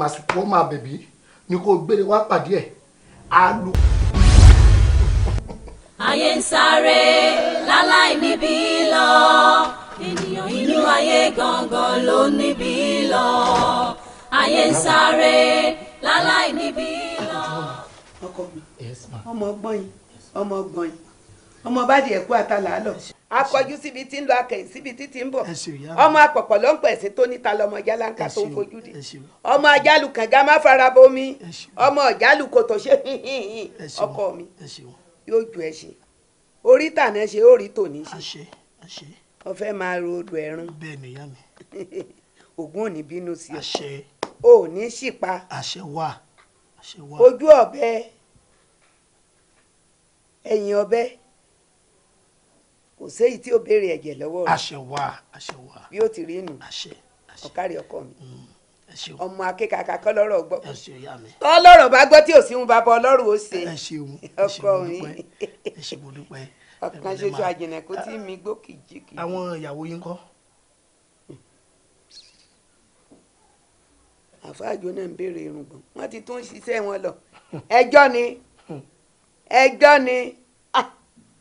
màsìkò ó máa bèbí ni kò gbére wá pàdé ẹ̀ á lu. ayé ń sáré láláì níbí lọ ènìyàn inú ayé gangan ló níbí lọ ayé ń sáré láláì níbí lọ. ọmọ ọgbọ́n yìí ọmọ ọgbọ́n yìí ọmọ bá di ẹ̀kú àtàlà lọ. akọjú síbi tí ń lọ akẹyìn síbi tí ti ń bọ̀ ọmọ àpọ̀pọ̀ ló ń pẹ̀sẹ̀ tó níta lọmọ jáláńkà tó ń fojú di ọmọ ajálù kànga má fara bomi ọmọ ọjálù kòtò ṣe ọkọ mi yóò ju ẹ ṣe orí tànà ṣe orí tòní ṣe ọfẹ máa ro odò ẹran ògún òní bínú sí ọ òní ṣìpa ojú ọbẹ ẹ̀yìn ọbẹ kò séyìí tí ó béèrè ẹ̀jẹ̀ lọ́wọ́ rẹ̀. àṣẹ wà àṣẹ wà. bí ó ti rí nù ọ̀kárí ọkọ mi mm, ọmọ akékaka kọ́ lọ́rọ̀ gbọ́ tọ́ lọ́rọ̀ bá gbọ́ tí òsínwó bá bọ́ ọlọ́run ó ṣe ọkọ mi ọkàn ṣoṣo àjìnàkú tí mi gbókì jìkì. àwọn ìyàwó yín kọ́. àfáàjò náà ń béèrè irùngbọ̀n wọ́n ti tún ṣiṣẹ́ wọn lọ ẹjọ́ ni ẹjọ́ ni ah,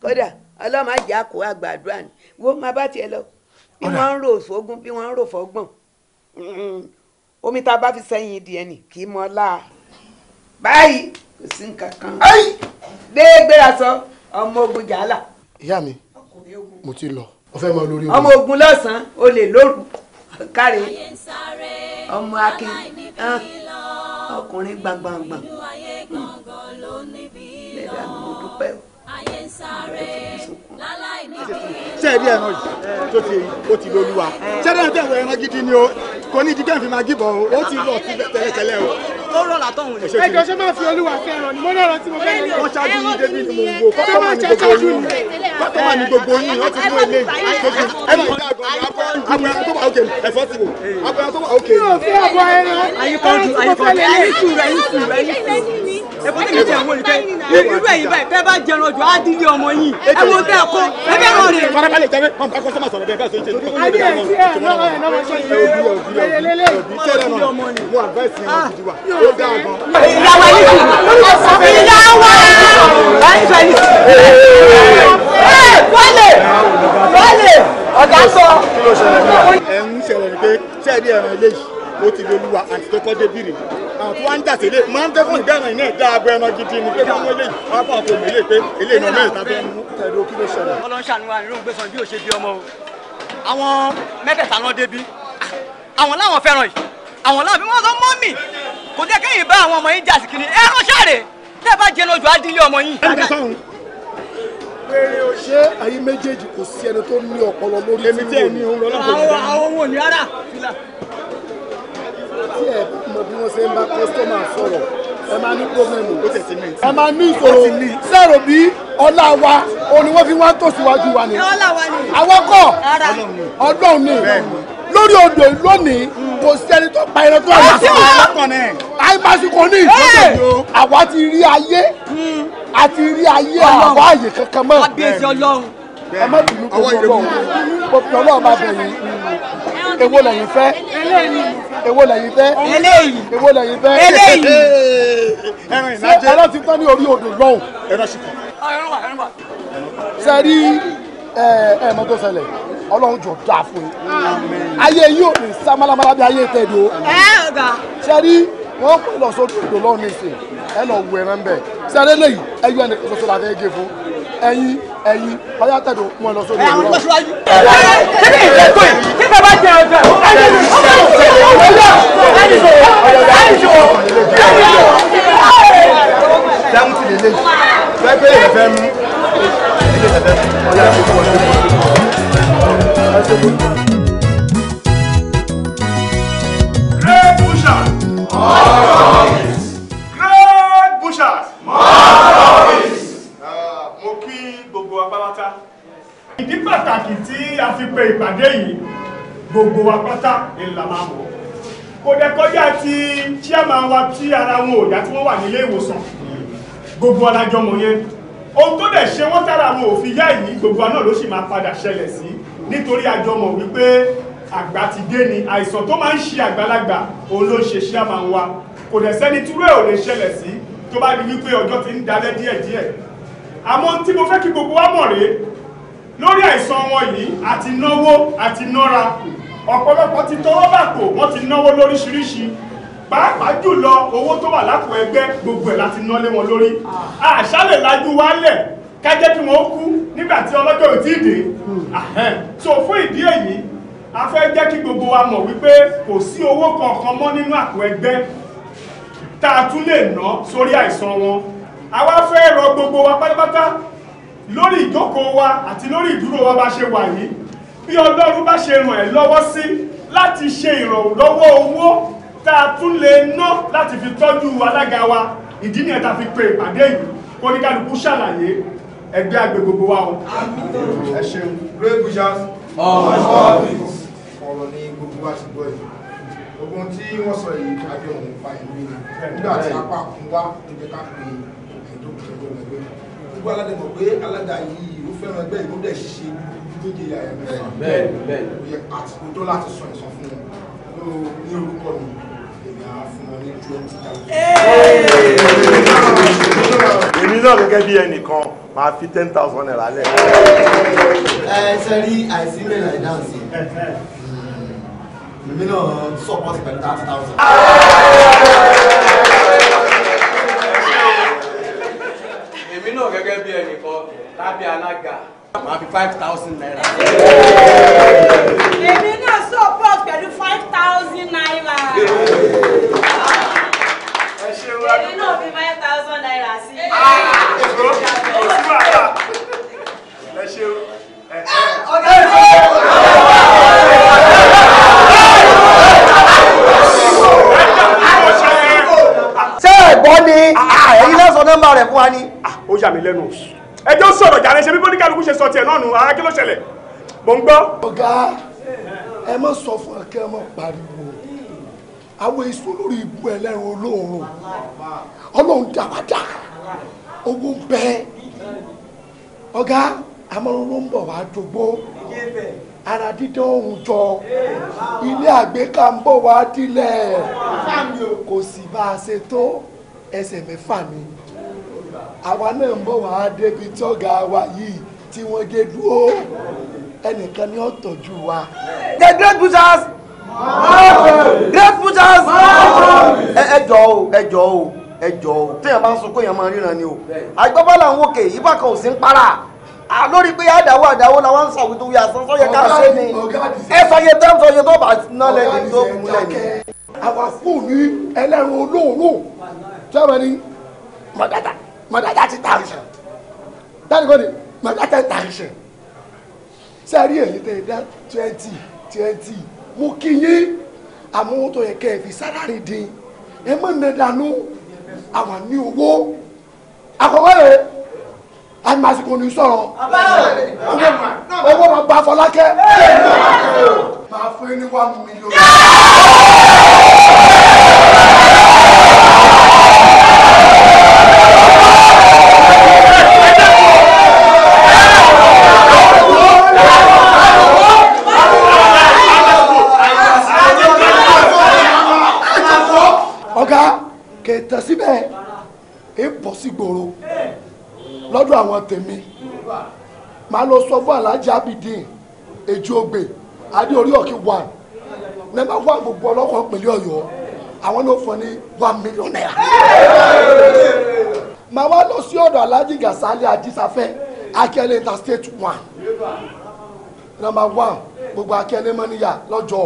kódà. Ah, ọlọ́mọ àjẹ́ àkó àgbàdúrà ni wo máa bá tiẹ̀ lọ bí wọ́n ń rò sógun bí wọ́n ń rò fọ́gbọ̀n omi tá a bá fi sẹ́yìn di ẹni kì í mọ láà báyìí kò sí nǹkan kan dé gbéra sọ ọmọ ogun jàálà. ìyá mi mo ti lọ mo fẹ́ mọ lórí ogun. ọmọ ogun lọ́sàn-án o lè lóru káre ọmọ akin ọkùnrin gbàngbàngbàn hmm. lẹ́dàá mi mo dúpẹ́ o ṣe rí ẹran yìí tó ti ó ti lóluwa ṣé ẹran tẹ̀wọ̀ ẹran gidi ni o kò ní ìdíkẹ́ fi máa gíbọ̀ o ó ti lọ sí tẹ́lẹ̀tẹ́lẹ̀ o. ó rọ̀ látọ̀hún ni. ẹjọ ṣé máa fi olúwa fẹ́ràn ni mo náà rántí mo fẹ́ràn ni. wọ́n ṣáájú yín débi ni mo ń wo kọ́tọ́ wà ní gbogbo yín kọ́tọ́ wà ní gbogbo yín wọ́n ti mú ilé gbogbo ẹ̀rọ àgbọ̀n àgbọ̀n tó wà òkè ẹ̀fọ́ ti wò àgbọ̀n tó wà òkè. mi ò fẹ́ àbọ̀ ẹran ẹran lè ní sùúrù ẹ̀yin sùúrù ẹ̀yin sùúrù ẹ̀fọ́ tẹ̀lé tẹ̀ wọ́n ìfẹ́ irú ẹ̀yin báyìí fẹ́ bá jẹun ọjọ́ á dílé ọmọ yìí ẹ wo tẹ́ ẹ kó ẹ bẹ́ẹ̀ rọ rè. farabalẹ̀ jẹ́ bẹ́ẹ̀ wọn bá kọ́sọ́mà sọ̀rọ̀ bẹ́ẹ̀ bẹ́ẹ̀ sọ ìṣe tó kọ́ni ìjọba ọmọ ìjọba ọmọ ìjọba ọmọ ìjọba ọmọ ìjọba ọmọ ọ̀gá sọ. ẹ̀ ń ṣẹlẹ̀ ní pé ṣẹ́ẹ̀dí ẹ̀ràn eléyìí ó ti lolúwa àti tó kọ́ débìrì àwọn tó wá ń dàtí ilé máa ń dẹ́kun ìdáhùn iná ìdá agbọ ẹran gidi ni pé káwọn eléyìí wọn bá ọkọ mélèé pé eléyìí náà mẹ́rin tábẹ́ mú ẹ̀rọ kí ló ṣẹlẹ̀. ọlọ́nṣàánú wa nínú gbèsè bí ó ṣe bí ọmọ o àwọn mẹ́tẹ̀ẹ̀ta náà débi àwọn láwọn fẹ́ràn yìí àwọn láwọn fi wọ́n sọ mọ́mì kò jẹ́ kéyìn bá àwọn ọmọ yín jà sí ẹ ránṣẹ́ rè tẹ́ bá jẹ́ lójú adílé ọmọ yín. ṣé ayé méjèèjì kò sí ẹni tó ní ọpọlọ lórí tí mo ní. òun ò tí ẹ mọ bí wọ́n ṣe ń bá kọ́sítọ́mà sọ̀rọ̀ ẹ máa ní pọ́blẹ́mù ẹ máa ní ìṣòro sẹ́rò bí ọlá wa òní wọ́n fi wá tòṣìwájú wa ni àwọ̀kọ̀ ọdún ni lórí odò lónìí kò sẹ́ni tó pa ẹran tó àyà sí àìbásíkò ní àwa ti rí ayé àti hmm. rí ayé àwọn àyè kankan mọ́ ẹ má bínú kó lọ́wọ́ bó fi ọlọ́run bá bẹ̀yìn èwo lẹ́yìn fẹ́ Ewo lẹ́yìn fẹ́ èwo lẹ́yìn fẹ́ ṣé ẹran ti tán ní orí odò lọ́hùn. sẹ́rí ẹ̀ẹ́mọ́ tó ṣẹlẹ̀ ọlọ́run jọ dáa fún yín ayé yìí ò ní sá málámálá bí ayé tẹ̀ dùn ó sẹ́rí wọ́n pè lọ sódò lọ́hùn nísìnyí ẹ lọ wù ẹran bẹ́ẹ̀ sẹ́rí eléyìí ẹ yọ ẹnì kan ṣoṣo la fẹ́ gé fún ẹyin ẹyin ọyá tẹ̀dọ̀ mọ́ ẹ lọ sórí ìlú. kíni ìjẹ́ tó yìí kí bàbá jẹ ọjọ́ ẹni sọ̀rọ̀ ẹni sọ̀rọ̀ ẹni sọ̀rọ̀ ẹni sọ̀rọ̀. sẹ́wọ́n ti lè lè fẹ́ pé èèyàn fẹ́ mú èèyàn fẹ́ mú ọ̀yá tó wọlé. Revolution! Oh! pàtàkì tí a fi pe ìpàdé yìí gbogbo wa pátá ìlà máa mọ̀ kò dẹ̀ kọjá ti chairman wa tí ara wọn ò yá tí wọ́n wà nílé ìwòsàn gbogbo alájọ mọ̀ yẹn ohun tó dẹ̀ ṣe wọ́n tára wọn ò fi yá yìí gbogbo náà ló sì máa padà ṣẹlẹ̀ sí nítorí àjọ mọ̀ wípé àgbà ti dé ni àìsàn tó máa ń ṣe àgbàlagbà òun ló ń ṣe chairman wa kò dẹ̀ sẹ́ni túrú ẹ̀ ò lè ṣẹlẹ̀ sí tó bá di wípé ọjọ́ ti ń dalẹ̀ díẹ̀díẹ̀ àmọ́ tí mo fẹ́ kí gbogbo wa mọ̀ rèé lórí àìsàn wọn yìí àti náwó àti nára ọ̀pọ̀lọpọ̀ ti tọwọ́ bàpò wọ́n ti náwó lóríṣiríṣi pàápàá jùlọ owó tó wà lápò ẹgbẹ́ gbogbo ẹ̀ láti ná lé wọn lórí àṣálẹ̀ lajú wálẹ̀ ká jẹ́ kí wọ́n kú nígbà tí ọlọ́jọ́ ò tí ì dé so fún ìdí èyí a fẹ́ jẹ́ kí gbogbo wa mọ̀ wípé kò sí owó kankan mọ́ nínú àpò ẹgbẹ́ tá a tún lè ná sórí àìsàn wọn àwa fẹ́ rọ gbogbo wa pátápátá lórí ìjókòó wa àti lórí ìdúró wa bá ṣe wà yìí bí ọlọ́run bá ṣe ràn ẹ́ lọ́wọ́ sí láti ṣe ìrànlọ́wọ́ owó tá a tún lè ná láti fi tọ́jú alága wa ìdí nìyẹn tá a fi pe ìpàdé yìí kó ní kálukú ṣàlàyé ẹgbẹ́ àgbẹ̀ gbogbo wa o. ẹ ṣeun. great wishes. ọ̀rọ̀ ni gbogbo wa ti gbọ́ yìí ogun tí wọ́n sọ yìí kájọ òun fa ìlú yìí nígbà tí apá kún wá níbi ká pe ẹ̀dùn ìjọba ẹgbẹ́ gbogbo aládẹ́mọ̀ pé alága yìí ó fẹ́ràn ẹgbẹ́ ìlú dẹ̀ ṣe méje yàrá mẹ́sàn-án bẹ́ẹ̀ bẹ́ẹ̀ ó yẹ àtìkò tó láti sọ ẹ̀sán fún wọn ní orúkọ mi èmi á fún wọn ní twenty thousand. èmi náà gẹ́gẹ́ bí ẹnìkan máa fi ten thousand naira lẹ̀. ẹ ṣe rí àìsí mẹ́rin àìdáhùn hmm. èmi náà support pẹ̀lú thirty thousand èmi náà gẹ́gẹ́ bí ẹnìkan lábẹ́ alága máa fi five thousand naira. èmi náà support pẹ̀lú five thousand naira. èmi náà fi five thousand naira sí i. ẹ ṣeun. ọ̀gá ẹ̀ ṣe. ṣé ẹ̀gbọ́n ni ẹ̀yin náà sọ nọ́mbà rẹ̀ fún wa ni ó yà mí lẹ́nu ẹjọ́ sọ̀rọ̀ jàre ṣe bí bóníkàlùkù ṣe sọ tiẹ̀ náà nù ara kí ló ṣẹlẹ̀ mò ń gbọ́. ọ̀gá ẹ má sọ fún ẹ kí ẹ má pariwo àwọn èso lórí ibú ẹlẹ́rìn olóòórùn ọlọ́run dáwàdà owó ń ọ̀gá amọ̀rún ń bọ̀ wá dógbó ara dídán òun jọ ilé àgbéká ń bọ̀ wá dílẹ̀ kò sì bá a ṣe tó ẹsẹ̀ mẹ́fà ni àwa náà ń bọ̀ wá débi tí ọ̀gá wa yìí tí wọ́n gé dúró ẹnìkan ni ó tọ́jú wa. the great butchers great butchers ẹ jọ̀ọ́ o ẹ jọ̀ọ́ o ẹ jọ̀ọ́ o téèyàn bá ń sunkún èèyàn máa ríran ni o àgbọ́bá là ń wòkè ìbá kan ò sí ń para lórí pé àdáwó àdáwó làwọn ń sàwùjọ wíyà sọ yẹ ká ṣe ni ẹ sọ yẹ tẹ́ sọ yẹ tó bá ná lẹ́yìn tó mú lẹ́yìn. àwa fún mi olóòórùn tí a mọ̀gàdà mọ̀dá thirty thousand dáàdì kò ní mọ̀dá ten thousand sẹ́rí èyí tẹ̀ dá twenty twenty mo kí yín àmọ́ owó tó yẹ kẹ́ ẹ fi sálárì dín ẹ mọ̀ nà dànù àwọn ní owó àkọ́kọ́ rẹ̀ àmàsìkò ní sọ̀rọ̀ owó máa bá Fọlákẹ́ máa fún ní one million. ọ̀gá kẹtàn síbẹ̀ ẹ bọ̀ sí gbòòrò lọ́dọ̀ àwọn tèmi màá lọ sọ fún alájà abidin èjì ògbè adé orí ọ̀kí one nẹ́ẹ̀mà wà gbogbo ọlọ́kọ̀ pẹ̀lú ọ̀yọ́ àwọn ló fọ ní one million naira. màá wá lọ sí ọ̀dọ̀ alájì gàsálẹ̀ àdìsáfẹ́ akẹ́lẹ́ interstate one Number one gbogbo akẹ́lẹ́ mọ́níyà lọ́jọ́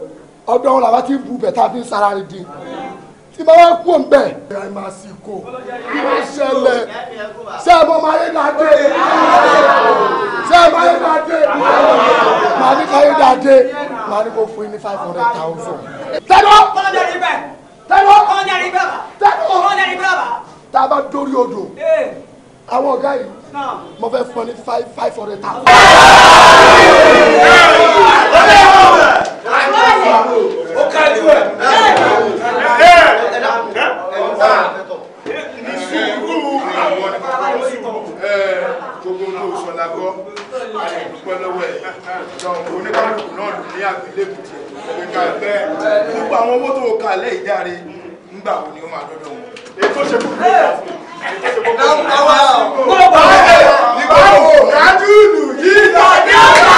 ọdún ọ̀hún làwọn ti ń bu bẹ̀tà fi ń sara rẹ̀ di tí bá wá kú òǹbẹ̀. ẹ máa sì kó bí wọ́n ṣẹlẹ̀ ṣé ẹ mọ ọmọ ayé dáadé ṣé ẹ mọ ayé dáadé màá ní káyé dáadé màá ní kó fún yín ní five hundred thousand. tẹ́lọ̀ kọ́ńdé rí bẹ́ẹ̀ tẹ́lọ̀ kọ́ńdé rí bẹ́ẹ̀ tẹ́lọ̀ kọ́ńdé rí bẹ́ẹ̀ tá a bá dórí odò àwọn ọ̀gá yìí mo fẹ́ fún ọ ní five five hundred thousand ó kájú ẹ̀ ẹ̀ ní sùúrù àwọn gbogbo ní oṣù ọ̀làgọ́ àdúgbò lọ́wọ́ ẹ̀ lọ oníkálùkù náà lù ní àgbélébù tiẹ̀ ìgbà bẹ́ẹ̀ gbogbo àwọn owó tó kà lẹ́yìn dáre ńgbà wo ni ó máa dọ́dọ̀ wọn. èyí tó ṣe kúrò ní ìgbà wo. kájú lù yí lọ ní ọ̀la.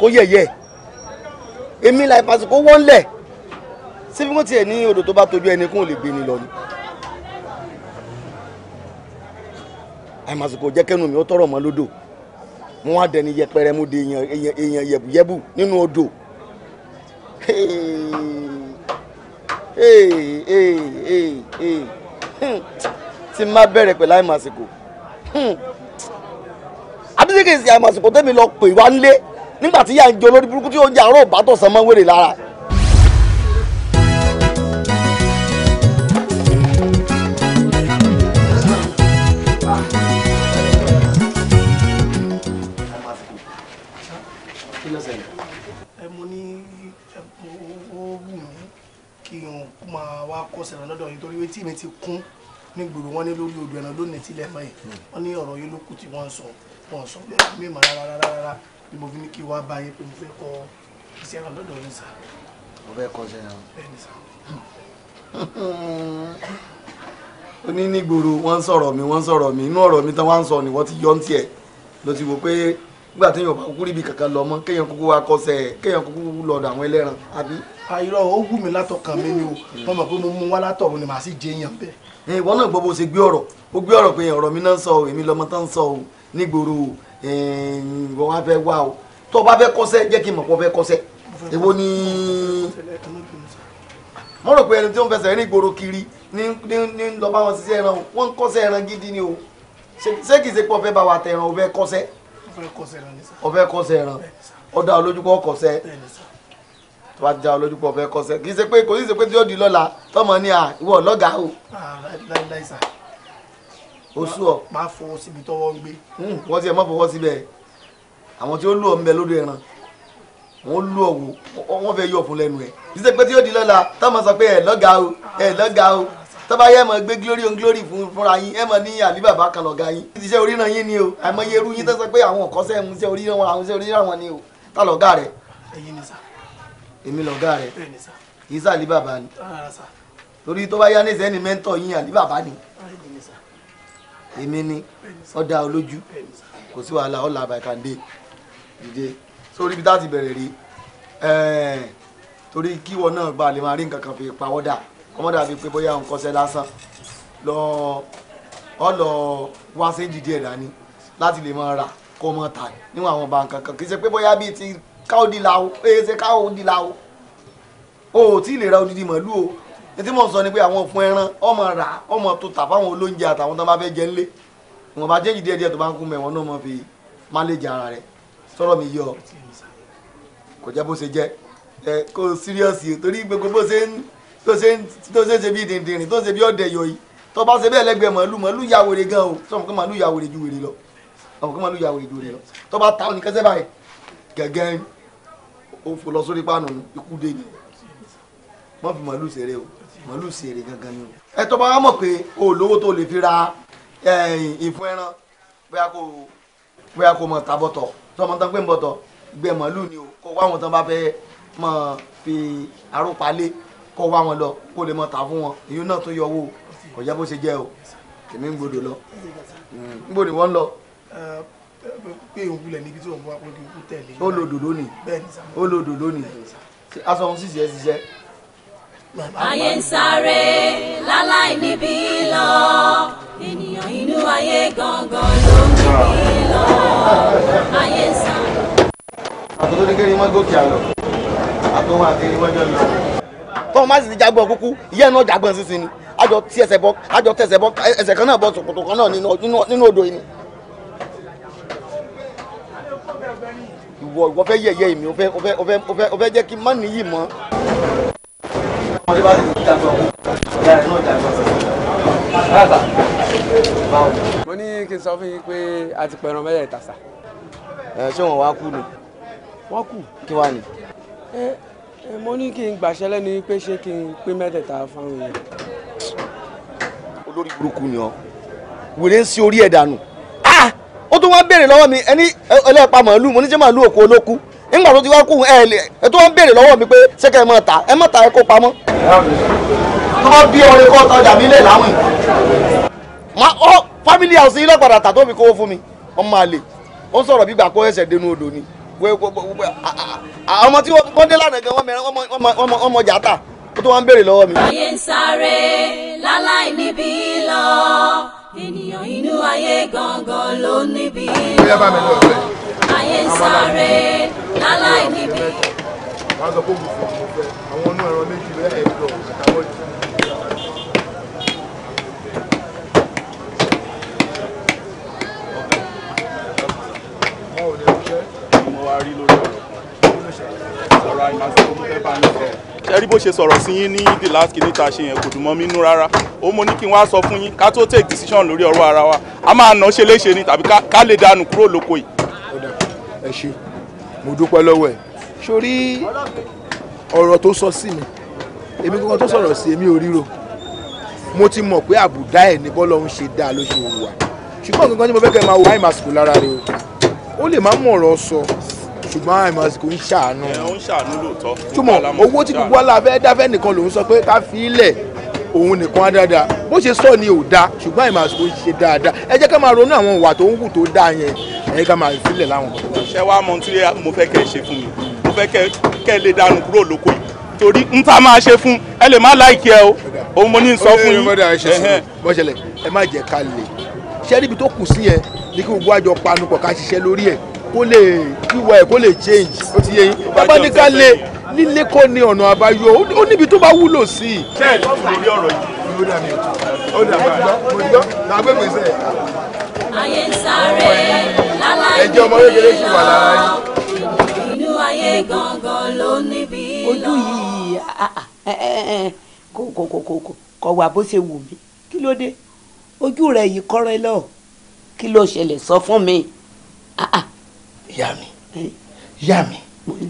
àsìkò yẹ̀yẹ̀ èmi láì fàsìkò wọ́n lẹ̀ síbi wọ́n tiẹ̀ ní odò tó bá tójú ẹni kún lè gbé ni lọ ni. àìmàsìkò jẹ́ kẹ́nu mi ó tọrọ mọ́ lódò mo wá dẹni yẹpẹrẹ mo de èèyàn yẹ̀bùyẹ́bù nínú odò hmm. tí má bẹ̀rẹ̀ pẹ̀lú àìmàsìkò hmm. àbísí kìí ṣe àìmàsìkò tẹ́mi lọ pè wá nílé nígbà tí yà ń jẹ olórí burúkú tí oúnjẹ àárọ̀ bá tọ̀ sàn mọ́ wèrè lára. mo ní ó wù mí kí n máa wá kọsẹ̀ lọ́dọ̀ yìí torí etí mi ti gbòòrò wọn ní lórí odò ẹ̀nà lónìí tilẹ̀ mọ́ yìí wọ́n ní ọ̀rọ̀ yìí ló kù tí wọ́n ń sọ wọ́n sọ bẹ́ẹ̀ mi rárá rárá ni mo fi ní kí wá bá yín pé mo fẹ́ kọ iṣẹ́ ẹran lọ́dọ̀ yín sà. mo fẹ́ kọ iṣẹ́ ẹran. bẹ́ẹ̀ni sà. oní nígboro wọ́n ń sọ̀rọ̀ mi wọ́n ń sọ̀rọ̀ mi inú ọ̀rọ̀ mi tán wá ń sọ ni wọ́n ti yọ ń tiẹ̀ ló ti wò pé nígbà tí bá kúkú ríbi kankan lọ mọ́ kéèyàn kúkú wá kọsẹ̀ kéèyàn kúkú lọ́dọ̀ àwọn ẹlẹ́ran àbí. àìrọ̀ ó wù mí látọkàn mi ni o wọ́n mọ̀ pé mo mú wá látọ̀run ni màá sì jẹ́ èèyàn bẹ́ẹ̀. ìwọ náà gbọ́ bó ṣe gbé ọ̀rọ̀ ó gbé ọ̀rọ̀ pé ọ̀rọ̀ mi náà ń sọ èmi lọmọ tán ń sọ o nígboro ìwọ wá fẹ́ wá o tó o bá fẹ́ kọ́ṣẹ́ jẹ́ kí n mọ̀ pé o fẹ́ kọ́ṣẹ́ èwo ni mo rò pé ẹni tí ó ń fẹsẹ̀ rìn ìgboro kiri ní ní lọ bá wọn ṣiṣẹ́ ẹran o wọ́n ń kọ́ṣẹ́ ẹran gidi ni o ṣé kìí ṣe pé o fẹ́ bá wa tẹ ẹran o fẹ́ kọ́ṣẹ́ o fẹ́ ẹran ó dá olójú kọ́ kọ́ṣẹ́ tó bá já olójú pọ̀ fẹ́ kọ́ṣẹ́ kìí ṣe pé kò sí ṣe pé tí ó di lọ́la tọ́mọ ní à ìwọ lọ́gàá o. Ah, ó sú ọ. má fọwọ́ síbi tọ́wọ́ ń gbé. Hmm, wọ́n ti ẹ̀ má fọwọ́ síbẹ̀ àwọn tí ó lù ọ́ ń bẹ lórí ẹran wọ́n lù ọ̀wọ́ wọ́n fẹ́ yọ̀ fún lẹ́nu ẹ̀ títí pé tí ó di lọ́la táwọn máa sọ pé ẹ̀ lọ́gàá o ẹ̀ lọ́gàá o tọ́ba yẹ́ mọ̀ gbé glory on glory fún fúnra yín ẹ̀ mọ̀ ní àlí bàbá kan lọ́gàá yín ti iṣẹ́ oríran yín ni o àìmọye irú yín tó sọ pé àwọn ọ̀kọ́sẹ́ ń iṣẹ́ oríran tá lọ́gàá rẹ̀. ẹ̀yin ni sà. èmi lọ́gàá rẹ̀ yín sà àlí bàbá ni torí tọ́ba yá ní sẹ́ni mẹ́ńtọ̀ yín àlí bàbá ni èmi ni ọ̀dà olójú kò sí wàhálà ọ̀là àbàkàndé dìde sórí ibi táti bẹ̀rẹ̀ rí torí kíwọ náà gba lè máa rí nǹkan kan fi pawọ́dà kọ́mọ́dà fi pé bóyá òun kọ́sẹ́ lásán lọ ọ lọ wá sí dídí ẹ̀ dání láti lè máa rà kó mọ́ tà níwọ̀n àwọn bàǹkà kan kì í ṣe pé bóyá bíi ti káwọ́ dìlà o èyí káwọ́ dìlà o o ò tí ì lè ra odidi màálù o tí mo sọ ni pé àwọn òfin ẹran ọmọ rà ọmọ tó tà fáwọn olóúnjẹ àtàwọn tó bá fẹ́ jẹ ńlé wọn bá jẹ́jì díẹ̀ díẹ̀ tó bá ń kú mẹ́wọ́n náà mọ̀ fi máléjì ara rẹ̀ sọ̀rọ̀ mi yọ kò jẹ́ bó ṣe jẹ́ ẹ kó síríọ̀sì torí gbogbo bó ṣe ń tó ṣe ń tó ṣe ń ṣe bí dìndìnrín tó ṣe bí ọ̀dẹ̀ yọ yìí tó bá ṣe bẹ́ẹ̀ lẹ́gbẹ̀ẹ́ màálù màálù ya wèrè gan o sọ̀rọ̀ kí màálù ya wèrè ju wèrè lọ sọ̀rọ̀ kí màálù ya wèrè ju wèrè lọ tó bá ta òní kẹsẹ́ báyìí gẹ́gẹ́ ó fò lọ sórí páànù ikú dé ni wọ́n fi màálù ṣeré o màálù ṣeré gangan ni o. ẹ tọ́ bá wá mọ̀ pé o lówó tó lè fi ra ìfún ẹran bóyá kò bóyá kò mọ̀ ta bọ̀tọ̀ tọmọ tán gbé ń bọ̀tọ̀ gbẹ màálù ni o kó wá àwọn tán bá fẹ́ mọ̀ fi àròpalé kó wá wọn lọ kó lè mọ̀ ta fún wọn èyí náà tó yọ kò jẹ́ bó ṣe jẹ́ o èmi ń gbọ́dọ̀ lọ ń gbọ́dọ̀ wọ́n lọ pé òun wulẹ̀ níbi tí òun wá pé kí n kú tẹ̀lé. ó lo dòdò ó lo dòdò aṣọ òun sì ṣiṣẹ́ ṣiṣẹ́ ayé ń sáré láláì níbi lọ ènìyàn inú ayé gangan ló ń níbi lọ ayé ń sáré. àtúntò ní kékeré wọn gòkè àlọ àtúntò àti ìwọjọ lọ. tọ́wọ́n má sì ti jágbọ́n kúkú ìyá ẹ̀ náà jágbọ́n sísìn ni àjọ tí ẹsẹ̀ bọ́ àjọ tẹsẹ̀ bọ́ ẹsẹ̀ kan náà bọ́ sòkòtò kan náà nínú odò yìí ni. ìwọ ìwọ fẹ́ yẹ̀yẹ́ mi o fẹ́ o fẹ́ o fẹ́ o fẹ́ jẹ́ kí n má nìyí mọ́ mo ní kí n sọ fún yín pé a ti pẹran mẹ́rẹ̀ ìtàsà. ẹ ṣé wọn wá kú ni. wọn kù. kí wàá ní. ẹ ẹ mo ní kí n gbàṣẹ lẹ́nu pé ṣé kí n pín mẹ́tẹ̀ẹ̀ta fáwọn èèyàn. olórí burúkú ni ọ wèrè ń sin orí ẹ̀ dànù ah! ó tún wá béèrè lọ́wọ́ mi ẹni ẹlẹ́pàá màálù mo ní jẹ́ màálù òkú olókú nígbà tó ti wá kú ẹ lè ẹ tó wọn béèrè lọ́wọ́ mi pé ṣẹkẹ mọ ta ẹ mọ ta ẹ kó pamọ́. tó bá bí ọ̀rẹ́ kọ tọjà mi láwìn. ma ọ family house ilé padà tà tó fi kówó fún mi ọmọ àlè ó ń sọ̀rọ̀ bí gbà kó ẹsẹ̀ odò ni ọmọ tí wọ́n dé lánàá gan wọ́n mọ jàtà ó tó wá ń béèrè lọ́wọ́ mi. ayé ń sáré láláì níbí lọ ènìyàn inú ayé ló níbí lọ. ayé ń sáré láláì níbi. wọ́n sọ pé òkùnkùn mo fẹ́ àwọn inú ẹran méjì lẹ́yìn ẹ̀dọ̀ àtàwọn ìdílé. ṣe rí bó ṣe sọ̀rọ̀ sí yín ní the last kìíní ta ṣe yẹn kò dùn mọ́ mi nú rárá ó mo ní kí n wá sọ fún yín ká tó take decision lórí ọ̀rọ̀ ara wa a máa nà ó ṣe léṣe ni tàbí ká lè dànù kúrò lóko yìí ẹ ṣe mo dúpẹ́ lọ́wọ́ ẹ̀ sórí ọ̀rọ̀ tó sọ sí mi èmi kankan tó sọ̀rọ̀ sí èmi ò ríro mo ti mọ̀ pé àbùdá ẹ̀ ní bọ́lọ́ ń ṣe dáa ló ṣe wùwà ṣùgbọ́n kankan tí mo fẹ́ kẹ́ máa wọ àìmásìkò lára rẹ o ó lè má mọ̀ ọ̀rọ̀ sọ ṣùgbọ́n àìmásìkò ń ṣàánú túmọ̀ owó tí gbogbo aláfẹ́ dáfẹ́ nìkan lòún sọ pé ká fi í lẹ̀ òun nìkan dáadáa bó ṣe sọ ni ò ṣùgbọ́n àìmọ̀ àsìkò ṣe dáadáa ẹ jẹ́ ká máa ronú àwọn ìwà tó ń wù tó dáa ẹ ká máa sílẹ̀ láwọn. ṣé wàá mọ tí mo fẹ́ kẹ́ fún mi mo fẹ́ kẹ́ ẹ torí n ta máa fún ẹ lè má ẹ o òun mo ní sọ fún yín. ẹ má jẹ́ ká lè ṣe ríbi tó kù sí yẹn ní kí gbogbo àjọ panupọ̀ ká ṣiṣẹ́ lórí ẹ̀ kó lè change ó ti yín líle kọ́ ni ọ̀nà àbáyọ ó níbi tó bá wúlò sí i. bẹ́ẹ̀ lórí ọ̀rọ̀ yìí ló dà mí ó dà bá mo yọ làgbé gbèsè. ayé ń sáré láláì ní ẹjọ́ ọmọ kékeré sì wà lára yìí. inú ayé gangan ló níbi lọ. ojú yìí kò kò kò kò kò wà bó ṣe wù mí kí ló dé ojú rẹ yìí kọ́rẹ́ lọ kí ló ṣẹlẹ̀ sọ fún mi. ìyá mi ìyá mi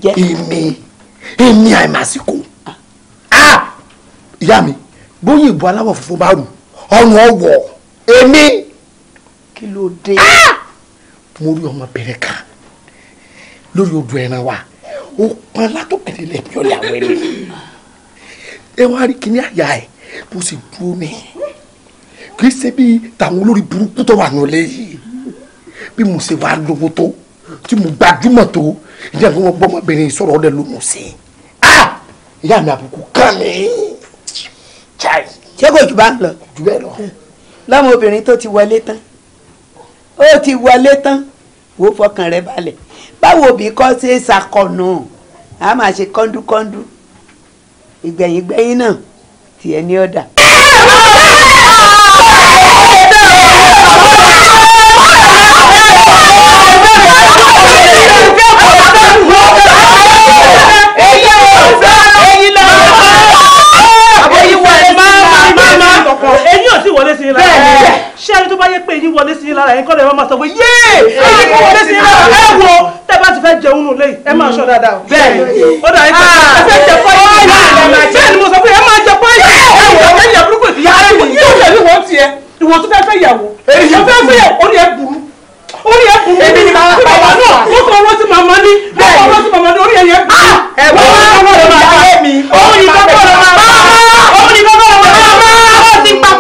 èmi èmi àìmásìkò ìyá mi bóyá ìbò aláwọ̀ funfun bá rù ọrùn ọwọ̀ èmi. kí ló dé. mo rí ọmọbìnrin kan lórí odò ẹran wa ó pọn látòkèdè lẹ́bí ọ̀lẹ́ àwọn ẹni ẹ wá rí kíní àyà ẹ bó ṣe dúró ní kì í ṣe bí tàwọn olórí burúkú tó wà nílé yìí bí mo ṣe wá lówó tó tí mo gbajúmọ̀ tó ìyá mi wọ́n gbọ́ ọmọbìnrin sọ̀rọ̀ ọ̀dẹ ló mọ̀ sí i ah! ìyá mi àbùkù kàn mí. ṣé kò jù bá ń lọ. jù bẹ́ẹ̀ tó ti wọlé tán ó ti wọlé tán wò ó fọkàn rẹ balẹ̀ báwo bí kò ṣe é ṣàkọ̀nà a máa ṣe kọ́ńdúkọ́ńdú ìgbẹ̀yìn náà tiẹ̀ ní ọ̀dà. wọlé sí yín lára yín ṣé ẹni tó bá yẹ pé èyí wọlé sí yín lára yín kọ́ lè máa sọ pé yéè èyí kò wọlé sí yín lára ẹ wo tẹ bá ti fẹ́ jẹun nù léyìí ẹ máa mm. ṣọ́ dáadáa o. bẹ́ẹ̀ni ó dà yín pé ah. ẹ fẹ́ jẹ fọyín bẹ́ẹ̀ni ah. mo sọ pé ẹ máa jẹ fọyín ẹ wọ ẹ yẹ burúkú ìyàwó yóò tẹ̀lé wọn tiẹ̀ ìwọ tó fẹ́ fẹ́ yàwó ìwọ fẹ́ fẹ́ yàwó ó ní ẹ burú orí ẹ burú èmi ni màá pa wà náà mo kọ ọwọ́ sí màmá ní mo kọ ọwọ́ sí màmá ní orí ẹ yẹ burú. ẹ wọ́n wá ọwọ́ rẹ̀ máa ta ẹ̀mí. orí ìtọ́kọ̀ rẹ̀ máa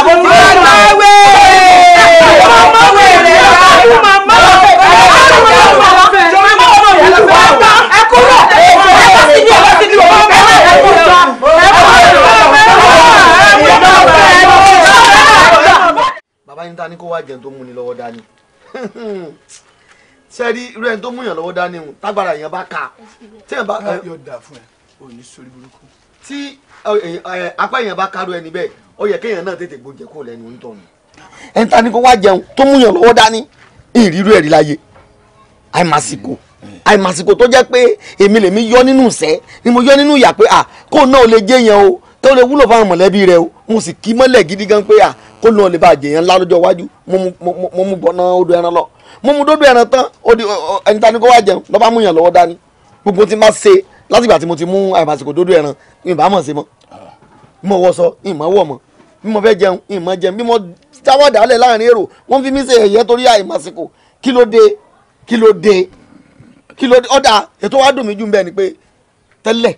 àbójútó ọmọ wẹ̀ ọmọ wẹ̀ rẹ̀ ọmọ màmá ọmọ màmá ọmọ ọmọ yìí wà á ẹ kúrò ẹ bá sì ní ọmọ sí ni kó wá jẹun tó mú ni lọ́wọ́ dání sẹ́ẹ̀rí irú ẹni tó mú lọ́wọ́ dání o tágbára yẹn bá ka téèyàn bá. yóò dà fún ẹ o ní sórí burúkú. tí apá èèyàn bá kárò ẹni bẹ́ẹ̀ ó yẹ kéèyàn náà tètè gbòjẹ kó lẹ́nu onítọ̀ ni. ẹ̀ ń ta ni kó wá jẹun tó mú yàn lọ́wọ́ dání ìrírú ẹ̀rí láyé àìmásìkò àìmásìkò tó jẹ́ pé èmi lèmi yọ nínú ìṣẹ́ ni mo yọ nínú ìyà pé à kó náà lè jẹ́ yẹn o tó lè wúlò fáwọn mọ̀lẹ́bí rẹ o mo sì kí mọ́lẹ̀ gidi gan pé à kó náà lè bá jẹ̀yàn ńlá lọ́jọ́ iwájú mo mú gbọ́ná odò ẹran lọ mo mú dódò ẹran tán ẹni tani kó wá jẹun lọ́ba mú yàn lọ́wọ́ dání gbogbo tí n bá ṣe látìgbà tí mo ti mú àìmásìkò dódò ẹran ìbámọ̀ ṣe mọ́ mo wọ́ sọ ìmọ̀ wọ̀ mọ́ bí mo fẹ́ jẹun ìmọ̀ jẹun bí mo jáwọ́ dálẹ̀ láàrin èrò wọ́n fi mí ṣe ẹ̀yẹ torí àìmọ̀sìkò kí ló dé kí ló dé kí ló dé ọ̀dà ètò wa dùn mí jù bẹ́ẹ̀ ni pé tẹ́lẹ̀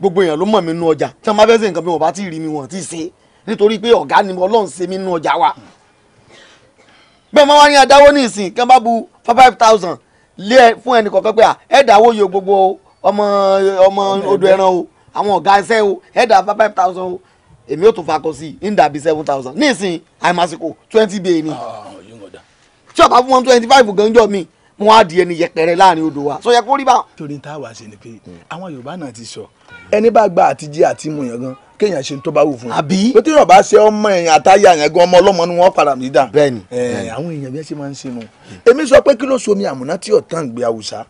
gbogbo èèyàn ló mọ̀ mí nú ọjà tí wọ́n bá fẹ́ ṣe nǹkan bí wọ́n bá ti rí mi wọ́n ti ṣe nítorí pé ọ̀gá ni ọlọ́run ṣe mí nú ọjà wa bẹ́ẹ̀ máa wá ní adáwó ní ìsìn kí wọ́n bá bu five thousand lé fún ẹnì kọ̀ọ̀kan pé ẹ̀ dáwó yọ gbogbo ọmọ ọmọ odò ẹran o àwọn ọ̀gá iṣẹ́ o ẹ̀ dá five thousand o èmi ò tún fakọ sí i ń dàbí seven thousand nísìnyí àìmásìkò twenty bay ni ah, ah, tí ọba fún wọn twenty five gànjọ mi wọn á di ẹni yẹpẹrẹ láàrin odò wa sọ yẹ kó rí bá. torí tá a wá ṣe ni pé àwọn yorùbá náà ti sọ ẹni bá gba àtijẹ àti mu yẹn gan kéèyàn ṣe tó bá wù fún un. àbí pété yorùbá ṣe ọmọ èèyàn àtàyà yẹn gan ọmọ ọlọmọ ni wọn fara mi dà. bẹ́ẹ̀ni àwọn èèyàn bẹ́ẹ̀ ṣe máa ń ṣe nu. èmi sọ pé kí ló so mi àmúná tí ọ̀tán gbé àwùsá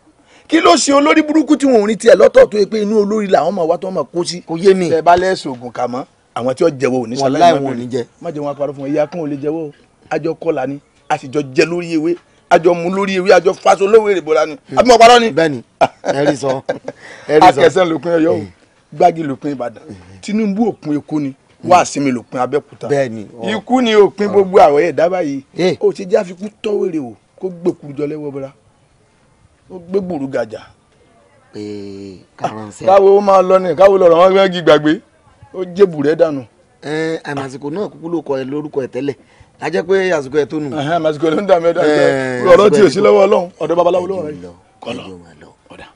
kí ló ṣe olórí burúkú tí wọn ò ní tiẹ̀ lọ́tọ̀ tó yẹ pé inú olórí làwọn máa wá tó máa kó sí. kò yé mi. ẹ bá lẹ́sùn ògùn àwọn tí ó jẹ́wọ́ ò ní sáláì wọn ní jẹ má jẹ́ wọn parọ́ fún ìyá kan ò lè jẹ́wọ́ àjọ kọlà ni a sì jọ jẹ lórí ewé àjọ mu lórí ewé àjọ faso lówó èrè bọ̀dá ni hmm. àbí mo parọ́ ni. bẹ́ẹ̀ni ẹrí sọ ẹrí sọ akẹsẹ lópin Ọ̀yọ́ o hmm. gbági lópin Ìbàdàn hmm. Tinubu òpin Èkó ni wá àsinmi lópin Abẹ́òkúta ikú ni òpin gbogbo àwọn ẹ̀dá báyìí ó ti jẹ́ àfikún tọ́wérè o kó gbèkúrú jọ lẹ́wọ́ bọ́ra ó gbé gàjà. pé máa lọ ní káwọn lọ rọ wọn gbàgbé ó jébù rẹ dànù. àmàsìkò náà kúkú ló kọ ẹ lórúkọ ẹ tẹ́lẹ̀ a jẹ́ pé àsìkò ẹ tó nù. àmàsìkò ló ń dà mí ẹ ọ̀rọ̀ tí o sí lọ́wọ́ ọlọ́run ọ̀dọ̀ babaláwo lọ́wọ́ rẹ kọ́ lọ ọ̀dà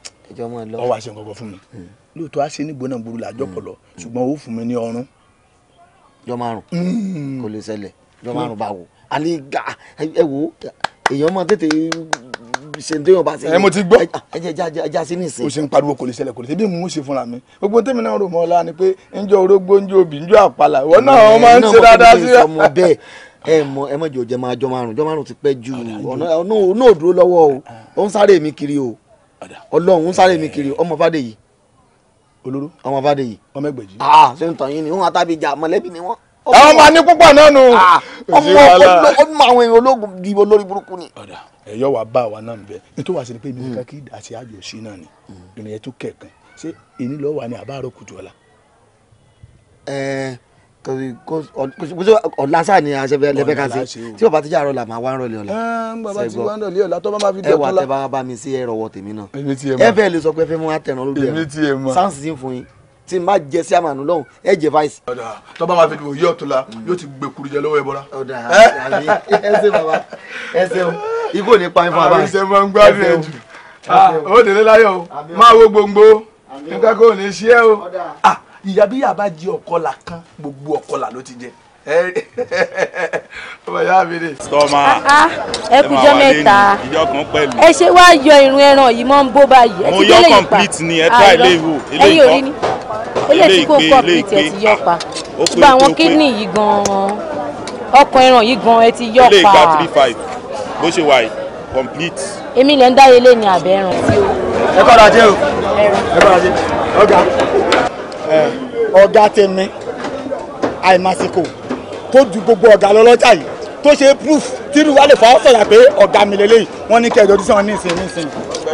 ọwọ́ àṣẹ nǹkan kan fún mi mm. lóòótọ́ á ṣe ní gbóná gbúrú làjọ mm. pọ̀ lọ ṣùgbọ́n ó fún mi ní ọrùn. jọ márùn mm. kò lè ṣẹlẹ̀ jọ márùn báwo àní ẹ wo èèyàn máa tètè ṣe tó yàn bá ṣe. ẹ mo ti gbọ́. ẹ jẹ ajá sí nìsín. o ṣe ń pariwo kò lè ṣẹlẹ̀ kò lè ṣe bí mo ṣe fúnra mi gbogbo tèmi náà rò mọ́ ọ la ni pé njọ orógbó njọ òbí njọ àpàlà ìwọ náà wọn máa ń ṣe dáadáa sí i ẹ mọ ẹ mọ jò máa jọ márùn jọ márùn ti pẹ́ ju ọ̀nà ọ̀nà òdúró lọ́wọ́ o ó ń sáré mi kiri o ọlọ́run ń sáré mi kiri ọmọ fàdé yìí olóró ọmọ fàdé yìí ọmọ ẹgbẹ̀jì. ṣé n tàn yín ni wọn àwọn máa ní púpọ̀ náà nù ah, ọmọ ọmọ àwọn èèyàn ológun di olórí burúkú ni. ẹ̀yọ́ wa bá wa náà bẹ́ẹ̀ nítorí wàá sí ni pé ibi kakí àti àjò sí náà ni mm. ìrìn ẹ̀ tó kẹ̀kan ṣé èyí lọ́wọ́ wa ni àbárò kùtù ọ̀la. ẹ torí kò sí ọ̀la sáà ni àṣẹfẹ́ lẹ́fẹ́ ká ṣe tí bàbá ti jàrọ̀ là máa wá ń rọ̀lẹ́ ọ̀la. bàbá ti wá ń rọ̀lẹ́ ọ̀la tó bá máa fi dẹ́kun la. ẹ wà tẹ bá bá mi sí ẹ̀rọ wọ tèmi náà ẹ fẹ́ lè sọ pé fẹ́ tí n bá jẹ sí àmàlù lọ́hùn ẹ jẹ vice. ọ̀dà tó bá máa fi dìbò yí ọ̀tún la yóò ti gbé kuru jẹ lọ́wọ́ ẹ bọ́ra. ọ̀dà àbí ẹsẹ̀ bàbá ẹsẹ̀ o ikú ò ní pa ẹ̀fọn àbá. àìsàn máa ń gbádùn ẹ̀ jù ah, ó délé láyọ̀ o máa wo gbòǹgbò nǹkan kò ní ṣe é o. Ah, ìyá bí yàrá bá jẹ ọ̀kọ́là kan gbogbo ọ̀kọ́là ló ti jẹ ọmọ ìyá mi ni. sọma ah, ẹ kújọ mẹ́ta ẹ ṣe wá yọ irun ẹran yìí mọ ń bó báyìí. mo yọ complete ni ẹ tá ilé ìwò. ẹyin ò rí ni eléyìí tí kọ́ bí tiẹ̀ ti yọ pa ah, gbogbo àwọn kídìní yìí gan-an ọkàn ẹran yìí gan-an ẹ ti yọ pa eléyìí gba three five bó ṣe wà complete. èmi lè ń dá ilé ní abẹ́ ẹran. ẹ padà dé o ẹ padà dé ọ̀gá ọ̀gá tèmi àìmásìkò tó ju gbogbo ọ̀gá lọ yìí tó ṣe proof tírú wa lè fọwọ́ sọ̀yà pé ọ̀gá mi lélẹ́yìí wọ́n ní kẹjọ tí sẹ́wọ̀n ní ìsìn ní ìsìn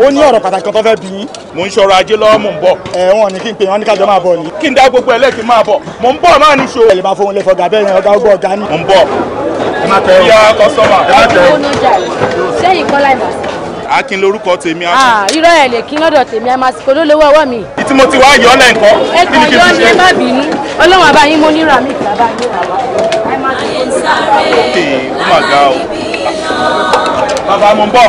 ó ní ọ̀rọ̀ pàtàkì kan tó fẹ́ bí yín. mò ń ṣọrọ ajé lọ́wọ́ mò ń bọ̀. ẹ wọn ní kí n pè wọn ní kájọ máa bọ̀ ni. kí n dá gbogbo ẹlẹ́kìn máa bọ̀ mò ń bọ̀ máa ní ṣo. ẹ lè máa fohùn lè fọgà bẹ́ẹ̀ yẹn ọ̀gá ọgbọ́ ọ̀gá ni. mò ń bọ̀ ẹ má tẹ o yá kọ́sọ́mà ẹ má tẹ o. sẹ́yìn kọ́lá ìmọ̀ akin lórúkọ tèmi a. Ah, irọ́ ẹ̀ lè kí lọ́dọ̀ tèmi a máa sìkò lólówó ọwọ́ mi. ìtí mo ti wá yọ ọ́ lẹ́ǹkọ́. ẹ kàn yọ ní má bínú ọlọ́run àbáyín mo níra mi kì í bá yín òkè ó mà ga o bàbá mo ń bọ̀.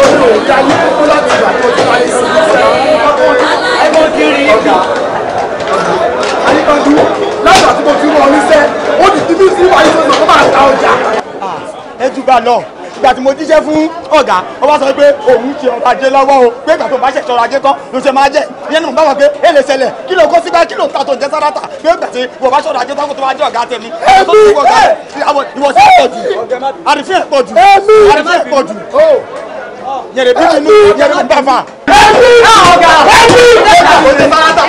lọ́dọ̀ ìyá ní kókó láti ìgbà tó ti parí sí ẹgbọ́n kiri ọ̀gá àyíkanjú lọ́dọ̀ àti mo ti rán ọ níṣẹ́ ó ti ti bí sí wàá ní sọ́dọ̀ kó máa ta ọjà. ẹ jù bá lọ ìgbà tí mo jíṣẹ́ fún ọ̀gá ó wá sọ pé òun ti ọrọ̀ ajé lọ́wọ́ o pé ìgbà tó bá ṣẹ̀ṣẹ̀ ọrọ̀ ajé kọ́ ló ṣe máa jẹ́ ìyẹn ni mo bá wọn pé èlé ṣẹlẹ̀ kí ló kó sígbà kí ló ta tó jẹ́ sáràtà pé ìgbà tí wọ́n bá ṣọ̀rọ̀ ajé tó tó máa jẹ́ ọ̀gá tèmi. èmi ìwọ sí pọ̀ jù àrífín pọ̀ jù àrífín pọ̀ jù yẹrẹ bí nínú yẹrẹ bá fa. ẹbí ọ̀gá ẹbí ẹ̀ka kò ní sáràtà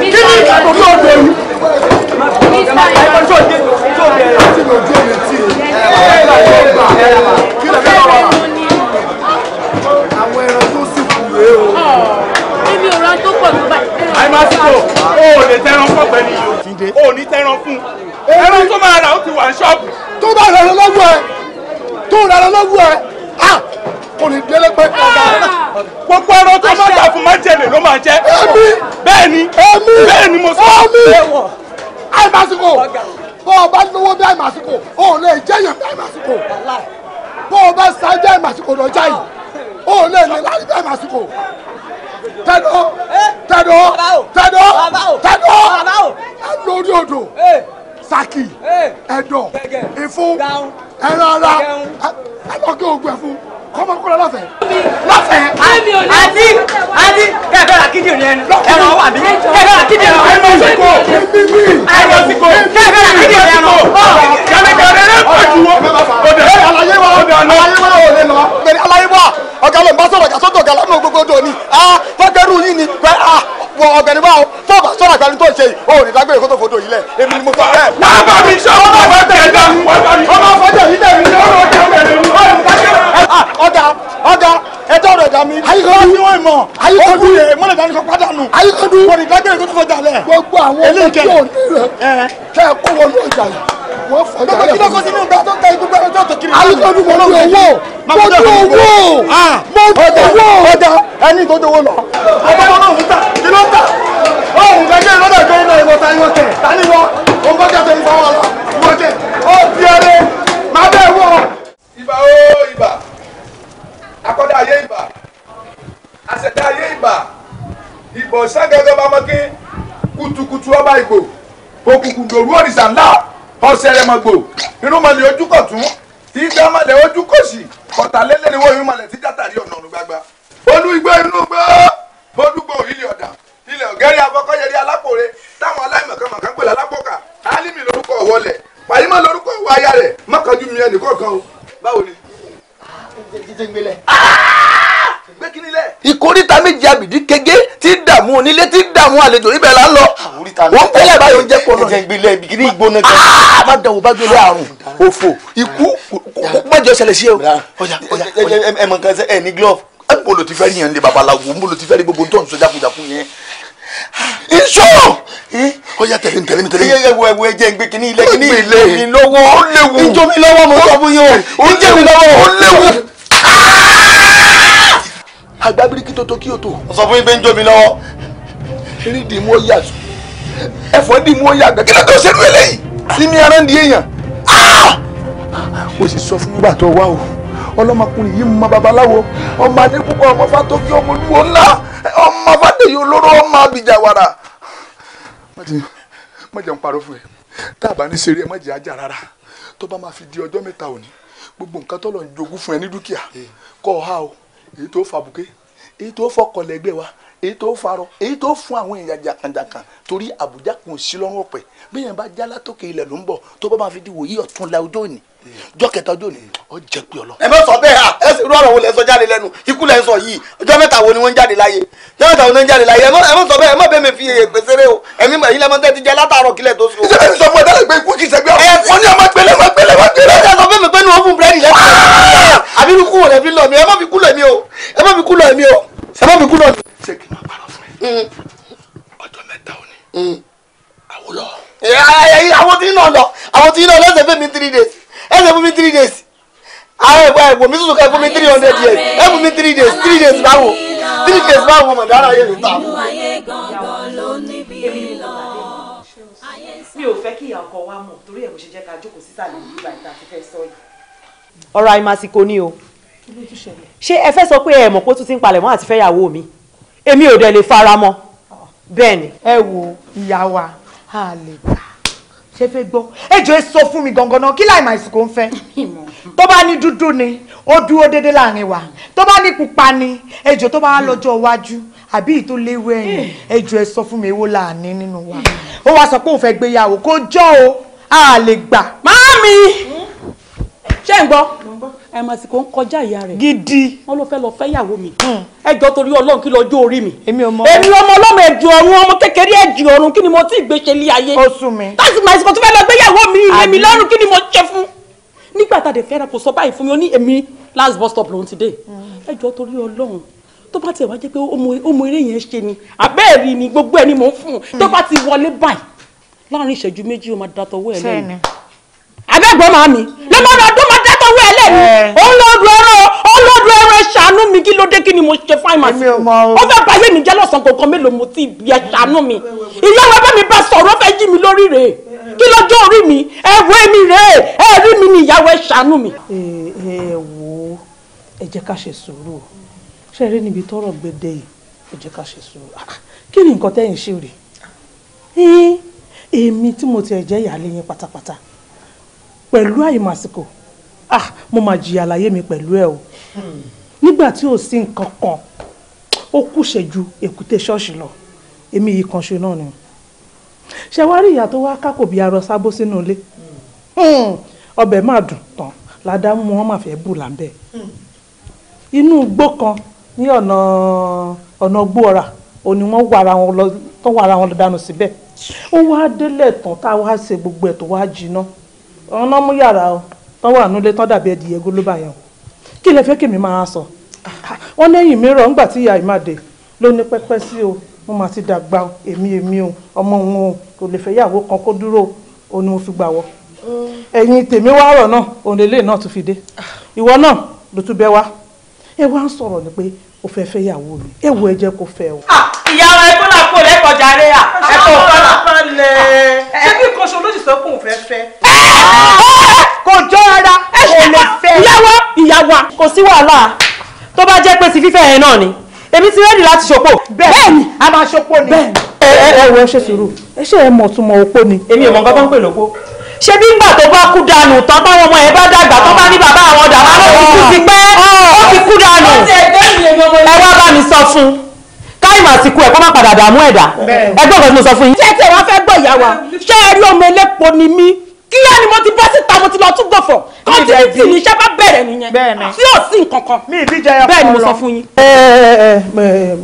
kí ni ìgbà tó tó àwọn ẹran tó sì kù rèé o. èmi ò ran tó pọ̀ tó báyìí. àìmásìkò o ò lè tẹran fún ọ̀gbẹ́ ni yìí o ò ní tẹran fún ẹran tó máa lọ́wọ́ ẹ tó ọkùnrin délé pé kọba ah! gbogbo ẹran tó máa dà fún májèlé ló máa jẹ bẹ́ẹ̀ ni bẹ́ẹ̀ ni mo sọ àìmásìkò bọ́ ọ bá lówó bí àìmásìkò ò lè jẹ́yàn bí àìmásìkò bọ́ ọ bá sáájú àìmásìkò lọ́jà yìí ò lè ní láti bí àìmásìkò tẹdọ tẹdọ tẹdọ tẹdọ lórí odò saki ẹdọ ìfún ẹran ara ẹ lọ kí oògùn ẹ fún kọ́mọ kọ́ra lọ́fẹ̀ẹ́. lọ́fẹ̀ẹ́. àti àti kẹfẹ́ ra kíndìn ní ẹnu ẹ̀rọ wà bí kẹfẹ́ ra kíndìn ní ẹnu. ẹ̀rọ sìkò ẹ̀rọ sìkò kẹfẹ́ ra kíndìn ní ẹnu. kẹmẹkẹmẹ ló pọ̀ jù wọ́n. ọ̀dọ̀ alaye wa ọ̀dọ̀ alaye wa ò lè lọ. bẹ́ẹ̀ni alaye wa ọ̀gá ló ń bá sọ̀rọ̀ ọ̀gá sọ̀tọ̀ ọ̀gá lánàá gbogbo dò ní. fẹ́kẹ́rù yìí ni pé ah, ah, wọ ọbẹ̀ ní báwo tó bá sọ̀rọ̀ àgbà ní tó ń ṣe yìí o ò ní dágbére kó tó fodò yìí lẹ̀ èmi ni mo sọ bẹ́ẹ̀. wọ́n bá mi sọ wọ́n bá mi tẹ̀ ẹ́ dá wọ́n bá mi fọ́jà yìí lẹ̀ rí. ayikọdu ayikọdu mọlẹ bá mi sọ padà nù ayikọdu wọlé dágbére tó tó fọ jalè. gbogbo àwọn ọmọ tí ò ní rẹ kẹ ẹ kó wọn lọ jà yìí wọn fọ jalè. bàbá kìlọ̀ kò sí ní ìgbà tó tẹ gbogbo ẹ̀rọ tó tó kiri. ayikọdu mo ní owó mo ní owó mo ní owó. ọjà ẹni tó dowó lọ. ọba náà ń ta kí ló ń ta ọ̀hún gẹ́gẹ́ lọ́dọ̀ tó ń lọ ìwọ tani wọ́n tẹ̀ tani wọ́n òun kọ́ jẹ́ tẹ̀yìn fọwọ́ lọ wọ́n tẹ̀ ó bí ẹrẹ má bẹ́ẹ̀ wọ̀. ibà ó ibà akọ́dá ayé ibà àṣẹ̀dá ayé ìbà ìbọ̀ ságẹ́gẹ́ bámọ́kí kutukutu ọba ìgbò òkùnkùn dòru òrìṣà ńlá ọ̀sẹ̀rẹ̀mọ̀gbò irúnmọ̀lẹ̀ ojúkọ̀tún tí dámọ̀lẹ̀ ojúkọ̀sì kọ̀tàlélẹ́niwó irúnmọ̀lẹ̀ tí játàrí ọ̀nà ọ̀run gbagba olú igbó inú gbó bódúgbò ilé ọ̀dà ilẹ̀ ọ̀gẹ́rẹ́ abọ́kọ́yẹrí alápòre táwọn aláìmọ̀kànmọ̀kàn pè lálápọ̀kà álímì lórúkọ ọ̀wọ́lẹ̀ pàyímọ̀ lórúkọ ọ̀wọ́ aya rẹ̀ mọ́kànjú mi ẹnì kọ̀ọ̀kan o báwo ni ìkóríta méjì abìdí kege tí dààmú onílé tí dààmú àlejò ibẹ̀ là ń lọ wọ́n tẹ́lẹ̀ báyọ̀ ń jẹ́ pọ̀ náà. ẹ̀jẹ̀ ìgbélé ìbìkínní ìgbóná jẹ́. a ah, má dànwó bá gbélé àrùn òfò ikú mọ̀jọ ṣẹlẹ̀ sí ẹ o. ẹ mọ̀ nǹkan ṣe ẹ ní glove. ẹ bolo ti fẹ́ yẹn lé babaláwo n bolo ti fẹ́ rí gbogbo ntọ́nusọ jákujàku yẹn iṣọ́ ó yà tẹ̀lé mi tẹ̀lé mi tẹ̀lé mi. ẹwọ ẹwọ ẹjẹ ń gbé kínní ilé kínní ilé mi lọ́wọ́ ó léwu ìjọ mi lọ́wọ́ mo sọ fún yín o ìjẹ mi lọ́wọ́ ó léwu. Ah! agbábíríkì tó tó kí o tó. mo sọ fún yín pé ń jó mi lọ́wọ́. eré dì mú ó yà sùn ẹ̀fọ́ dì mú ó yà gbẹ kí ló tó ṣerú eléyìí sí mi arándí èèyàn. Ah! Ah! o sì sọ fún mi gbà tó wá o ọlọ́mọkùnrin yìí mọ babaláwo ọmọ adékúkọ ọmọ fatókí ọmọ olúwo ńlá ọmọ fàdéyí olóró ọmọ abìjà wàrà. má jẹun parọ́ fún ẹ tá a bá ní ṣeré ẹ má ajá rárá tó bá máa fi di ọjọ́ mẹ́ta òní gbogbo nǹkan tó lọ jogún fún ẹ ní dúkìá kọ́ ọ ha o èyí tó fàbùké èyí tó fọkọ̀ wa èyí tó farọ èyí tó fún àwọn èèyàn jàǹkànjàǹkàn torí àbújá kò sí lọ́rùn ọ̀pẹ bí yẹn bá já látòkè ilẹ̀ ló ń bọ̀ tó bá máa fi di wòye ọ̀tún la ọjọ́ òní ọjọ́ kẹta ọjọ́ òní ọ jẹ pé ọlọ. ẹ bá sọ bẹ́ẹ̀ ha ẹ sì rú ọ̀rọ̀ wo lẹ sọ jáde lẹ́nu ikú lẹ sọ yìí ọjọ́ mẹ́ta wo ni wọ́n ń jáde láyé ọjọ́ mẹ́ta wo ni wọ́n jáde láyé ẹ má sọ bẹ́ẹ̀ ẹ má bẹ́ẹ̀ mi fi èyè pèsè o ẹ̀mí mọ̀ yín lẹ́mọ́ ti jẹ́ látàárọ̀ kílẹ̀ tó sùn. ìṣẹ̀lẹ̀ sọ fún ẹ̀dá pé ikú kì í sẹ́gbẹ́ wọn ni ọmọ gbélé ọmọ gbélé ọmọ gbélé. ẹ sọ fún mi pé ní wọ́n fún búrẹ́dì lẹ́kọ̀ọ́ ah! àbí ikú wọ̀n lẹ́ fi lọ mi ẹ má fi kú lọ mi o ẹ má fi kú lọ mi o ẹ má fi kú lọ mi ṣe kí n máa parọ́ fún ẹ mm. ọjọ́ mẹ́ta ò ní àwọn àwọn tí ń nà lọ àwọn tí ń nà lọ ẹsẹ̀ fún mi three days ẹsẹ̀ fún mi three days àwọn ẹ̀gbọ́n ẹ̀gbọ́n mi tuntun ká ẹ̀gbọ́n mi three hundred years ẹ mi three days three days báwo three days báwo mọ̀dá ara yẹn mi ta. mi ò fẹ́ kí ìyá ọkọ wa mọ̀ torí ẹ̀ mo ṣe jẹ́ ká jókòó sísàlẹ̀ yìí báyìí tá a ti sọ yìí. ọ̀rọ̀ àìmásìkò ni o ṣé ẹ fẹ́ sọ pé ẹ mọ̀ pé ó tún ti ń palẹ̀mọ́ àti fẹ́yàwó mi. Emi ò dẹ̀ lè fara mọ́ ah. bẹ́ẹ̀ ni. ẹ wo ìyá wa a lè gbà ṣe fẹ́ gbọ́ ẹjọ́ ẹ sọ mi gangan náà kí láì máa ìsìnkú ń fẹ́ tó bá ní ni ó dúró déédéé láàrin wa tó bá ní pupa ni ẹjọ́ tó bá lọ́jọ́ iwájú àbí ìtò léwu ẹ̀yìn ẹjọ́ ẹ sọ fún mi èwo láàní nínú wa hmm. ó wá sọ pé òun fẹ́ gbéyàwó kó jọ́ o a lè gbà. máàmì hmm? ṣé ń gbọ́ ẹ mà sì kò ń kọjá ìyá rẹ̀. gidi. wọn ló fẹ́ lọ fẹ́ yàwó mi. Hmm. ẹ jọ torí Ọlọ́run kí lọ́jọ́ orí mi. èmi ọmọ èmi ọmọ Ọlọ́run ẹ̀jì ọ̀run ọmọ kékeré ẹ̀jì ọ̀run kí ni mo ti gbé ṣe lé ayé. ó sùn mi. láti máa ìsìnkú tó fẹ́ lọ gbé yàwó mi èmi lọ́rùn kí ni mo ṣe fún. nígbà tá a dẹ̀ fẹ́ràn kò sọ báyìí fún mi ó ní èmi last bus stop lòun ti dé. Hmm. ẹ torí Ọlọ́run tó bá tiẹ̀ wá jẹ́ pé ó eré yẹn ṣe ni àbẹ́ẹ̀rí ni gbogbo ẹ̀ ni mò ń fún un hmm. tó bá ti wọlé báyìí láàrin ìṣẹ́jú méjì ó máa datọwọ́ ẹ̀ lẹ́yìn abẹ́gbọ́n máa mi lẹ́mọ̀rọ̀ ọdún máa dá tọ́wọ́ ẹ lẹ́nu òun ló du ẹran òun ló du ẹran ṣàánú mi kí ló dé kí ni mo ṣe fáìmà sí ó fẹ́ báyé mi jẹ́ lọ́sàn kankan mélòó mo ti bí ẹ ṣàánú mi ìyá wa bá mi bá sọ̀rọ̀ fẹ́ jí mi lórí rẹ̀ kí lọ́jọ́ orí mi ẹ wo èmi rẹ̀ ẹ rí mi ni ìyàwó ẹ ṣàánú mi. ẹ ẹ wo ẹ jẹ́ ká ṣe sùúrù ṣe rí níbi tọ́rọ̀ gbẹdẹ yìí ẹ jẹ́ ká ṣe sùúrù ah, kí ni nǹkan tẹ́yìn ṣe rè é èmi tí mo ti ẹ̀ jẹ́ ìyáálé yín pátápátá pẹ̀lú àìmàsìkò ah mo máa jìyà láyé mi pẹ̀lú ẹ o nígbà tí ò sí nǹkan kan ó kùṣẹ̀ ju èkúté ṣọ́ọ̀ṣì lọ èmi yìí kan ṣe náà ni ṣe wá rí ìyá tó wá kákò bí arọ sábó sínú ilé hmm, ọbẹ̀ máa dùn tán ládàmú wọn máa fẹ́ bù lábẹ́ inú igbó kan ní ọ̀nà ọ̀nà gbóra ò ní wọ́n wàrà wọn lọ dànù síbẹ̀ ó wá délẹ̀ tán tá a wá ṣe gbogbo ẹ̀ tó wá jiná. ọ̀nà mú yàrá o tán wà nílé dàbí ẹdìyẹ gólóbà kí lè fẹ́ kí mi máa sọ wọn lẹ́yìn mi rọ̀ ńgbà tí ìyá ìmàdé ló ní pẹ́pẹ́ sí o mo máa ti dàgbà èmi èmi ọmọ òun o kò lè kan kó dúró o ni mo fi gbà tèmi wá náà òun lè náà tún fi dé ìwọ náà ló tún bẹ wá ẹ wá ń sọ̀rọ̀ ni ẹ wo ẹ jẹ́ kó ah, ẹ ṣẹlẹ̀ ṣebí kan ṣo ló sì sọ fún òfẹ́ fẹ́. kò jọ ara kò lè fẹ́. ìyàwó ìyàwó kò sí wàhálà tó bá jẹ́ pé ti fífẹ́ yẹn náà ni èmi ti rẹ́dì láti ṣòpò. bẹ́ẹ̀ni a máa ṣòpò ni. bẹ́ẹ̀ni ẹ ẹ wọ ṣe sùúrù ẹ ṣe ẹ mọ̀ tún mọ opó ni. èmi ò mọ bá bá ń pè lóko. ṣé bí ngbà tó bá kú dànù tán táwọn ọmọ yẹn bá dàgbà tó bá ní bàbá àwọn dàbá ló ti kú ti pẹ́ ó ti kú dànù ẹ wá bá mi sọ fún un táìmù àsìkò ẹ̀ kó má padà dààmú ẹ̀dá ẹgbẹ́ ọ̀gá tí mo sọ fún yín. ṣé tí ẹ wá fẹ́ gbọ́ ìyá wa ṣé ẹ rí ọmọ elépo ni mí kílẹ̀ ni mo ti bọ́ síta mo ti lọ tún gbọ̀fọ̀ kọ́ńtínítì ni iṣẹ́ bá bẹ̀rẹ̀ nìyẹn tí ò sí nǹkan kan bẹ́ẹ̀ ni mo sọ fún yín. ẹ ẹ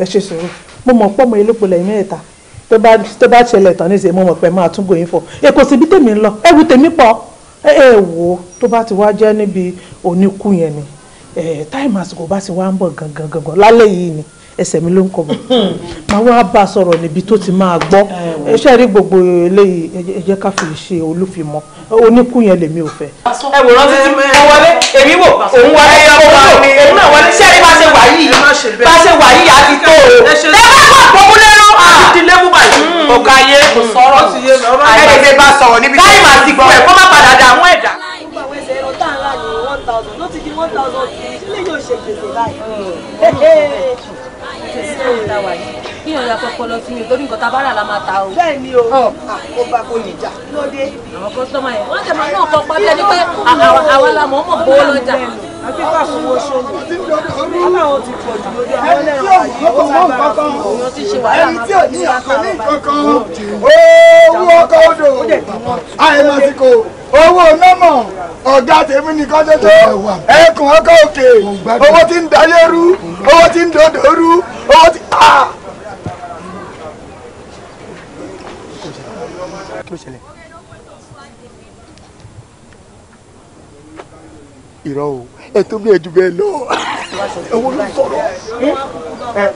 ẹ ṣe sọ̀rọ̀ mo mọ̀ pọ́ mọ elépo lẹ́yìn mẹ́ta tó bá tó tán ní ìṣe mo mọ̀ pé máa tún gòyìn fọ èkó síbi tèmi ń lọ ẹrù tèmi pọ̀ ẹ wò ó tó bá ti wá jẹ́ níbi oníkú yẹn ni táìmù àsìkò bá ti wá ń bọ̀ gangan gangan lálẹ́ yìí ni ẹsẹ̀ mi ló ń kọ̀bọ̀ máa wá bá a sọ̀rọ̀ níbi tó ti máa gbọ́ iṣẹ́ rí gbogbo eléyìí ẹ jẹ́ ká fi ṣe olúfimọ́ oníkú yẹn lèmi ò fẹ́. ẹ wò rántí tí mo wọlé èmi wò òun wọlé òun wò òun náà wọlé ṣé ẹ bá ṣe wà yìí bá ṣe wà yìí àti tó o ẹ bá kọ́ àpòmúlẹ́rọ́ àti lẹ́mú báyìí ọ̀gá yé kò sọ̀rọ̀ ẹ lè fi bá sọ̀rọ̀ níbi táyì máa ti gbọ́ ẹ̀ kó má padà dà àwọn ẹ̀dá. nígbà wẹ́sẹ̀ ẹ̀rọ tá a ń rà one thousand ló ti di one thousand tí ilé yóò ṣe gbèsè báyìí. Hmm. 那我。kí èèyàn ya pọpọlọ sí mi torí nǹkan tá a bá rà la máa ta o. bẹ́ẹ̀ ni o ó bá kó nìjà lóde. àwọn kọ́sítọ́mà yẹn wọ́n tẹ̀mọ́ náà kọ́ pa bí ẹni pé àwa la mọ̀ mọ̀ gbowó lọ́jà. àti bá fowó ṣòwò aláwọ̀ ti pọ̀ jù lóde àwọn ẹ̀rọ ayé ó lágbára òun ti ṣe wàhálà máa fẹ́ ní àkàlẹ́ ìkankan owó ọkọ̀ odò àìmọ̀síkò owó mẹ́mọ̀ ọ̀gá tèmi nìkan ṣoṣo ẹkùn ọkọ̀ òkè owó ti ń dalẹ́rú owó ti ń dòdòrú owó ti. Ah! kí ló ṣẹlẹ̀. irọ́ o ẹ tó bí ẹjú bẹ́ẹ̀ lọ owó ló ń sọ̀rọ̀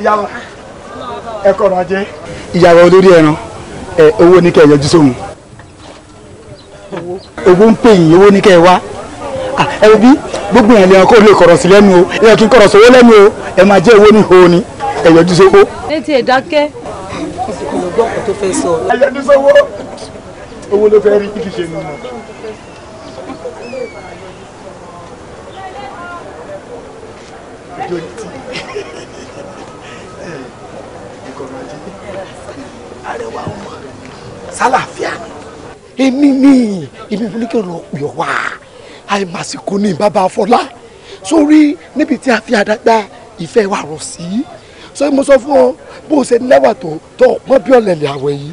ìyàwó ẹ kọ̀rọ̀ ajé ìyàwó lórí ẹran owó ní kẹ́ ẹ yọjú sóhun owó ń pè yín owó ní kẹ́ ẹ wá ẹ wo bí gbogbo yẹn lẹ́yìn kó lè kọ̀rọ̀ sí lẹ́nu o ẹ kí n kọ̀rọ̀ sówó lẹ́nu o ẹ máa jẹ́ owó ní ìhòòhò ni ẹ yọjú sówó. létí ẹ̀ dákẹ́. ẹ yọjú sówó owó ló fẹ́ rí kí fi ṣe nù. arẹwà ọmọ sálàáfíà èmi ni èmi fún kí n lọ pè ọ wá àìmàsìkò ní bàbá Fọlá sórí níbi tí a fi àdágbà ìfẹ́ wa rọ̀ sí sọ mo sọ fún ọ bó o ṣe lẹ́wà tó tọ́ ọ̀pọ̀ bí ọ̀lẹ̀lẹ̀ àwẹ̀ yìí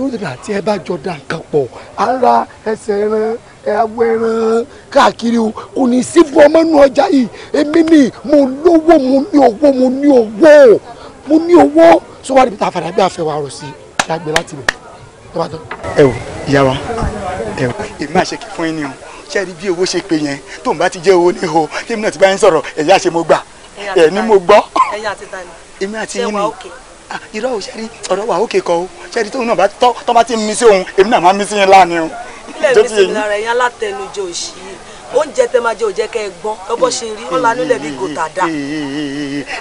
tó ń sèpè àti ẹ bá jọ da nǹkan pọ̀ ara ẹsẹ̀ ẹran ẹwọ ẹran káàkiri o kò ní sí fún ọmọ inú ọjà yìí èmi ni mo lówó mo ní owó mo ní owó mo ní owó sọ wá níbi tá a fàdà bí àfẹ wa rò sí dàgbé láti rò ẹ wò ìyá wa ẹ wò èmi àṣekì fún yín ni o ṣé rí bí owó ṣe pé yẹn tó bá ti jẹ́ owó ní o tèmi náà ti bá yín sọ̀rọ̀ ẹ̀yà ṣe mo gbà ẹ̀ ní mo gbọ́ èmi àti yín ni. Ah, irọ́ o ṣẹ́rí ọ̀rọ̀ wa òkè kọ́ o ṣẹ́rí tóun náà bá tọ́ tọ́ bá ti ń mi sí òun èmi náà máa ń mi sí yín láàánú o. ilé mi sì ń lára ẹ̀yìn alátẹnujẹ òṣì oúnjẹ tẹ máa jẹ òjẹ kẹ ẹ gbọn ọbọ ṣe rí ó lanú lẹbi gòtà dá.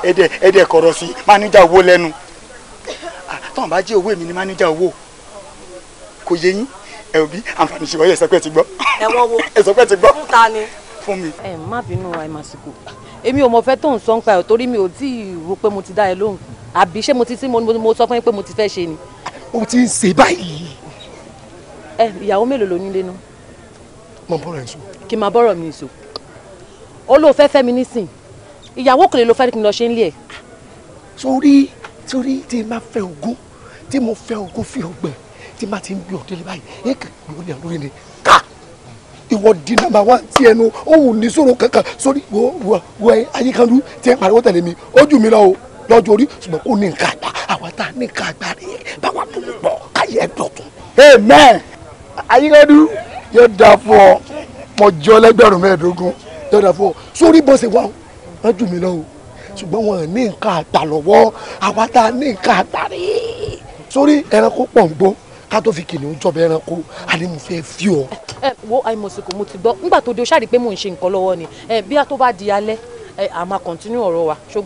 ẹdẹ ẹdẹ kọrọ sí mánéjà owó lẹ́nu ah, tọ́wọ́n bá jẹ́ owó èmi ni mánéjà owó kò yé yín ẹ òbí àǹfààní ṣe wọ́yẹ̀ ẹ̀sọ́pẹ́ ti gbọ́. ẹ̀wọ̀n wo ẹ̀sọ́pẹ́ ti gbọ́. fúnta ni. fún mi. ẹ má bínú àìmásìkò èmi ò mọ fẹ́ tó ń sọ ń pa ẹ̀ torí mi ò tí ì rò pé mo ti dá ẹ lóhùn àbí ṣé mo ti tí mo sọ fún yín pé mo ti fẹ́ ṣe ni. o ti ń ṣe báyìí. ẹ ìyàwó mélòó ló nílé náà. mo bọ̀rọ̀ ẹ̀ sọ. kì í máa bọ̀rọ̀ mi sọ. ó lóò fẹ́ fẹ́ mi nísìn ìyàwó kò lè lo fẹ́ẹ́ kí n lọ ṣe ń lé ẹ̀. sórí sórí tí n bá fẹ́ ogún tí mo fẹ́ ogún fi ọgbẹ́ tí n bá ti ń gbé ọ̀dẹ́lẹ̀ báyìí ẹ̀ kàn ló ní àlórí ni ká ìwọ di nàmbà wá tí ẹnu ó wù ní sọ̀rọ̀ kankan sórí wọ wọ ayé kan lù tí ẹ pariwo tẹ̀lé mi ó jù mí lọ o lọ́jọ́ orí ṣùgbọ́n kò ní nǹkan àgbà àwọn tá a ní nǹkan àgbà rẹ̀ báwa tó lè pọ̀ káyé dọ̀tun. amen ayíkádú yóò dáa fún ọ mo jọ lẹ́gbẹ̀rún yóò dáa fún ọ sórí bó ṣe wá wọ́n jù mí lọ o ṣùgbọ́n wọn ní nǹkan àgbà lọ́wọ́ àwa tá a ní nǹkan àgbà rẹ̀ sórí ẹranko pọ̀ ń gbó ká fi kìnìún jọba ẹranko àní mo fẹ́ fi ọ. ẹ wo àìmọ̀sìkò mo ti gbọ́ nígbà tó di o ṣáà rí i pé mò ń ṣe nǹkan lọ́wọ́ ni bí a tó bá di alẹ́ a máa kọ̀ntínú ọ̀rọ̀ wa ṣó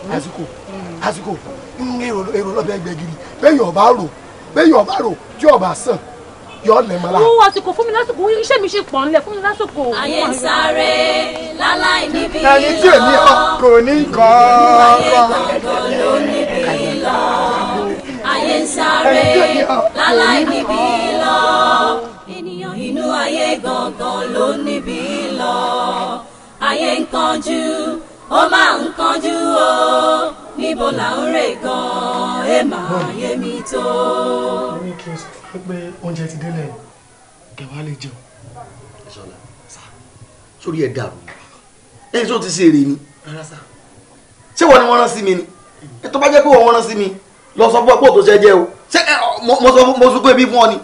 Mm-hmm. àsìkò mm-hmm. àsìkò mm, èrò lọ́bẹ̀ gbẹ̀gìrì bẹ́ẹ̀ ọba rò bẹ́ẹ̀ ọba rò tí ọba sàn yọ ọ lẹ́mọ́lá. wọ́n àsìkò fún mi lásìkò iṣẹ́ mi ṣe pọ̀ ńlẹ̀ fún mi lásìkò. ayé ń sáré láláì níbi lọ ẹni tí ò ní kò ní kọ́ọ̀kan. ayé ń sáré láláì níbi lọ ènìyàn inú ayé gbọ̀ngàn ló níbi lọ ayé ń kánjú ó máa ń kanjú o níbo là ń rè gan-an ẹ máa yé mi tó. ní kí n sọ fún pé oúnjẹ ti délẹ̀ ẹ̀wá lè jẹun. ìṣọ̀lá sórí ẹ̀ dàrú ẹ̀yin tó ti ṣe èrè ni ṣé wọ́n ni wọ́n rán sí mi ni ẹ̀ tó bá jẹ́ pé wọ́n rán sí mi lọ sọ fún ẹ pé òtò ṣẹ́ jẹ́ o ṣé mo sọ fún ebi fún ọ ni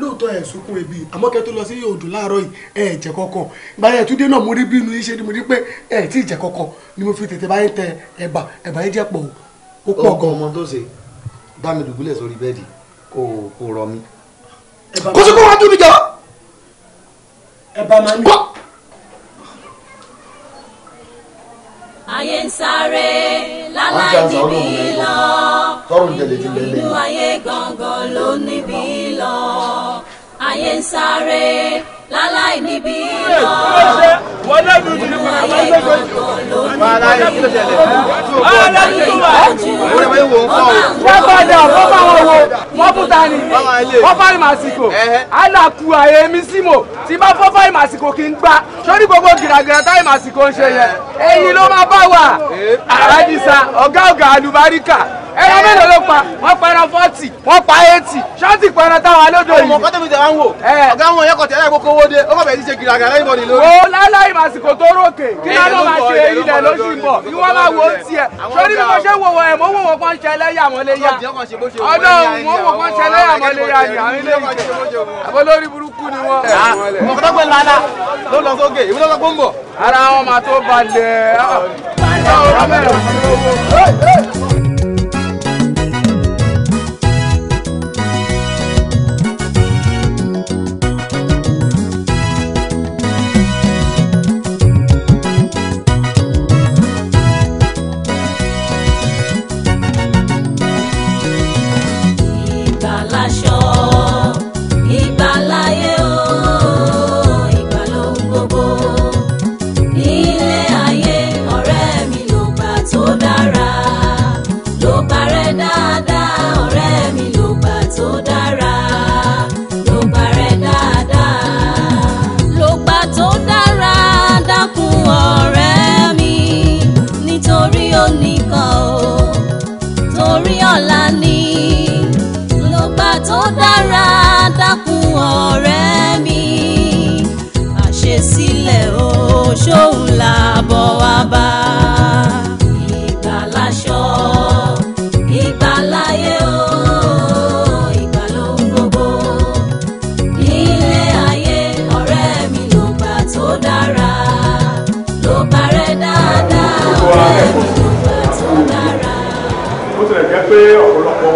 lóòótọ́ ẹ̀ sunkún ebi àmọ́kẹ́ tó lọ sí odò láàárọ̀ yìí ẹ̀ jẹ́ kọ́kọ́ báyẹn ẹ̀túndé náà mo rí bínú yín ṣe ni mo rí pé ẹ̀ tí ì jẹ́ kọ́kọ́ ni mo fi tètè báyẹn tẹ ẹ̀bà ẹ̀bà yẹn jẹ́ pọ̀ ó pọ̀ gan. ọmọ tó ṣe bá mi dùbúlẹ̀ sórí bẹ́ẹ̀dì kò kò rọ mi. kó sì kó wá dúró níjọ. ẹ̀bà máa ń. ayé ń sáré láláì níbi lọ inú ayé gangan ló níbi lọ ayé ń sáré láláì níbi lọ lágbàdà wọ́n bá wọn wo wọ́n bú ta ni wọ́n fáyì màsìkò alákù àyè mi símò tí bá fọ́ fáyì màsìkò kí n gbà sórí gbogbo gìràgìrà táyì màsìkò ń ṣe yẹn ẹ̀yin ló máa bá wà eh. àràdìsá ọ̀gá ọ̀gá àlùbáríkà ẹran eh. mélòó ló pa wọ́n pa ẹran fọ́ọ̀tì wọ́n pa ẹ̀ẹ́tì ṣọ́ọ̀tì pẹ̀rẹ̀ táwọn alódò yìí. ọmọ kọ́tẹ́bí tẹ̀ wá ń wò eh. ọ̀gá wọn yẹn kọ̀ tẹ́lẹ̀ kókó dé ó kọ̀ bẹ̀ẹ́ ti ṣe gìràgà lẹ́yìn bọ̀dì lórí. o láláì màsìkò tó rókè kí náà ló máa ṣe ilẹ̀ lóṣù bọ̀ kí wọ́n máa wo tiẹ̀ sórí bí mo ṣe wò wọ́n ẹ̀ mo wò wọ́n kàn ṣe ẹlẹ́yà mọ́ léyà ọ̀dọ̀ mo wò kàn ṣe ẹlẹ́yà mọ́ léyà ni àwọn ilé àbọ̀ lórí burúkú ni wọ́n. Ah, ọ̀kọ́tọ́gbẹ́ lálá ló lọ sókè ìwé lọ́sọ̀ gbòǹgbò. ara wọn máa tó balẹ̀. Ah,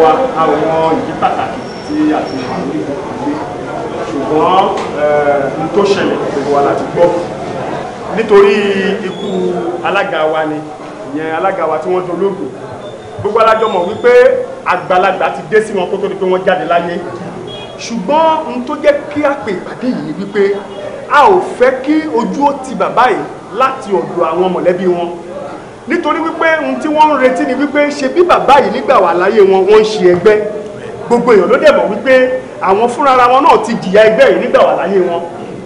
wa àwọn ìdí pàtàkì tí a ti wà lórí ìgbàgbé ṣùgbọ́n eh, n tó ṣẹlẹ̀ gbogbo wa láti gbọ́ nítorí ikú alága wa ni ìyẹn alága wa tí wọ́n dolóògùn gbogbo alájọ mọ̀ wípé àgbàlagbà ti dé sí wọn kó tó di pé wọ́n jáde láyé ṣùgbọ́n n tó jẹ́ kí a pè ìpàdé yìí ni wípé a ò fẹ́ kí ojú ó ti bàbá yìí láti ọ̀dọ̀ àwọn mọ̀lẹ́bí wọn nítorí wípé ohun tí wọ́n ń retí ni wípé ṣe bí bàbá yìí nígbà wà láyé wọn wọ́n ń ṣe ẹgbẹ́ gbogbo èèyàn ló dẹ̀ mọ̀ wípé àwọn fúnra wọn náà ti jìyà ẹgbẹ́ yìí nígbà wà láyé wọn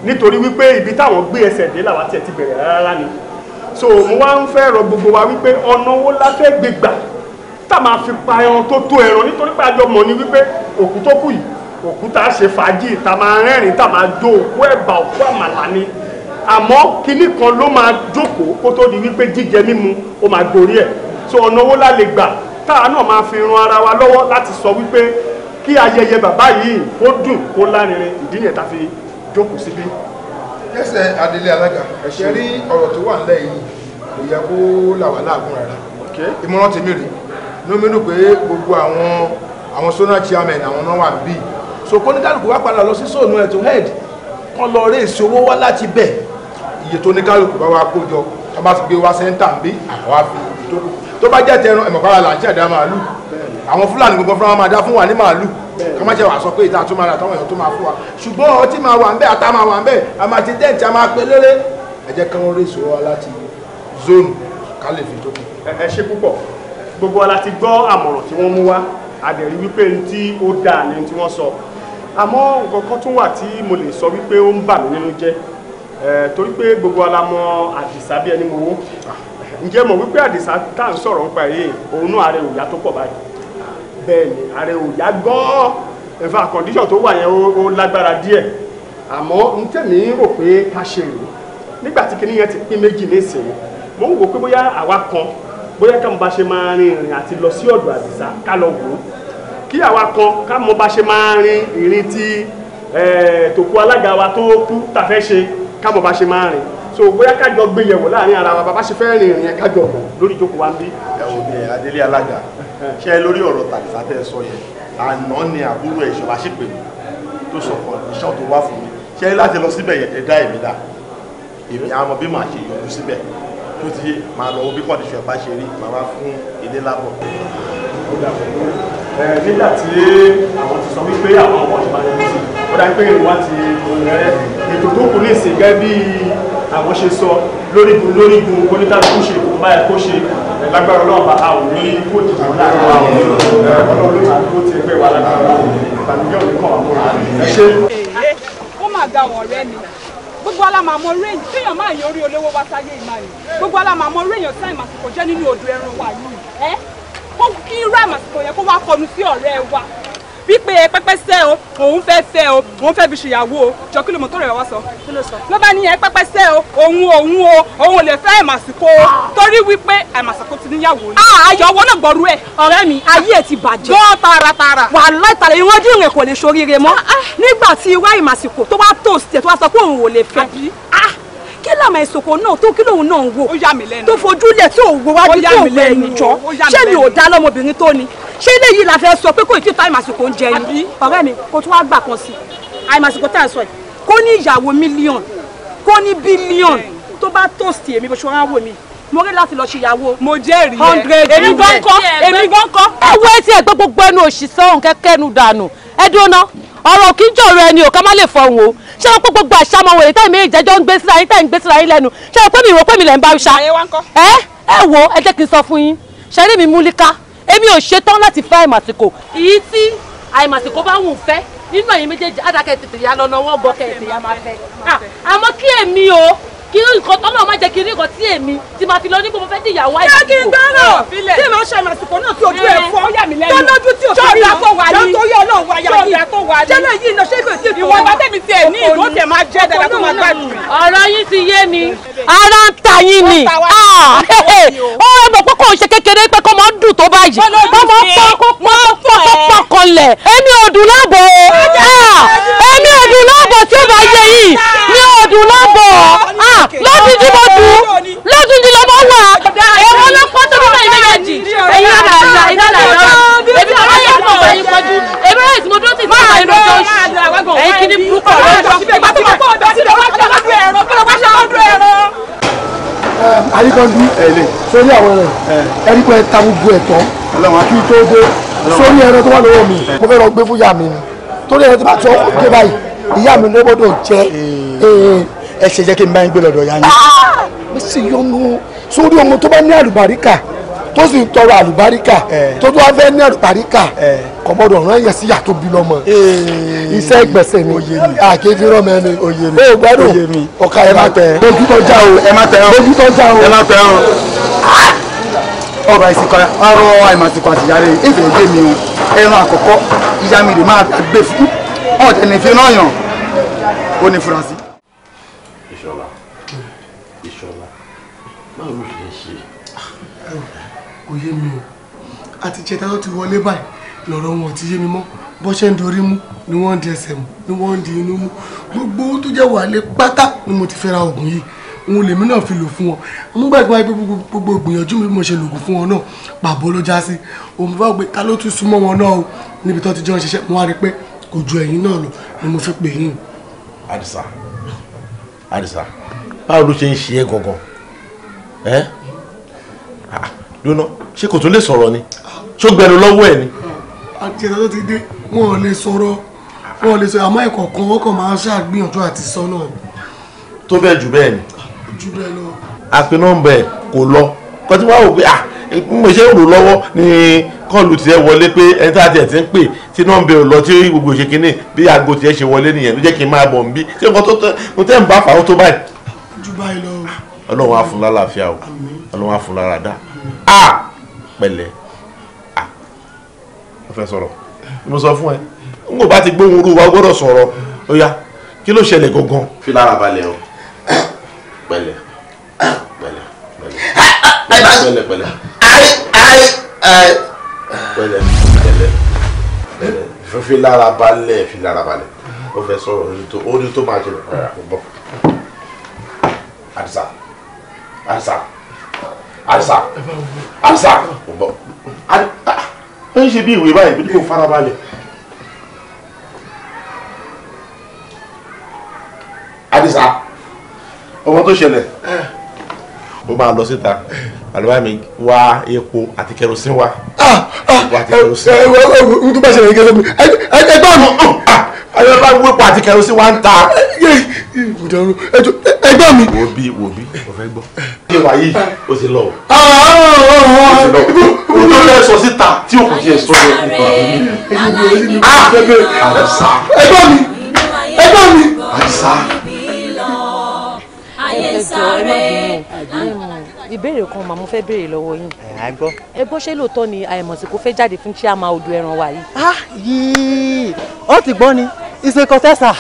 nítorí wípé ibi táwọn gbé ẹsẹ̀ dé làwọn tiẹ̀ ti bẹ̀rẹ̀ rárá ni so mo wá ń fẹ́ rọ gbogbo wa wípé ọ̀nà wo la fẹ́ gbé gbà tá máa fi pa ẹran tó tó ẹran nítorí pé àjọ mọ̀ ni wípé òkú tó kù yìí òkú tá a ṣe fàájì tá a máa rẹ́rìn-ín tá a máa jó òkú ẹ̀bà òkú àmàlà ni àmọ́ kinní kan ló máa jókòó kó tó di wípé jíjẹ mímu ó máa gorí ẹ̀ so ọ̀nà owó la lè gbà táwa náà máa fi ran ara wa lọ́wọ́ láti sọ wípé kí ayẹyẹ bàbá yìí kó dùn kó lárinrin ìdí yẹn tá fi jókòó síbí. ẹsẹ̀ eh, adelé alága ẹ̀ṣẹ̀ rí ọ̀rọ̀ tó wà nílẹ̀ yìí kò yẹ kó là wá láàgùn rárá ìmọ̀ràn tèmi rèé ló mẹ́nu pé gbogbo àwọn àwọn sọ́nà chairman àwọn náà wà bíi so kóníkàlùkù wá padà lọ sí sóònù ẹ̀ tó head kan lọ rí èsì owó wá láti bẹ̀ iye tó ní kálukú bá wa kójọ tó bá ti gbé wá sẹ́ńtà ń bí àwa fi tó kù tó bá jẹ́ tẹran ẹ̀mọ̀ pàrọ̀ là ń ṣẹ̀dá màálù àwọn fúlàní gbogbo fúnra máa dá fún wa ní màálù ká má ṣe wàá sọ pé ìta tó máa rà táwọn èèyàn tó máa fún wa ṣùgbọ́n ọtí máa wà ń bẹ́ ata máa wà ń bẹ́ a máa ti tẹ́ǹtì a máa pe lélé ẹ jẹ́ kí wọ́n rí ìṣòro wa láti zone ká lè fi tó kù. ẹ ṣe púpọ̀ gbogbo wa láti gbọ́ àmọ̀ràn tí wọ́n mú wá àdẹ̀rí wípé ní tí ó dáa ní tí wọ́n sọ àmọ́ nǹkan kan tún wà tí mo lè sọ wípé ó ń bà mí nínú jẹ́ Eh, torí pé gbogbo ala mọ àdìsá bí ẹni mo wó ǹjẹ́ mọ̀ wípé àdìsá tá à ń sọ̀rọ̀ nípa èyí òun náà ààrẹ òyà tó pọ̀ báyìí bẹ́ẹ̀ ni ààrẹ òyà gan-an ẹ̀fà condition tó wà yẹn ó lágbára díẹ̀ àmọ́ n tẹ̀mí rò pé ká ṣe rèé nígbà tí kinní yẹn ti pín méjì nísìnyí mo ń wò pé bóyá àwa kan bóyá ká mo bá ṣe máa rin ìrìn àti lọ sí ọ̀dọ̀ àdìsá ká lọ wò ó kí àwa kan ká mo bá ṣe máa rin ìrìn tí eh, tòkú alága wa tó kú tàfẹ́ ṣe kámọ̀ bá ṣe máa rìn so bóyá kájọ gbé yẹ̀wò láàrin ara wa bàbá ṣe fẹ́ rìn ìrìn kájọ mọ̀ lórí ìjókòó wa ń bí. ẹ ò ní adélé alága ṣe é lórí ọ̀rọ̀ tàbísà tẹ́ ẹ sọ yẹn àná ni àbúrò ẹ̀ ìṣọ̀lá ṣì pè mí tó sọ pọ̀ iṣẹ́ tó wá fún mi ṣe é láti lọ síbẹ̀ yẹn ẹ̀dá èmi dá èmi àmọ́ bí màá ṣe yọjú síbẹ̀ tó ti máa lọ bí kọ́ndíṣọ̀ ẹ̀ bá ṣe rí màá wá fún ilé lábọ̀. nígbà tí àwọn ti sọ wípé àwọn ọmọ ìbáraẹni ó dá pé ìwà ti rẹ̀ ètò tó kù ní ìsìn gẹ́gẹ́ bí àwọn ṣe sọ lórígun lórígun oníkálukú ṣe kò bá ẹ̀ kó ṣe lágbára ọlọ́run bá a ò ní kó dìbò láàrin wa ò ní ọlọ́run ló máa tó ti pẹ́ wà lágbára ìbànújẹ́ òní kan àwọn ọ̀rẹ́ ṣe. ó mà ga ọ̀rẹ́ mi gbogbo ala máa mọ orí èyí téèyàn máa yan orí olówó wá sáyé ìmá gbogbo ala mọ orí èyàn sáì màsìkò jẹ́ nínú odò ẹran wa yìí ẹ kó kí irú àmàsìkò yẹn kó wá kọnu sí ọ̀rẹ́ wa wípé pẹ́pẹ́sẹ́ o òun fẹ́ fẹ́ o òun fẹ́ fi ṣèyàwó o jọ kí ló mọ̀ tó rẹ̀ wá sọ. ló bá ní ẹ pẹ́pẹ́sẹ́ o òun òun o òun ò lè fẹ́ àmàsìkò o torí wípé àmàsìkò ti níyàwó ni. Ah, ayọ̀ owó náà gbọ́rú ẹ̀. ọ̀rẹ́ mi ayé ẹ̀ ti bàjẹ́. gbọ́ taratara. wà látàlẹ́ iwájú ìrìn kò lè ṣoríire mọ́ ah, ah. nígbà tí wá ìmàsìkò tó wá tòsí ẹ̀ tó wá sọ pé òun ò lè fẹ́ kí làmà ìsòkò náà tó kí lòun náà ń wo tó fojú lẹ̀ tó wo wájú tó wẹ̀ nìjọ́ ṣé mi ò dá lọ́mọbìnrin tó ni ṣé eléyìí la fẹ́ sọ pé kò tí ì táìmù àsìkò ń jẹ ni ọ̀rẹ́ mi kò tún wá gbà kan sí àìmọ̀ àsìkò tá à ń sọ yìí kó ní ìyàwó mílíọ̀nù kó ní bílíọ̀nù tó bá tòsí èmi bó ṣe wá wò mí mo rí láti lọ ṣèyàwó. mo jẹ́rìí ẹ èmi gan kọ́ èmi gan kọ́. ẹ wo etí ẹgbẹ́ gbogbo ẹnu òṣìṣẹ́ òun kẹ́kẹ́ nu dànù ẹ dúró ná ọ̀rọ̀ kí n jọ̀rọ̀ ò ká má lè fọ̀hún o ṣé o pé gbogbo àṣà ọmọ wèrè tẹ́ mi ìjẹ́jọ́ ń gbé síra yín tẹ́ ń gbé síra yín lẹ́nu ṣé o pé mi ìwò pé mi lẹ̀ ń bá ṣá ẹ ẹ wo ẹ jẹ́ kí n sọ fún yín ṣẹ́rí mi múlíká èmi ò ṣetán láti fẹ́ àìmàsìkò èyí tí àìmàsìkò bá wù fẹ́ nínú ẹ̀yin méjèèjì ádàkẹ́ tètè yá lọ́nà ọwọ́ gbọ́kẹ́ tètè yá máa ah, fẹ́ àmọ́ kí èmi o kí ló nǹkan tọ́lọ́ máa jẹ́ kí n rí nǹkan tí èmi ti máa fi lọ nígbà mo fẹ́ dìyàwó àìsàn. ṣé kí n gbọ́rọ̀ tí màá ṣe àmàsìkò náà tí ojú ẹ̀ fọ́ tó lójú tí òfin rí jọ́ọ̀dà tó wà ní jọ́ọ̀dà tó wà yìí jẹ́lẹ̀ yìí náà ṣé kò sí ìfowó. ìwọ bá tẹ̀mí tiẹ̀ ní ìlú tẹ̀ máa jẹ́ dada tó máa gbádùn. ọ̀rọ̀ yín ti yé mi ara ń ta yín ni ó ẹ ah, eh, eh. mọ̀ pé kò ń ṣe kékeré pé kò máa ń dùn tó báyìí ọmọ pọkànlẹ̀ èmi ò dùn láàbọ̀ ah, èmi ò dùn láàbọ̀ tí ó bá yẹ yìí mi ò dùn láàbọ̀. àríkọ́ndú sórí àwọn ẹ̀rẹ̀ ẹ̀rí pé ta gbogbo ẹ̀tọ́ kí tó dé sórí ẹ̀rọ tó wà lọ́wọ́ mi mo fẹ́ lọ gbé fún ìyá mi ni torí ẹ̀rọ tó bá tọ́ dé báyìí ìyá mi ló gbọ́dọ̀ jẹ́ ẹ ṣe jẹ́ kí n bá yín gbé lọ́dọ̀ ya yín. Ah, mo sì yọnu sórí ọmọ tó bá ní àlùbáríkà tó sì ń tọrọ àlùbáríkà tó tó wá fẹ́ ní àlùbáríkà kò gbọ́dọ̀ rán yẹn síyà tó bí lọ́mọ iṣẹ́ ìgbẹ̀sẹ̀ ni àkéjì rọ mẹ́ni oyè mi ó mi ọ̀ka ẹ má tẹ ojú tó já o ẹ má tẹ o ojú tó já o ẹ má tẹ o ọ̀rọ̀ àìsìkọ ọ̀rọ̀ àìmọ̀sìkọ àtìyáre ìfẹ́ òde mi o ẹran àkọ́kọ́ ìyá mi rè máa gbé fún ọ̀tẹ̀ ní fi náà yàn ó ní fura sí. ìṣọlá ìṣọlá báwo ló ṣe ṣe. kò yé mi o àti jẹta tó ti wọlé báyìí lọ́rọ̀ wọn ò ti yé mi mọ́ bó ṣe ń dorí mú ni wọ́n ń di ẹsẹ̀ mu ni wọ́n ń di inú mu gbogbo tó jẹ́ wàhálẹ̀ pátá ni mo ti fẹ́ ra oògùn yìí òun lèmi náà fi lò fún wọn mo gbà gbà pé gbogbo ìgbìyànjú mi bí mo ṣe lògùn fún wọn náà pàbó ló já sí òun fẹ́ pé ta ló tún súnmọ́ wọn náà o níbi tó ti jọ ń ṣiṣẹ́ mo wá rí i pé kò ju ẹ̀yìn náà lọ ni mo fi pè yín. àdìsá àdìsá báwo ló ṣe ń ṣe é gangan ẹ lónà ṣé kò tún lè sọ̀rọ̀ ni ṣó gbẹnu lọ́wọ́ ẹ ni. àti ẹ̀dá tó ti dé wọn ò lè sọ̀rọ̀ wọn lè sọ àmọ́ ìkọ̀ọ̀kan wọn kàn máa ń ṣàgbìyànjú àti sọ náà ni. tó bẹ́ẹ̀ jù bẹ́ẹ̀ ni. jù bẹ́ẹ̀ lọ. àpè nọ́mbà ẹ̀ kò lọ kọ́ tí wò pé ah mo ṣe rò lọ́wọ́ ni kọ́ọ̀lù tiẹ̀ wọlé pé ẹni tá a tiẹ̀ ti ń pè tí nọ́mbà ò lọ tí gbogbo ṣe kínní bí aago tiẹ̀ ṣe wọlé nìyẹn ló jẹ́ kí n máa bọ̀ ń bí ṣé nǹkan tó tẹ́ mo tẹ́ ń bá fàáwọ́ tó báyìí. jù báyìí lọ. ọlọ́run á fún lálàáfíà o ọlọ́run á fún lára dá a pẹ̀lẹ́ a mo fẹ́ sọ̀rọ̀ mo sọ fún ẹ n kò bá ti gbóhùn orú wa gbọ́dọ̀ sọ̀rọ̀ ó yá kí ló ṣẹlẹ̀ gangan. fi lára balẹ̀ o pẹ̀lẹ́ pẹ̀lẹ́ pẹ̀lẹ́ pẹ̀lẹ́ pẹ̀lẹ́ pẹ̀lẹ́ pẹ̀lẹ́ pẹ̀lẹ́ fi lára balẹ̀ fi lára balẹ̀ ó fẹ́ sọ̀rọ̀ ó ní tó máa jẹ bọ́ àdìsá àdìsá àdìsá àdìsá ó bọ́ ah, ó ń ṣe bí ìwé báyìí bí kò farabalẹ̀. ọmọ tó ṣẹlẹ̀ ó máa lọ síta àlùbá mi wá epo àti kẹrosin wá. Ah, ah, n eh, eh, eh, tó bá ṣẹlẹ̀ ní kẹrosin mi ẹgbẹ́ mi. ayọ̀ ah, bá wú epo àti kẹrosin wá ń ta. ẹgbẹ́ mi. wo bí wo bí o fẹ́ gbọ́. ṣé wàá yìí o ti lọ o. o tó lẹ sọ síta tí o kò tiẹ̀ sọ yẹ kó kàn mí. ẹgbẹ́ mi ẹgbẹ́ mi. àìsàn ẹjọ ẹ má bínú ìbéèrè kan màá mo fẹ́ béèrè lọ́wọ́ yín. ẹ gbọ́. ẹ gbọ́ ṣé lóòótọ́ ni àìmọ̀sìnkú fẹ́ jáde fún chiama odò ẹran wa yìí. ah yìí ó ti gbọ́ ni ìṣèkọ̀tẹ́sà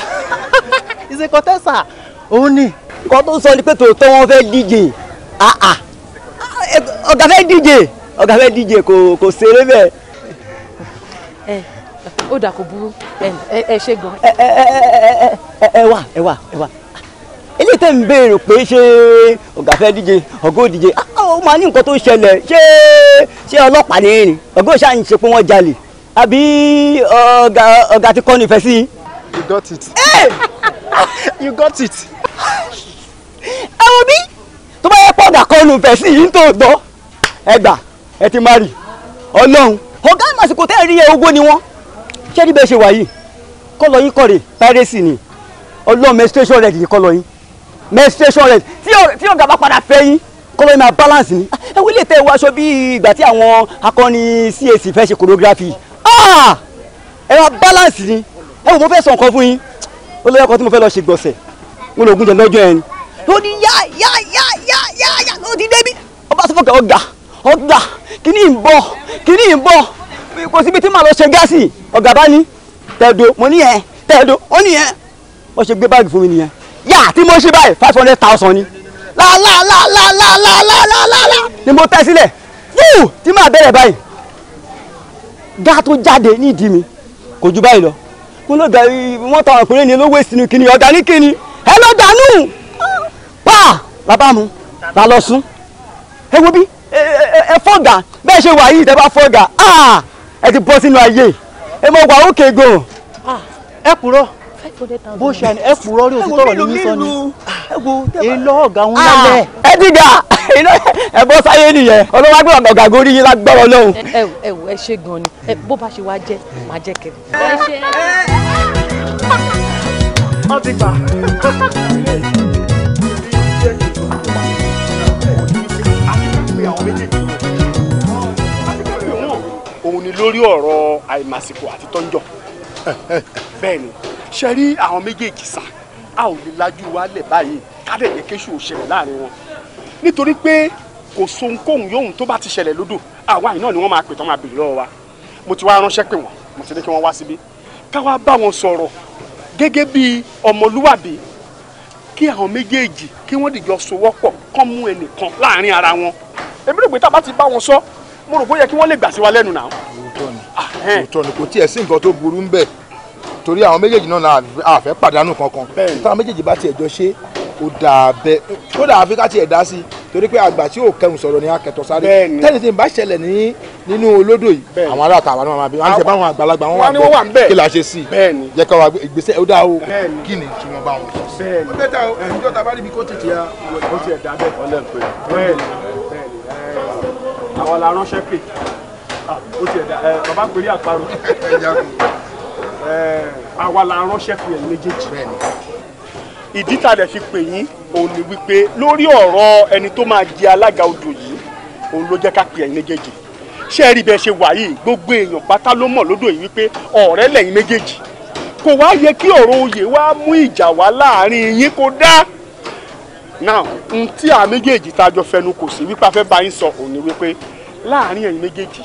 ìṣèkọ̀tẹ́sà òun ni. nǹkan tó ń sọ ni pé tòótọ́ wọn fẹ́ díje ah, ah. ọ̀gá fẹ́ díje ọ̀gá fẹ́ díje kò ṣeré bẹ́ẹ̀. ẹ ó dà kó burú ẹ ṣe gan. ẹ ẹ ẹ ẹ wà ẹ wà ẹ wà eléyìí tẹ̀ ń béèrè pé ṣé ọ̀gá fẹ́ díje ọ̀gá ò ah, ah, ó máa ní nǹkan tó ṣẹlẹ̀ ṣé ṣé ọlọ́pàá ní ìrìn ọ̀gá ò ń ṣe pé wọ́n jalè àbí ọ̀gá ọ̀gá ti kọ́ nífẹ̀ẹ́ sí. you got it. Hey! Eh! you got it. ẹ wo bí tó bá yẹ pé ọ̀gá kọ́ nífẹ̀ẹ́ sí yìí tó gbọ́ ẹ gbà ẹ ti má rì ọlọ́run ọ̀gá ìmọ̀sìkò tẹ́ rí ẹ ogó ni wọ́n ṣé níbẹ̀ ṣe wà kọ́ lọ yín kọ́ rè pẹ́rẹ́sì ni ọlọ́run menstruation rẹ̀ kì í kọ́ lọ yín menstruation rest tí ọ̀gá bá padà fẹ́ yín kọ́ lóyún máa balance ni ẹ wí lè tẹ ìwọ aṣọ bí ìgbà tí àwọn akọni CAC fẹ́ ṣe choreography ah! ẹ máa balance ni ẹ wò mo fẹ́ sọ nǹkan fún yín ó lóyún ọkọ tí mo fẹ́ lọ ṣe gbọ̀nsẹ̀ mo lògùn jẹ lọ́jọ́ yẹn ni ó ní yá yá yá yá yá yá ó ti débi ọba sọ fún ọgá ọgá kíní ń bọ̀ kíní ń bọ̀ kò síbi tí màá lọ ṣe gáàsì ọgá bá ní tẹ̀dọ̀ mo ní yẹn tẹ̀dọ̀ ó ní yẹn wọ́n ṣe gbé báàgì fún mi nìyẹn yà tí mo ṣe báyìí five hundred thousand ni la ni mo tẹ́ sílẹ̀ yíò tí màá bẹ̀rẹ̀ báyìí gá tó jáde nídìí mi kò ju báyìí lọ mo lọ gàrí wọn ta ọkùnrin ni lówó ìsinmi kìíní ọ̀gá ní kìíní ẹ lọ dànù pa bàbá mu la lọ sún ẹ wo bí ẹ fọ́gà bẹ́ẹ̀ ṣe wà yìí tẹ́ bá fọ́gà ah! ẹ ti bọ́ sínú ayé ẹ mọ̀ wà ókè gan. ẹ kúrò bó ṣe àná ẹ kúrọ́ rí òtítọ́ ọ̀rọ̀ ní sọ ni ilé ọ̀gá wọn lálẹ́. ẹ ah, ah, dìgbà ẹ bọ́ sáyé nìyẹn ọlọ́wọ́ gbọ́ ọ̀gá gorí yín lágbọ́rọ̀ lọ́hùn. ẹ ẹ ẹ ṣe gan ni bó bá ṣe wá jẹ màá jẹ kẹrì. òun ni lórí ọ̀rọ̀ àìmàsìkò àti tọ́jọ́ bẹ́ẹ̀ ni ṣe rí àwọn méjèèjì sàn a ò lè lajú wa lẹ̀ báyìí kádẹ̀jẹ́ kéṣù ò ṣẹlẹ̀ láàrin wọn nítorí pé kò sohunkóhun yóhun tó bá ti ṣẹlẹ̀ lódò àwa yìí náà ni wọ́n máa pè tán máa bèrè lọ́wọ́ wa mo ti wá ránṣẹ́ pè wọ́n mo ti ní kí wọ́n wá síbí ká wá bá wọn sọ̀rọ̀ gẹ́gẹ́ bí ọmọlúwàbí kí àwọn méjèèjì kí wọ́n dìjọ sowọ́pọ̀ kán mú ẹnìkan láàrin ara wọn èmi rò pé tá a bá ti bá wọn sọ mo rò pé yẹ kí wọ́n lè gbà sí wa lẹ́nu náà. òótọ́ ni ah, kò tiẹ̀ sí nǹkan tó burú ń bẹ̀ torí àwọn méjèèjì náà a fẹ́ pàdánù kankan táwọn méjèèjì bá tiẹ̀ jọ ṣe ó dáa bẹ́ẹ̀ kódà àfi ká tiẹ̀ dá sí i torí pé àgbà tí ò kẹrùn sọ̀rọ̀ ni akẹ́tọ̀ sáré tẹ́lẹ̀ tí n bá ṣẹlẹ̀ ní nínú olódò yìí àwọn ará àtàwọn náà máa bí wọn ṣe báwọn àgbàlagbà wọn wà bẹ́ẹ̀ kí la ṣe sí i jẹ́ ká wà ìgbésẹ̀ ó dáa o kí ni tí wọ́n bá wọn sọ. ó bẹ́ẹ̀ ta ẹ̀jọ́ ta bá rí ibi kó tètè ya ó ti ẹ̀dá bẹ́ẹ̀ ọ̀lẹ́ ń pè é àwọn la ránṣẹ́ pè ah, ó ti àparò. Eh, àwa la ránṣẹ́ pé ẹ̀yin méjèèjì ìdí tá a lè fi pè yín òun ni wípé lórí ọ̀rọ̀ ẹni tó máa jẹ alága odò yìí òun ló jẹ́ ká pè ẹ̀yin méjèèjì ṣé ẹ rí bẹ́ẹ̀ ṣe wà gbogbo èèyàn pátá ló mọ̀ lódò yìí wípé ọ̀rẹ́ lẹ̀yin méjèèjì kò wá yẹ kí ọ̀rọ̀ oyè wá mú ìjà wá láàrin yín kó dá now n tí àwọn méjèèjì tá a jọ fẹnu kò sí wípé a fẹ́ bá yín sọ òun ni wípé láàrin ẹ̀yin méjèèjì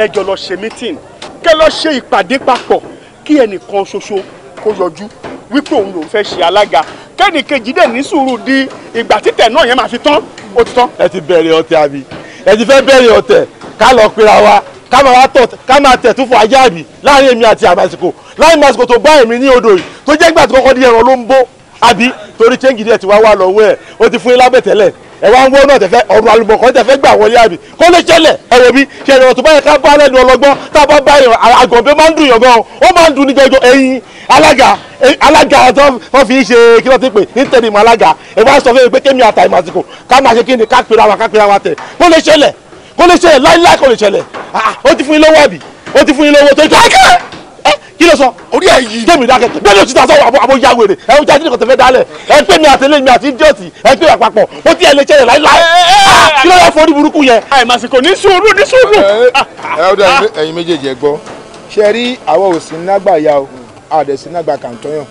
ẹ jọ lọ ṣe meeting kẹ́ lọ ṣe ìpàdé papọ̀ kí ẹnìkan ṣoṣo kó yọjú wípé òun lòún fẹ́ ṣe alága kẹ́nìkejì dẹ̀ ní sùúrù di ìgbà títẹ̀ náà yẹn máa fi tán ó ti tán. ẹ ti bẹ̀rẹ̀ ọ̀tẹ̀ àbí ẹ ti fẹ́ bẹ̀rẹ̀ ọ̀tẹ̀ ká lọ pera wa ká máa wá tọ̀ ká máa tẹ̀ tún fún ajá àbí láàrin èmi àti àmàsìkò láàrin àmàsìkò tó bá èmi ní odò yìí tó jẹ́ ìgbà tó kọ́kọ́ di ẹran ló ń bó àbí torí chẹ́ngì díẹ̀ ti wá wà lọ́wọ́ ẹ̀ ó ti fún yín lábẹ̀tẹ́lẹ̀ ẹ wá ń wọ́n náà tẹ̀fẹ́ ọ̀rọ̀ àlùbọ̀kọ́ tẹ̀fẹ́ gbà wọlé àbí kó lè ṣẹlẹ̀ ẹ̀rọ mi ṣe ẹ̀rọ tó báyẹn ká bá lẹ́nu ọlọ́gbọ́n tá a bá bá yàn àgọ̀bẹ máa ń dùn yàn gan ó máa ń dùn ní jọjọ ẹ̀yin alága alága tó wọ́n fi ṣe kí ló ti pè ní tẹ̀lé ìmọ̀ alága ẹ wá sọ fún mi pé kémi àtà ìmàsìkò ká máa ṣe kí ni ká pera wa ká pera wa tẹ̀ kó lè ṣẹlẹ̀ kó lè ṣẹlẹ̀ láíláí kó lè ṣẹlẹ̀ ah, ó ti fún kí ló sọ. orí ẹ yìí. kémi dákẹ́ bẹ́ẹ̀ ni òtítọ́ sọ àbọ̀ àbọ̀ ya wèrè ẹ ń jáde nìkan tẹ̀fẹ́ dálẹ̀ ẹ ń pè mí àtẹlẹ́ mi àti díọ̀tì ẹ ń pè wà papọ̀ ó ti ẹ lè ṣẹlẹ̀ láíláí. Ah, kí ló yẹ fún orí burúkú yẹn. ẹ màsìkò ní sùúrù ní sùúrù. ẹ ọdọ ah, ẹyin ah. méjèèjì ẹ gbọ́ ṣe rí àwọn òsì nágbà ya o àdẹ̀sí nágbà kàǹtọ́yàn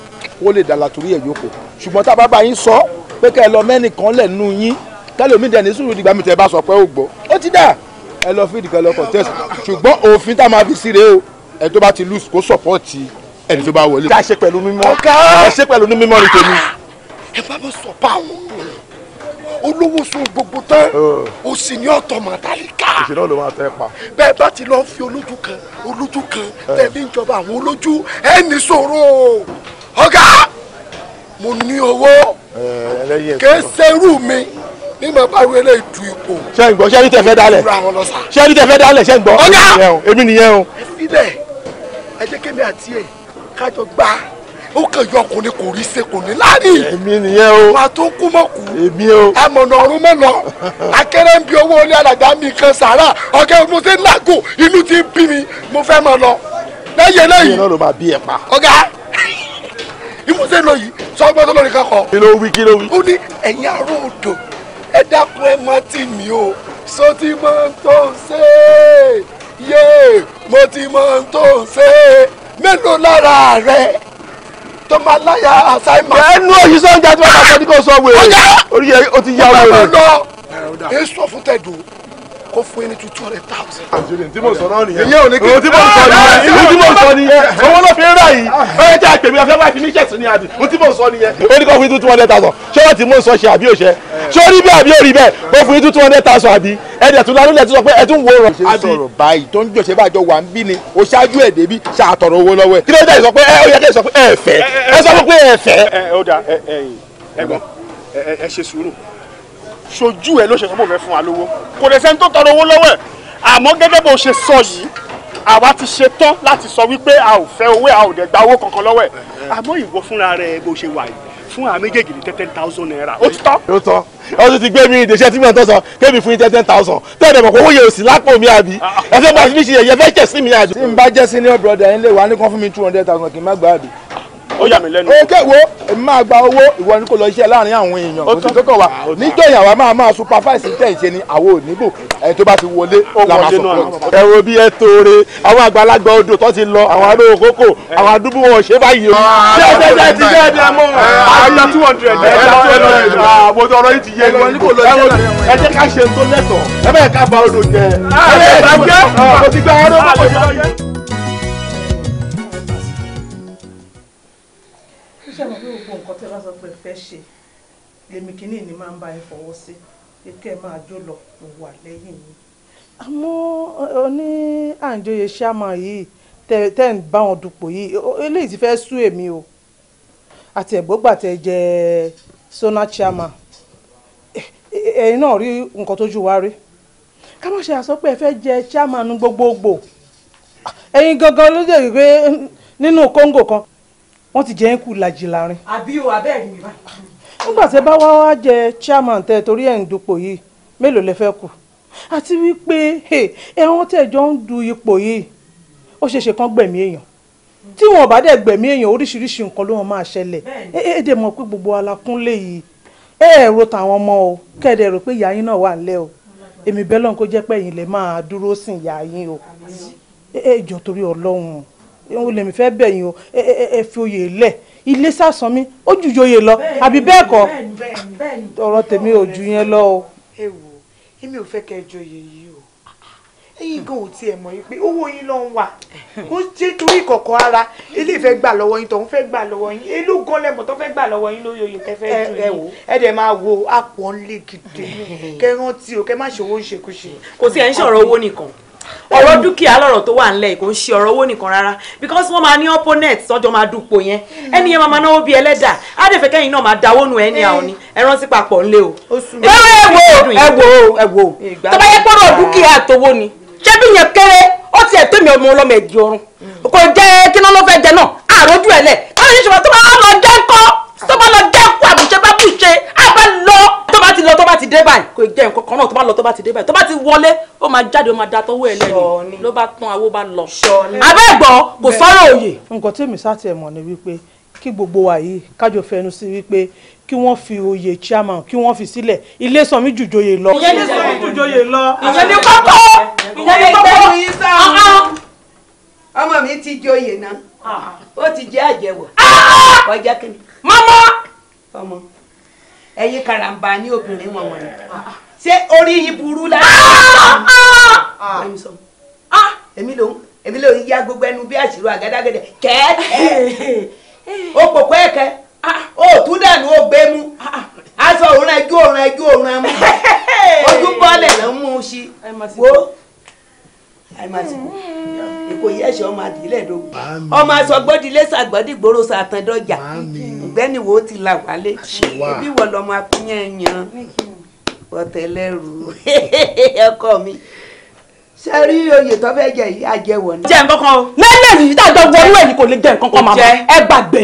ó lè dàlà torí ẹ̀ yòókù ṣùgbọ́n tá a bá bá yín sọ pé kẹ́ ẹ lọ mẹ́nìkan lẹ̀ nù yín kẹ́lòmí dẹ̀ ní sùúrù dìgbà mi tẹ̀ bá sọ pé ó gbọ́ ó ti dà ẹ lọ fídìí kan lọ contest ṣùgbọ́n òfin tá a máa fi sí rèé o ẹni tó bá ti lose kó sọ̀pọ̀tì ẹni tó bá wọlé. ká ṣe pẹ̀lú mímọ́ ká ṣe pẹ̀lú mímọ́ ni tèmi. ẹ bá mi sọ bá wọn olówó sun gbogbo tán o sì ní ọ̀tọ̀ màtálíkà. ìṣẹ̀lẹ̀ ló máa tẹ́ pa. bá ti lọ fi olójú kan olójú kan tẹ̀lé ìjọba àwọn olójú ẹ̀ ní sọ̀rọ̀ ọ̀gá mo ní owó kéésẹ́rù mi ní mo bá wọlé ìtú ipò. ṣé ń gbọ́ ṣé ní tẹ̀fẹ́ dálẹ̀ ṣé ní tẹ̀fẹ́ dálẹ̀ ṣé ń gbọ́. ọ̀gá èmi nìyẹn o. ẹ fi dẹ̀ ẹ jẹ́ kémi àti ẹ̀ kájọ gbá ó kàn yọ ọkùnrin kò rí ṣe kò ní láàrin. èmi nìyẹn o. wà á tó kú mọ́ kú. èmi o. amọ̀nà ọ̀run mọ̀nà akẹ́rẹ́ ń bi owó ní alàgbà mi kan sàrà ọ̀gá mo ṣe ń làágùn inú ti ń bí mi mo fẹ́ mọ̀ lọ. lẹ́yìn eléyìí. ìyẹn náà ló máa bí ẹ pa. ọ̀gá ìmúṣẹ́ lọ yìí sọ gbọ́dọ̀ lórí kan kọ. kí ló wí kí ló wí. ó ní ẹ̀yin aró odò ẹ dákun ẹ mọ́ tì mí o sọ ti mọ́ tó ṣe é yéè mo ti mọ ohun tó ń ṣe mélòó lára rẹ tó máa láyà àṣàìmọ̀. ẹnu òyìn sọ́njà tí wọ́n bá sọ ní kò sọ wèrè orí ẹ̀ o ti yá wèrè. ó lọ èso fún tẹ̀dùn kó fún yín ní two hundred thousand. àjòyè tí mo sọ náà nìyẹn. ìyẹn ò ní kí n tí mo sọ nìyẹn. ìlú tí mo sọ nìyẹn. owó ló fi ń rà yìí. ẹ jẹ́ àgbèmí ọ̀fẹ́ máa fi mí ṣẹ̀sìn ní adì. ohun tí mo sọ nìyẹn. ó ní kó fún yín two hundred thousand. ṣé wọ́n ti ṣé ó bẹ́ẹ̀ àbí ó bẹ́ẹ̀ ó fún yín two hundred thousand àbí. ẹ tún lárúlẹ̀ tún pé ẹ wo rọ̀. ṣe sọ̀rọ̀ báyìí tó ń jọ̀ṣẹ́ bá jọ wà ń bí ni o ṣáájú ẹ̀ débi ṣàtọ̀rọ̀ owó lọ́wọ́ ẹ̀. kí ló dé sọ pé ẹ ó yẹ kí ẹ sọ pé ẹ fẹ́ ẹ sọ pé ẹ fẹ́. ẹ ẹ ó dà ẹ ẹ ẹ̀gbọ́n ẹ ṣe sùúrù ṣojú ẹ ló ṣe sọ pé òun fẹ́ fún wa lówó kò lè sẹ́ni tó tọrọ owó lọ́wọ́ ẹ̀ àmọ́ gẹ́gẹ́ bó ṣe sọ yìí àwa ti ṣe tán láti sọ wípé a ò fẹ́ owó a ò dẹ̀ gba owó kankan lọ́wọ́ ẹ̀ àmọ́ ìwọ fúnra rẹ bó ṣe wà yìí fún àwọn méjèèjì ní ten thousand naira ó ti tọ́. ó tọ́ ó ti ti gbé mi ìdèṣẹ́ tí mo tọ́ sọ kébì fún yín ten thousand tẹ́ ẹ̀dẹ̀ mọ̀ pé owó yẹn ò sí lápò mi àbí ẹ̀fẹ́ bá fi ṣe yẹ̀yẹ́ fẹ́ jẹ̀ sí mi àbí. tí n bá jẹ́ senior brother yín lè wá ní kán fún mi two hundred thousand kì í má gbà àbí ó yà mí lẹ́nu. oge wo èmi máa gba owó ìwọ ni kò lọ iṣẹ́ láàrin àwọn èèyàn kò sí kókò wa níjọ́ ìyàwó máa máa supervise tẹ̀ ṣe ni àwọn ò níbò ẹ̀ tó bá ti wọlé la máa sọ. ẹ wo bí ẹ tóore àwọn àgbàlagbà odò tó ti lọ àwọn aró òkókò àwọn àdúgbò wọn ṣe báyìí o. ṣé ah, ah, ah, ẹ jẹ́ ti jẹ́ ẹ̀dẹ̀ mọ́ àyà two hundred ẹ̀ ẹ̀dá two hundred àwọn ọ̀rọ̀ yìí ti yé mi ẹ jẹ́ ká ṣe tó lẹ́tọ̀ọ́ ẹ bẹ́ẹ̀ ká ba odò jẹ ẹ bẹ́ẹ̀ ká jẹ́ ṣe mọ̀ pé gbogbo nǹkan tẹ́ bá sọ pé fẹ́ ṣe lèmi kìíní ni máa ń bá yín fọwọ́ sí pé kẹ́ ẹ máa jó lọ mo wà lẹ́yìn mi. àmọ́ oní àǹjọyè ṣáàmà yìí tẹ́ ń bá wọn dupò yìí eléyìí ti fẹ́ sú èmi o àti ẹ̀gbọ́gbà tẹ jẹ sona chama. ẹ̀yin náà rí nǹkan tójú wa rí ká má ṣe àsọpẹ́ ẹ fẹ́ jẹ chairman gbogbogbò ẹ̀yin gangan ló jẹ́ rí nínú kóńgò kan wọ́n ti jẹ́ ń kú lajì láàrin. àbí o abẹ́rẹ́ mi bá. nígbà tẹ bá wá wá jẹ chairman tẹ torí ẹ̀ ń dupò yìí mélòó lẹ fẹ́ kù àti wípé ẹ̀wọ̀n tẹ̀ jọ ń du ipò yìí ó ṣeéṣe kán gbẹ̀mí èèyàn tí wọn bá dẹ̀ gbẹ̀mí èèyàn oríṣiríṣi nǹkan ló wọn máa ṣẹlẹ̀ èdè mọ̀ pé gbogbo alákúnlé yìí ẹ ẹ̀ ro tàwọn ọmọ o kẹ́ẹ̀dẹ̀ rò pé ìyá yín náà wà nílẹ̀ o èmi bẹ́ẹ̀ lọ́n kó jẹ́ pé ẹ̀yin lè máa dúró sìn ìyá yín o ẹ ẹ jọ torí ọlọ́run o òun lèmi fẹ́ bẹ̀ yín o ẹ fi oyè lẹ̀ ilé sàsán mi ó jù joyè lọ àbí bẹ́ẹ̀ kọ́ ọ̀rọ̀ tèmi ò ju yẹn lọ o. ẹ wo èmi ò fẹ́ kẹ́ ẹ joyè yìí o ẹ̀yin gan ò tiẹ̀ mọ̀ yín pé owó yín ló ń wà kó jẹ́ torí ìkọ̀kọ̀ ara ilé ìfẹ́ gbà lọ́wọ́ yín tọ̀hún fẹ́ gbà lọ́wọ́ yín elú gan lẹ́mọ̀ tó fẹ́ gbà lọ́wọ́ yín lórí oyè kẹfẹ́ ju yín ẹ dẹ̀ máa wo àpọ̀ ńlẹ̀ gidi kẹ rántí o kẹ má ṣòwò ṣekúṣe. kò sí ẹ̀ ń ṣọ̀rọ̀ owó nìkan ọ̀rọ̀ dúkìá lọ̀rọ̀ tó wà nílẹ̀ kò ń ṣe ọ̀rọ̀ owó nìkan rárá because wọ́n máa ní opponent sọ́jọ́ máa dúpọ̀ yẹn ẹni yẹn máa náwó bíi ẹlẹ́dà ádẹ́fẹ̀kẹ́yìn náà máa dáwó nu ẹni àwọn ni ẹran sí papọ̀ ńlẹ̀ o. ẹwọ ẹwọ ẹwọ tó bá yẹ pé ọ̀rọ̀ dúkìá àtowó ni ṣebí yẹn kéré ó tiẹ̀ tó mi ọmọ ọlọ́mọ ẹ̀dì ọrùn kò jẹ́ kí náà ló fẹ́ jẹ náà àròjù ẹ̀lẹ̀ káwọn ti dé báyìí kò jẹ́ nǹkan kan náà tó bá lọ tó bá ti dé báyìí tó bá ti wọlé ó máa jáde ó máa da tọwọ́ ẹ lẹ́nu ló bá tán awó bá lọ. abẹ́ ẹ̀gbọ́ kò sọ̀rọ̀ òye. nǹkan tí èmi sáà tiẹ̀ mọ̀ ni wípé kí gbogbo wa yìí kájọ fẹnu sí wípé kí wọ́n fi oyè chairman kí wọ́n fi sílẹ̀ ilé sọmi jùjòyè lọ. ìyẹn ní sọmi jùjòyè lọ. ìyẹn ní kọ́kọ́ ìyẹn ní kọ́kọ́. Ah, ah. ọmọ mi ti joyè náà ah, ó ti jẹ́ àjẹwò ọjà kìnnì. mama. ọmọ ẹ̀yin karamba ní obìnrin wọn wọ̀nyí ṣé orí yín burú láti. Ah, ah, ah. èmi ló ń èmi ló ń ya gbogbo ẹnu bí àṣírò àgádágẹ́dẹ́ kẹ́ẹ́ ó pòpọ̀ ẹ̀kẹ́ ó tún dànù ó gbé mú aṣọ òun ẹjú òun ẹjú òun ẹmu ojú bọ́ọ̀lẹ̀ ló ń mú un sí wo àìmásìkò èkó yẹ́sẹ̀ ọmọ àdìlẹ̀ dógún ọmọ aṣọ gbọ́dìlẹ̀ ṣàgbọ́dìgbòrò ṣàtàndọ́jà. Àmín ìgbẹ́niwó ti là wálé ibi wọ lọmọ akúnyẹn yan ọ̀tẹ̀lẹ́rù ọkọ mi ṣe rí oyè tó fẹ́ jẹ yìí àjẹwọ̀ náà. jẹ́ nǹkan kan o. lẹ́lẹ̀ yìí dájọ́ wọnú ẹ̀ ní kò lè jẹ́ nǹkan kan màmá ẹ gbàgbé.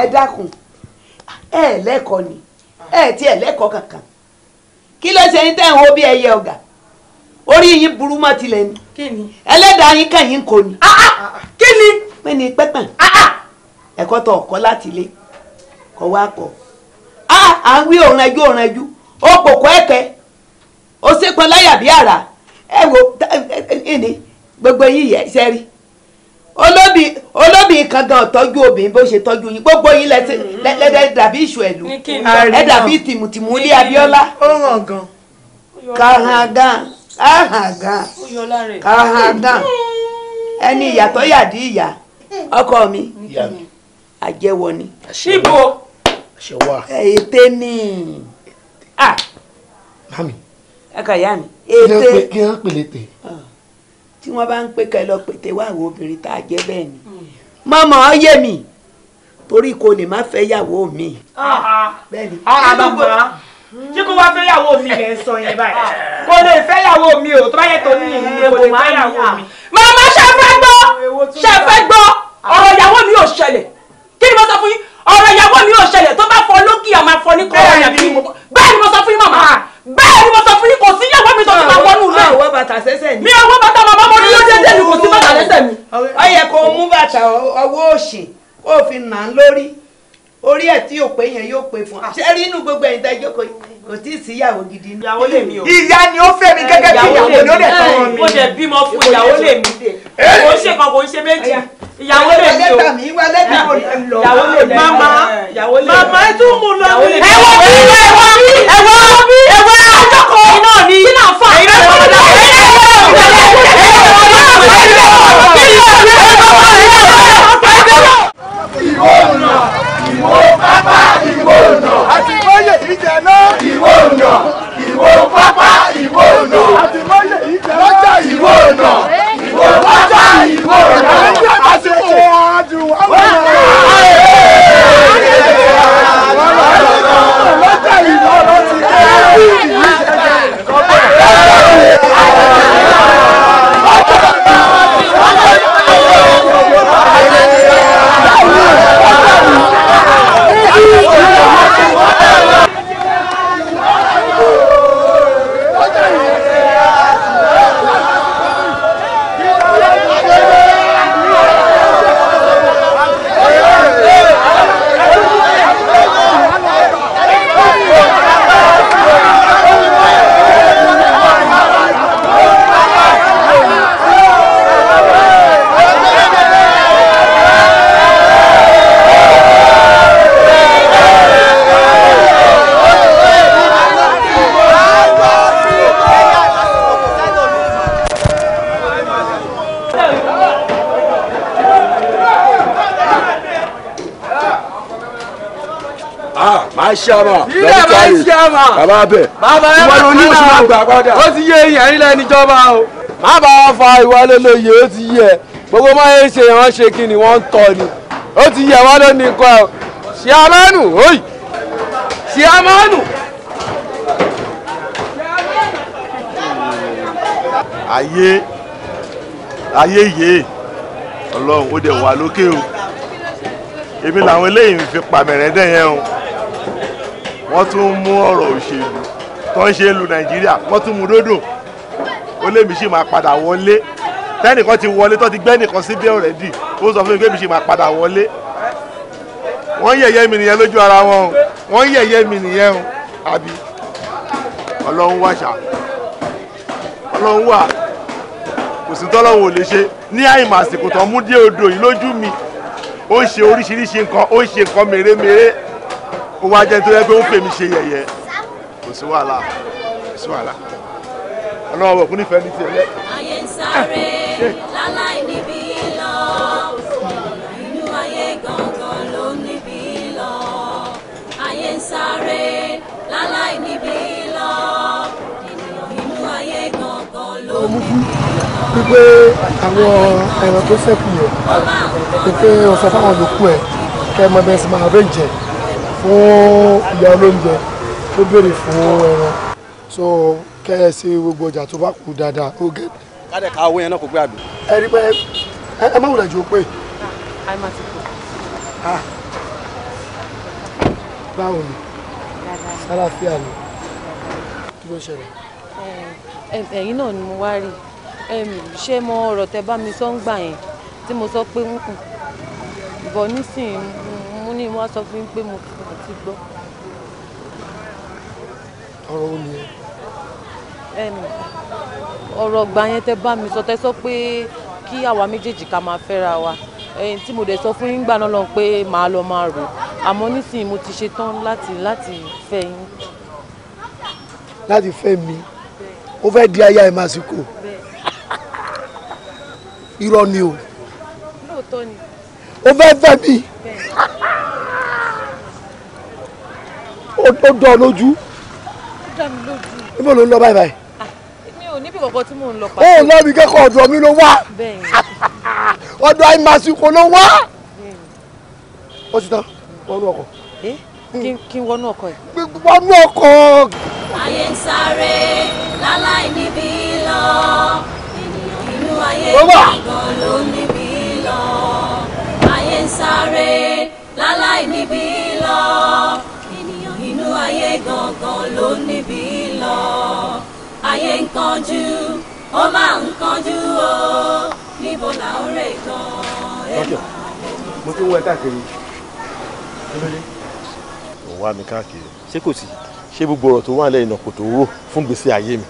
ẹ dákun ẹ lẹ́kọ̀ọ́ ni ẹ ti ẹ lẹ́kọ̀ọ́ kankan kí ló ṣe yín tẹ̀wọ́ bí ẹyẹ ọ̀gà orí yín burú mọ́ tilẹ̀ ni ẹlẹ́dàá yín kàn yín kò ní. kí ni. pé ni pẹ́pẹ́ ah, ah. ẹ̀kọ́ tó ọ̀kọ́ láti lé. ọwọ́ a à ń wí òrànjú òrànjú ó ẹ̀kẹ́ ó sépọn láyà bí àrà ẹ wo ẹni gbogbo yìí yẹ olóbì olóbì kankan obìnrin bó ṣe gbogbo yìí lẹ́dẹ̀ dàbí ìṣù ẹ̀lú ẹ dàbí tìmùtìmù ilé Abíọ́lá ó hàn gan ẹni ìyàtọ̀ yàdí ìyà ọkọ mi ṣe wà. ète ni mami. ẹ kà yá mi ète kí wọ́n pè létè. Ah. tí wọ́n bá ń pè kẹ́ lọ pété wá àwọn obìnrin tá a jẹ́ bẹ́ẹ̀ ni hmm. mọ́mọ́ ọ yé mi torí kò lè má fẹ́ yàwó mi. Ah, ah. bẹ́ẹ̀ ni. àbàbà ṣé kó wá fẹ́ yàwó mi lè sọ yẹn báyìí kò lè fẹ́ yàwó mi o tó bá yẹ tó ni ìlú kò lè fẹ́ yàwó mi. Mama ṣe fẹ́ gbọ́ ṣe fẹ́ gbọ́ ọ̀rọ̀ ìyàwó mi ò ṣẹlẹ̀ kí ni mo sọ fún yín ọrọ ìyàwó mi ò ṣẹlẹ̀ tó bá fọ lókì àmọ fọ ní kọrọ ìyàwó mi bẹẹ ni mo sọ fún yín màmá ah. bẹẹ ni mo sọ fún yín kò sí ìyàwó mi tó ti máa mi ah, ah, wọ bàtà sẹ́sẹ̀ mi bàtà màmá mo ní dé kò sí bàtà mi. yẹ kó mú bàtà ọwọ́ kó nà án lórí orí ẹ̀ tí yóò yẹn yóò pé fún un rí inú gbogbo kò tí ì sí ìyàwó gidi ní. ìyàwó lè mi o. ìyá ni ó fẹ́ mi gẹ́gẹ́ bí ìyàwó lè lọ́dẹ̀ tán wọn mi. mo dẹ̀ bímọ fún ìyàwó lè mi. kò ń ṣe kan kò ń ṣe méjì. ìyàwó lè mi o. ìyàwó lè mi. mama mama ẹ tún mú lọ bí. ẹ wọ bí ẹ wọ bí ẹ wọ bí ẹ wọ àjọkọ iná ni iná fà. ẹ wọ bí ẹ wọ bí ẹ wọ bí ẹ wọ bí ẹ wọ bí. ìwọ ọ̀nà ìwò pápá ìwò ọ̀nà. àtìmọ́yè ìjẹ̀ná. ìwò ọ̀nà ìwò pápá ìwò ọ̀nà. àtìmọ́yè ìjẹ̀ná. lọ́jà ìwò ọ̀nà ìwò pápá ìwò ọ̀nà. ẹ̀jẹ̀ bá ṣe ṣe àádùn wọn. lọ́jà ìwò ọ̀nà baba ṣama baba ṣama baba bẹ ìwà ló ní oṣù máa gbà padà. ó ti yé èèyàn rí lẹ́ni jọba o. má bá wa fa ìwà lélóye ó ti yẹ gbogbo má yẹ ṣe wọn ṣe kí ni wọn ń tọ ni ó ti yẹ wọn ló ní nǹkan ẹ ṣe amánu oyi ṣe amánu. ayé ayé yìí ọlọ́run ó dẹ̀ wà lókè o èmi làwọn eléyìí ń fi pàmẹ̀rẹ̀ dẹ̀ yẹn o wọ́n tún mú ọ̀rọ̀ òṣèlú tó ń ṣe lu nàìjíríà wọ́n tún mú dódò ó lé mi sì máa padà wọlé tẹ́nìkan ti wọlé tó ti gbẹ́ nìkan síbẹ̀ already ó sọ fún mi pé mi sì máa padà wọlé wọ́n yẹ̀yẹ́ mi nìyẹn lójú ara wọn o wọ́n yẹ̀yẹ́ mi nìyẹn o àbí ọlọ́run wà ṣá ọlọ́run wà kò sí tọ́lọ́run ò lè ṣe ní àìmọ̀ àsìkò tó ń mú dé odò yìí lójú mi ó ń ṣe oríṣiríṣi nǹkan ó ń ṣe nǹkan mèremère ó wá jẹ́ nítorí pé ó ń fèmí ṣe yẹ̀yẹ́ kò sí wàhálà kò sí wàhálà ọlọ́wọ́ bọ̀ kún nífẹ̀ẹ́ ní tiẹ̀ lẹ́. ayé ń sáré láláì níbí lọ inú ayé gangan ló níbí lọ ayé ń sáré láláì níbí lọ inú ayé gangan ló níbí lọ wípé àwọn ẹran tó ṣẹ́kù yẹn pé wọ́n sọ fáwọn olùkú ẹ̀ kẹ́ ẹ mọ bẹ́ẹ̀ sì máa rẹ́ jẹ́ fún ìyá olóúnjẹ tó béèrè fún ẹran so kẹ́ ẹ ṣe gbogbo ọjà tó bá kù dáadáa ó gẹ́. kádẹ ká owó yẹn náà kò gbé àbí. ẹ rí pé ẹ má wùdà jù ó pé. Ah. báwo ni sálàfíà ni kí ló ṣẹlẹ̀. Eh, eh, ẹ̀yin náà ni mo wá rí ṣé mo ọ̀rọ̀ tẹ bá mi sọ ń gbà yẹn tí mo sọ pé ń kù bọ̀ nísìnyí ní wọ́n sọ fún mi pé mo fún ọ ti gbọ́. ọ̀rọ̀ wo ni ẹ. ọ̀rọ̀ gbà yẹn tẹ bá mi sọ tẹ sọ pé kí àwa méjèèjì ká máa fẹ́ra wa ẹyin tí mo dẹ̀ sọ fún yín gbà náà lọ pé màá lọ máa rò àmọ́ nísìnyí mo ti ṣe láti láti fẹ́ yín. láti fẹ́ mi ó fẹ́ di aya ẹ̀ màsíkò irọ́ ni o ó fẹ́ fẹ́ mi. ó dán ọ lójú. ó dán mi lójú. níbo ló ń lọ báyìí báyìí. mi ò níbi kankan tí mò ń lọ pàtó. ó ń lọ bí kẹ́kọ̀ọ́ ọ̀dọ̀ mi ló wá. bẹ́ẹ̀ni. ọ̀dọ̀ ló wá. ó ti tán wọnú ọkọ̀. kí n wọnú ọkọ̀ yìí. wọnú ọkọ̀. ayé ń sáré láláì níbi lọ inú ayé nìkan ló níbi lọ ayé ń sáré láláì níbi lọ ayé gangan ló níbi lọ ayé ń kánjú ó máa ń kánjú o níbo là ń rè gan ẹ máa mo tún wọ ẹ káàkiri ò wá mi káàkiri ṣé kò sí ṣé gbogbo ọ̀rọ̀ tó wà lẹ́yìn náà kò tó rò fún gbèsè ayé mi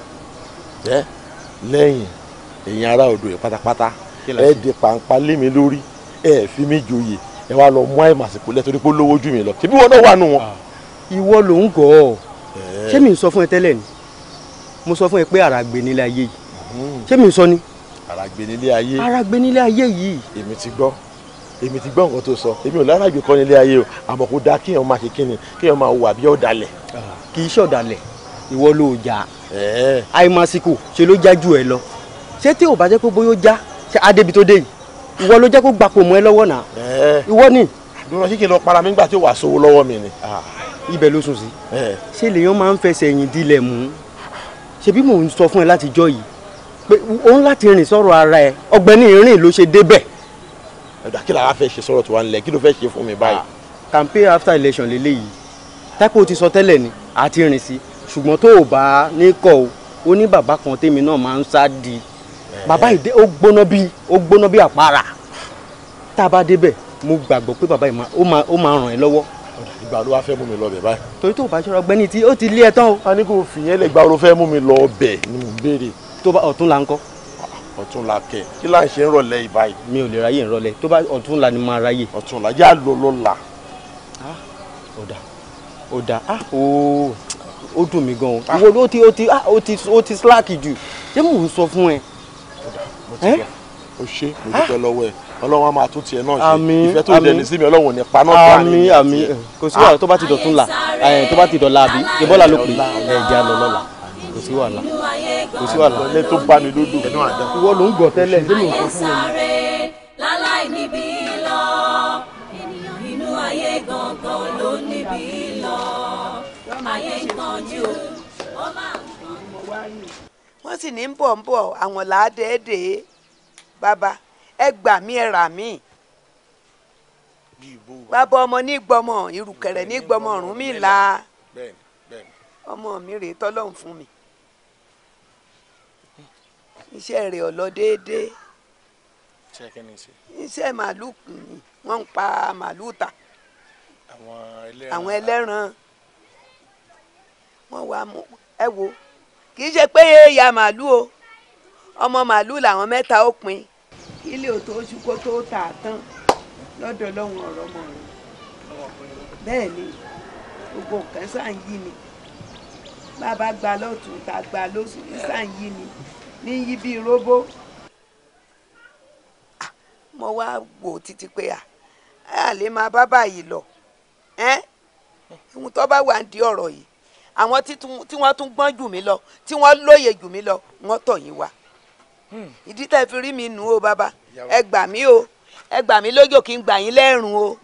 ẹ lẹ́yìn ẹ̀yin ará odò ẹ̀ pátápátá ẹ di pàǹpá lé mi lórí ẹ fi mi joyè ẹ wá lọ mú àìmàsìkò lẹ́tọ́ nípò lówó jù mí lọ ṣé wọn náà wà nù wọn. Ah ìwọ ló ń gọ̀ ọ́ eh. ṣé mi sọ fún ẹ tẹ́lẹ̀ ni mo sọ fún ẹ pé àràgbé nílé ayé yìí hmm. ṣé mi ń sọ ni. àràgbé nílé ayé àràgbé nílé ayé yìí. èmi ti gbọ́ èmi ti gbọ́ nǹkan tó sọ èmi ò láràgbé kọ́ nílé ayé o àmọ́ kò dáa kéèyàn máa ṣe kíni kéèyàn máa wà bí ọ̀dàlẹ̀. Ah, kì í ṣọ̀dàlẹ̀ ìwọ ló jà eh. àìmásìkò ṣe ló já ju ẹ lọ ṣé tí ò bá jẹ́ pé bóyá já ṣe adébi tó dé yìí ìwọ ló jẹ́ kó gbapò mọ́ ẹ lọ́wọ́ náà eh. ìwọ ni. àdúrà ṣé lọ para mi nígbà tí ò wà sówó lọ́wọ́ mi ni. Ah ibẹ̀ ló sùn sí. ṣé lèèyàn máa ń fẹsẹ̀ ẹ̀yìn dilẹ̀ mú ṣebí mò ń sọ fún ẹ láti jọ́ yìí pé òun láti rìn sọ̀rọ̀ ara ẹ ọ̀gbẹ́ni ìrìn ló ṣe débẹ̀. ẹ̀dá kí làá fẹ́ ṣe sọ̀rọ̀ tiwa nílẹ̀ kí ló fẹ́ ṣe fún mi báyìí. Ah, campaign after election lélẹ́yìí tápò ti sọ tẹ́lẹ̀ ni àti rìn sí ṣùgbọ́n tó o bá ní kọ́ o ó ní bàbá kan tèmi náà máa ń sá di bàbá ìdè ó gbóná bí ó gbóná bí àpárá tá a bá débẹ̀ mo gbàgbọ́ pé bàbá yìí ó máa ràn ẹ́ lọ́wọ́ ìgbà ló wá fẹ́ mú mi lọ bẹ̀ báyìí. torí tó o bá ṣọ́ra ọ̀gbẹ́ni tí ó ti lé ẹ tán o. a ní kò fìyẹn lè gbà ló fẹ́ mú mi lọ ọbẹ̀ ni mò ń béèrè. tó bá ọ̀tún la ń kọ́. ọ̀tún la kẹ kí là ń ṣe ń rọlẹ̀ ìbáyìí. mi ò lè ráyè ń rọlẹ̀ tó bá ọ̀tún la ni máa ráyè. ọ̀tún la yá lọ lọ́la. ọ̀dà ah, ọ̀dà ah, ó dùn mí gan o ah. wo ó ti slack jù ṣé mò ń sọ fún ẹ. ó ṣe mo dúpẹ́ lọ́wọ́ ẹ ọlọ́run á máa tún tiẹ̀ náà ṣe ìfẹ́ tó dẹni sí mi ọlọ́run ò ní paná tó ní ìyá tiẹ̀. kò sí wàhálà tó bá ti dọ̀tún la tó bá ti dọ̀la àbí ìbọ́là ló pè é ẹ̀jẹ̀ àlọ́ lọ́la kò sí wàhálà kò sí wàhálà. ilé tó bá mi lódò ẹnu àdá. ìwọ ló ń gọ̀ tẹ́lẹ̀ ṣé mi ò fún mi. wọ́n sì ní ń bọ̀ ń bọ̀ àwọn làádẹ́ẹ́dẹ́ bàbá ẹ gbà mí ẹ rà mí bàbá ọmọ ní gbọmọ ìrùkẹ̀rẹ̀ ní gbọmọ ọrùn mi là ọmọ mi rèé tọlọ́run fún mi iṣẹ́ rẹ̀ ọlọ déédéé iṣẹ́ màálù ni wọ́n ń pa màálù ta àwọn ẹlẹ́ran wọ́n wá mú ẹ wo kì í ṣe pé ìyá màálù o ọmọ màálù làwọn mẹ́ta ó pin ilé òtò oṣù kó tó tà á tán lọ́dọ̀ lọ́wọ́n ọ̀rọ̀ mọ̀ rẹ̀ bẹ́ẹ̀ ni gbogbo nǹkan sáà yí ni bàbá gba lọ́tún tá a gba lóṣù ní sáà ń yí ni ní yí bíi róbó. mo wá wò títí pé à á lè máa bá báyìí lọ ohun tó bá wà ń di ọ̀rọ̀ yìí àwọn tí wọ́n tún gbọ́n jù mí lọ tí wọ́n lóye jù mí lọ wọ́n tọ̀ yín wá ìdí tẹ́ fi rí mi nù o bàbá ẹ gbà mí o ẹ gbà mí lójó kí n gbà yín lẹ́rùn o.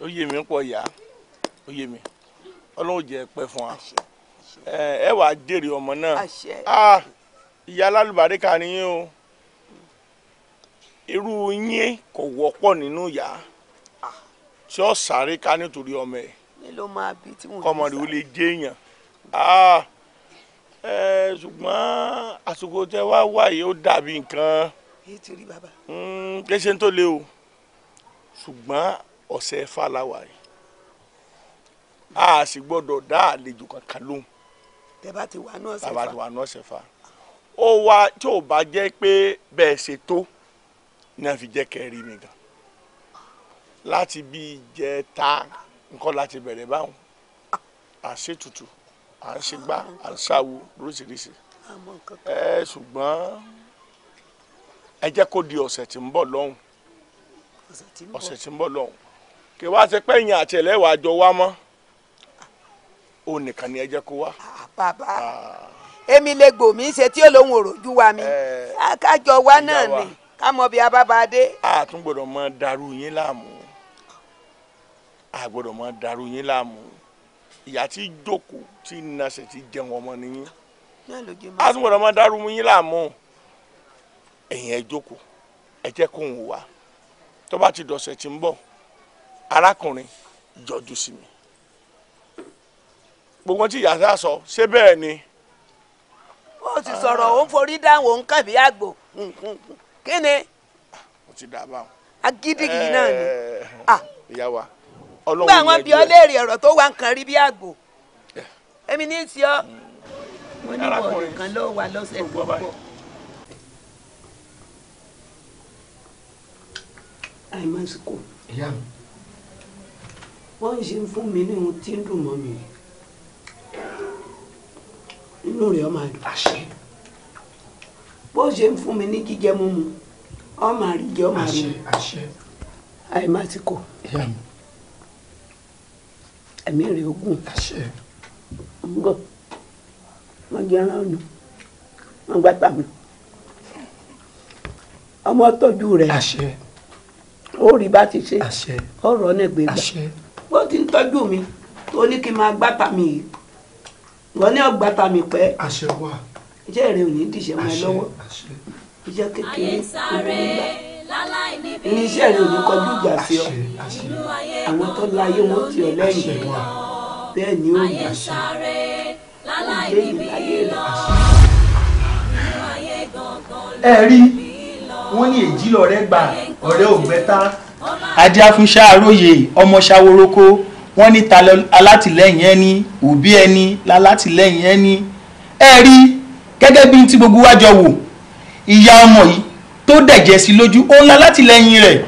ó yé mi pọ̀ yá ó yé mi ọlọ́run jẹ́ pẹ́ fún wa ẹ wàá jèrè ọmọ náà ìyá alálùbáríkà ni yín o irú yín kò wọ́pọ̀ nínú ìyá tí ó sáré ká nítorí ọmọ ẹ̀ kọ́mọdé ó lè jẹ́ èèyàn. Eh, ṣùgbọ́n àsìkò tẹ wá wáyé ó dàbí nǹkan. èyí ti rí bàbá. Hmm, kéṣe tó le o ṣùgbọ́n ọ̀sẹ̀ fàlàwà yìí a sì gbọ́dọ̀ dá àlejò kankan lóhùn. tẹ bá ti wà náà ṣẹfà. tẹ bá ti wà náà ṣẹfà. ó wá tí ò bá jẹ́ pé bẹ́ẹ̀ ṣe tó ní a fi jẹ́ kẹrí mi gan láti bí ìjẹta nǹkan láti bẹ̀rẹ̀ báwọn àṣetutù à ń ṣe gbá à ń ṣàwo lóríṣiríṣi ẹ ṣùgbọ́n ẹ jẹ́ kó di ọ̀sẹ̀ tí ń bọ̀ lọ́hùn ọ̀sẹ̀ tí ń bọ̀ lọ́hùn kí wá ṣe pé ìyẹn àti ẹlẹ́wàá àjọ wa mọ́ òun nìkan ni ẹ jẹ́ kó wá. bàbá èmi lè gbòmí ṣe tí olóhùn òròjú wa mi kájọ wa náà ni ká mọ bí abábadé. a tún gbọ́dọ̀ mọ dàrú yín láàmú a gbọ́dọ̀ mọ dàrú yín láàmú ìyá tí jókòó tí nasẹ̀ tí jẹun ọmọ nìyí a tún gbọdọ̀ máa dárú mú yín láàmú ẹ̀yìn ẹ̀ jókòó ẹ jẹ́ kó ń wá tó ti dọ̀sẹ̀ tí ń bọ̀ arákùnrin jọjú sí mi gbogbo tí ìyá sá sọ ṣé bẹ́ẹ̀ ni. ó ti sọ̀rọ̀ òun forí dáhùn òun kàn bí àgbò kí ni. mo ti dà bá wọn. agídí náà ni. ìyá wa ọlọ́run yẹn jẹ́ gbà wọn bí ọ léèrè ọ̀rọ̀ tó wà nǹkan rí bí àgbò èmi ní í sí ọ mo ní wọ̀ọ̀rọ̀ kan ló wà lọ́sẹ̀ tó bọ̀. àìmásíkò wọ́n ṣe ń fún mi ní ohun tí ń dùn mọ́ mi inú rẹ̀ ọmọ àdùn bó ṣe ń fún mi ní jíjẹ mímu ọmọ àríjẹ ọmọ àríjẹ àìmásíkò. Yeah ẹ̀mí rẹ̀ ogun ń bọ̀ wọ́n jẹ́ ẹran ọ̀nà wọ́n gbá tàbí ọmọ tọ́jú rẹ̀ ó rí bá ti ṣe ọ̀rọ̀ náà gbé gbà bó ti ń tọ́jú mi tó ní kí n máa gbá tàmí yìí wọ́n ní ọgbà tàmí pẹ́ iṣẹ́ rẹ̀ ò ní dìṣẹ́ mọ́ ẹ lọ́wọ́ iṣẹ́ kékeré kò iṣẹ́ rẹ̀ ò ní kọjú ìjà sí ọ àwọn tó láyé wọn ti ọ lẹ́yìn bẹ́ẹ̀ ni ó rí àṣà ọ̀gbẹ́ ìláyé rẹ̀. ẹ rí wọn ní èjì lọrẹ gbà ọ̀rẹ́ ò gbẹta. ajé afúnṣá àròyé ọmọ ṣàwòrókó wọn ní ta alátìlẹ́yìn ẹni òbí ẹni lálátìlẹ́yìn ẹni ẹ rí gẹ́gẹ́ bí ti gbogbo wájọ wò ìyá ọmọ yìí tó dẹ̀jẹ̀ sí lójú ó ńlá látìlẹ́yìn rẹ̀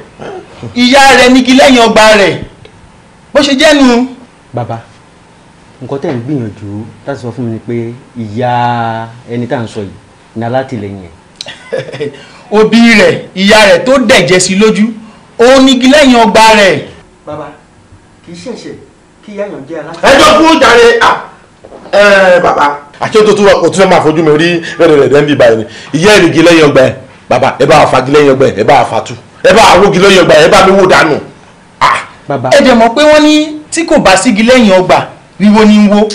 ìyá rẹ̀ nígi lẹ́yìn ọgbà rẹ̀ bó ṣe jẹ́ nu. bàbá nǹkan tẹ̀ ń gbìyànjú láti sọ fún mi ni pé ìyá ẹni tá à ń sọ yìí ní alátìlẹyìn ẹ̀. òbí rẹ̀ ìyá rẹ̀ tó dẹ̀jẹ̀ sí lójú ó nígi lẹ́yìn ọgbà rẹ̀. bàbá kì í ṣẹ̀ṣẹ̀ kí ìyá yàn jẹ́ alátìlẹyìn. ẹjọ́ kú jàre ẹ bàbá. àti òtútù òtútù máa fojú mi rí rẹ̀rẹ̀rẹ̀ ń bíbá ẹni ìyá ẹ̀rìngì lẹ́yìn ọgbà ẹ̀ Baba, ẹ bá wa fagilẹ́yìn ọgbẹ́ ẹ bá wa fatu ẹ bá wa wógi lẹ́yìn ọgbà ẹ bá mi wò dànù. Ah! ẹ dẹ̀ mọ̀ pé wọ́n ní tí kò bá sígi lẹ́yìn ọgbà wíwo ni ń wo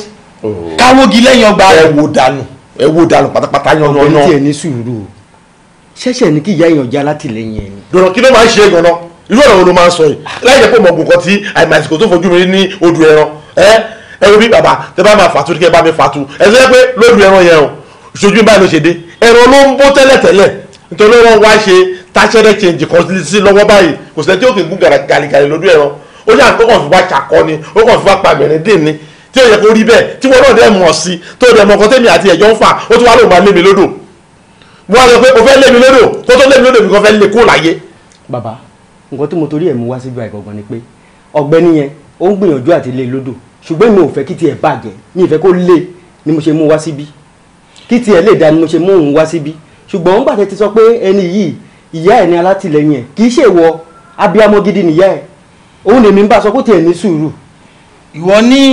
oh. ká wógi lẹ́yìn ọgbà. ẹ wò dànù ẹ wò dànù pátápátá yan yan. ọ̀gbìn tiẹ̀ ní sùúrù o ṣẹ̀ṣẹ̀ ní kí ìyá èèyàn já látìlẹ́yìn ẹ̀ ni. dọ̀nà kí ló máa ń ṣe é gan-an irú ọ̀rọ̀ wo ló máa ń sọ yìí láì jẹ́ pé mo gùn kan tí àìmàsìkò tó fojú mi ní odò ẹran ẹ ẹ wo bí bàbá tẹ bá máa fàtú kí ẹ bá mi fàtú ẹ sọ pé lóòdù ẹran yẹn o ìṣojú báyìí ló ṣe dé ẹran ló ń bó tẹ́lẹ̀tẹ́lẹ̀ nítorí wọ́n wá ṣe táṣẹ́rẹ́ change kan sí lọ́wọ́ báyìí kò sílẹ̀ tí ó kì í gún gàlìgàlì lójú ẹ̀rọ ó yà kó kàn fi wá ṣàkọ ni ó kàn fi wá pa bẹ̀rẹ̀ dè ni tí ó yẹ kó rí bẹ́ẹ̀ tí wọ́n náà dẹ̀ mọ̀ sí tó dẹ̀ mọ̀ kan tèmi àti ẹ̀jọ́ ń fà ó tún wá lóun máa lé mi lódò mo wá sọ pé o fẹ́ lé mi lódò kó tó lé mi lódò mi kan lé e kó láyé. bàbá nǹkan tí mo torí ẹ̀ mú wá síbi àìkọ̀gbọ̀n ni pé ọ̀gbẹ́ni yẹn ó ń gbìyànjú àti lé e lódò ṣùgbọ́n mi ò fẹ́ kí tiẹ̀ bàjẹ́ mi ì fẹ́ kó lé e ni mo ṣe mú wá síbi kí tiẹ̀ lè dá ni mo ṣe mú òun wá síbi ṣùgbọ́n ń gbàtẹ́ ti sọ pé ẹni yìí ìyá ẹ̀ ní alátìlẹyìn ẹ̀ kì í ṣe ìwọ abiyamọ gidi nìyá ẹ̀ òun lèmi ń bá sọ kó tiẹ̀ ní sùúrù. ìwọ ní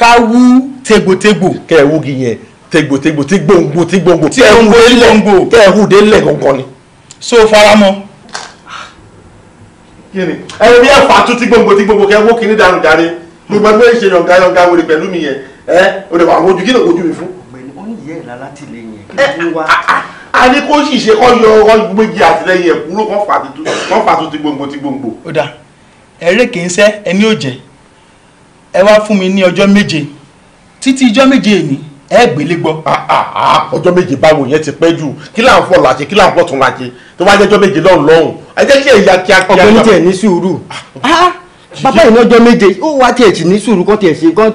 ká wú tegbòtegbò. kẹ ẹ wúgi yẹn tegbòtegbò tí gbòǹgbò tí gbòǹgbò tí ẹ wú délẹ̀ kẹ ẹ wú délẹ̀ gangan ni. so faramọ. kíni ẹ bí ẹ fà tún tí gbòǹgbò tí gbòǹgbò kẹ wó kíní dànù dàrí gbogbo ẹgbẹ́ ìṣe yọ̀ǹga yọ̀ǹga wèrè pẹ̀lú mi yẹn ẹ òdòwà àwọn ojú kí ló ojú mi fún. ọ̀gbẹ́ni ó ní ìyá ẹ̀ lálátìlẹ́yìn ẹ̀ kí ló wá. Ah, ah, a ní kó sì ṣe kọ́ yọ ọyún méjì àtìlẹyìn ẹ̀kúrò kan fà tuntun kan fà tuntun ti gbòǹgbò ti gbòǹgbò. ó dà ẹ̀rẹ́ kì í sẹ́ ẹni ò jẹ́ ẹ wá fún mi ní ọjọ́ méje títí ọjọ́ méje èní ẹ gbélé gbọ́. Ah, ah, ah, ọjọ́ méje báwo yẹn ti pẹ́ jù kí là ń fọ̀ làṣẹ kí là ń fọ̀ tún làṣẹ tó bá jẹ́ ọjọ́ méje lọ́hùn lọ́hùn ẹ jẹ́ kí ẹ̀yà kíákíá. ọ̀gbẹ́ni tẹ̀ ní sùúrù bàbá yìí ní ọjọ́ méje ó wá tiẹ̀ sí ní sùúrù kan tiẹ̀ sí kan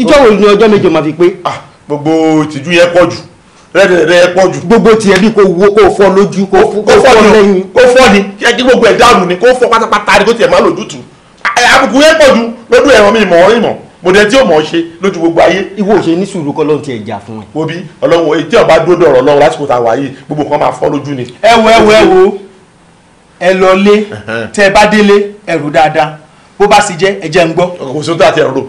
ìjọ́ wo ni ọjọ́ méje máa fi pé. gbogbo ìtìjú yẹn pọ̀ jù rẹ́rẹ́rẹ́ pọ̀ jù. gbogbo tiẹ̀ bí kò wo kò fọ́ lójú kò fọ́ lẹ́yìn. kò fọ́ ni kí ẹgbẹ́ gbogbo ẹ̀ dànù ni kò fọ́ pátápátá ni kò tiẹ̀ má lójútùú. àbùkù yẹn pọ̀ jù lọ́dún ẹ̀rọ mi mọ̀ ọ́ mọ̀ mo dẹ̀ tí ò mọ̀ ọ́ ṣe lójú gbogbo ayé. ìwọ ò ṣe ní sùúrù kọ́ lóun ti ẹ̀ jà fún ẹ. obi ọlọ́run èyí tí ọba dúró ọ̀rọ̀ lọ́wọ́ lásìkò tá a wà yìí gbogbo kan máa fọ́ lójú ni. ẹ wo ẹ wo ẹ wo ẹ lọ lé tẹ ẹ bá délé ẹrù dáadáa bó bá sì jẹ ẹ jẹ ń gbọ́. kò sóńtà àti ẹ̀rọ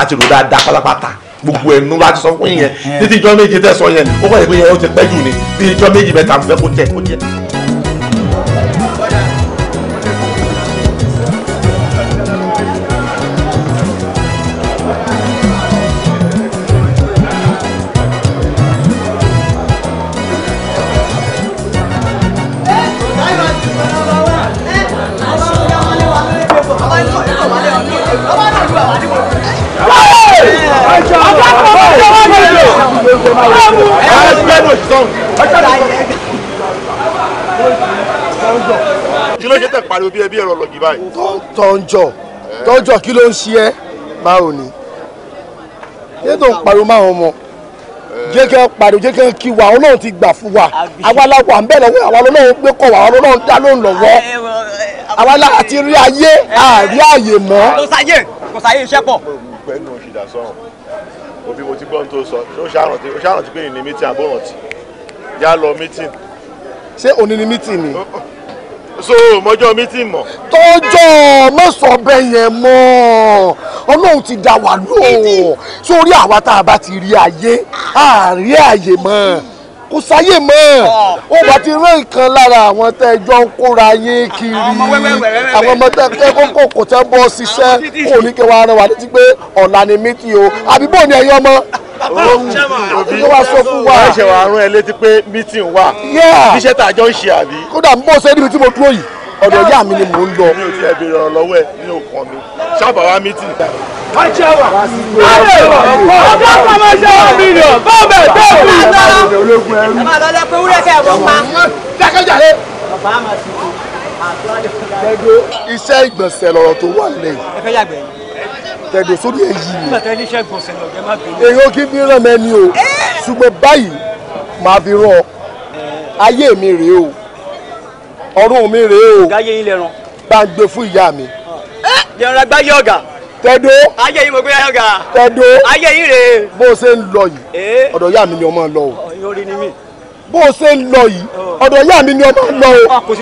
àti ẹ̀rọ dáadáa pátápátá gbogbo ẹnu láti sọ fún yẹn eh, eh. títí ijọ́ méje tẹ̀sán yẹn ó kọ́ ẹ̀ pé yẹn ó ti pẹ́ jù ní bí ijọ́ méjì mẹ́ta fẹ́ kó jẹ kó jẹ. pariwo bí ẹbí ẹ̀rọ lọ́gì báyìí. tọ́njọ́ tọ́njọ́ kí ló ń ṣe ẹ́ báwo ni kí tó ń pariwo máwọn ọmọ jẹ́ kí wọ́n eh. pariwo jẹ́ kí wọ́n kí wa àwọn náà ti gbà fún wa àwa làwọn à ń bẹ̀ lọ́wọ́ àwa lọ́wọ́ gbé kọ̀ wa àwọn náà dá lóun lọ́wọ́ àwa làwọn ti rí ayé àrí eh. àyè mọ́. kò sáyé iṣẹ́ pọ̀. pẹ̀lú ìṣìdá sọ̀rọ̀ òbí mo ti gbọ́ tó sọ ó ṣàrántí ó ṣàrántí pé ìní mítìn àbọ̀rántí yá lọ mítìn. ṣé òní ni mítìn ni. Oh, oh so mọjọ mi ti mọ. tọjọ mẹsàn ọbẹ yẹn mọ Ọlọ́run ti dá wa lóò sórí àwa tá a bá ti rí ayé àárín àyè mọ kò sáyè mọ́ ó bá ti rán nǹkan lára àwọn tẹ́jọ́ ń kóra yín kiri àwọn ọmọ tẹ́kọ́ kò kò tẹ́ bọ́ ṣiṣẹ́ kò ní kí wọ́n á létí pé ọ̀la ni mí kí o àbí bò ní ẹ̀yọ́ mọ́ òun òbí wá sọ fún wa ẹ̀ṣẹ̀ wà rán ẹ létí pé mítìn wà iṣẹ́ tá a jọ ń ṣe àbí. kódà bó ṣe níbi tí mo dúró yìí ọ̀dọ̀ ìyá mi ni mò ń lọ. mi ò tiẹ̀ béèrè ọ̀rọ̀ lọ́wọ́ ní òkan mi ṣáàbà wá mítìn. ajẹ́ wa alẹ́ wa ọjọ́ pamọ́ ṣe wà mílíọ̀n bọ́ọ̀bẹ̀ bẹ́ẹ̀ bí ìtara. ẹ máa iṣẹ́ ìgbọ̀nsẹ̀ lọ̀rọ̀ tó wà lẹ́yìn tẹ̀dọ̀ sórí èyí ni. nígbà tẹ́ níṣẹ́ gbọ̀nsẹ̀ lọ kẹ́ má bínú. èrò kí bí ràn mẹ́ ni o ṣùgbọ́n báyìí màá fi rán ọ ayé mi rèé o ọ̀run mi rèé o. gáyé yín lẹ́ràn. bá ń gbé fún ìyá mi. lẹ́ràn gbáyé ọ̀gá. tẹ̀dọ̀. ayé yín mo gbé ọ̀gá. tẹ̀dọ̀. ayé yín rèé. bó o ṣe ń lọ yìí ọ̀dọ̀ ìyá mi ni ọmọ lọ o. ìyórí ni mí bó o ṣe ń lọ yìí ọ̀dọ̀ ìyá mi ni ọmọ ń lọ o ah, tí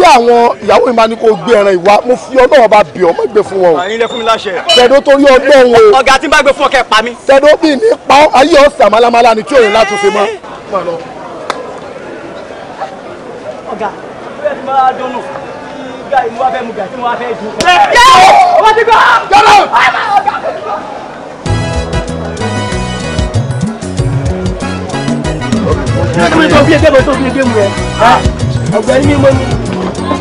àwọn ìyàwó mi máa ní gbé ẹran ìwà mo fi ọlọ́wọ́ bá bì ọ́ mọ́ gbé fún wọn o. àyìnlẹ̀ fún mi láṣẹ. tẹ̀dó torí ọgbọ́n o. ọ̀gá tí n bá gbé fún ọ kẹ́ pa mí. tẹ̀dó bí ní pa ayé ọ̀sẹ̀ àmàlàmàlà ni tí òun láti ṣe mọ́. ọ̀gá bẹ́ẹ̀ ni máa dọ́nù ìgbà ìmúwáfẹ́ mu gà tí mo wá fẹ́ dùn. kí ni tó bí ẹgbẹ́ tó bí ẹgbẹ́ mu yẹn ah. ọ̀gbẹ́ni mímọ́ ni.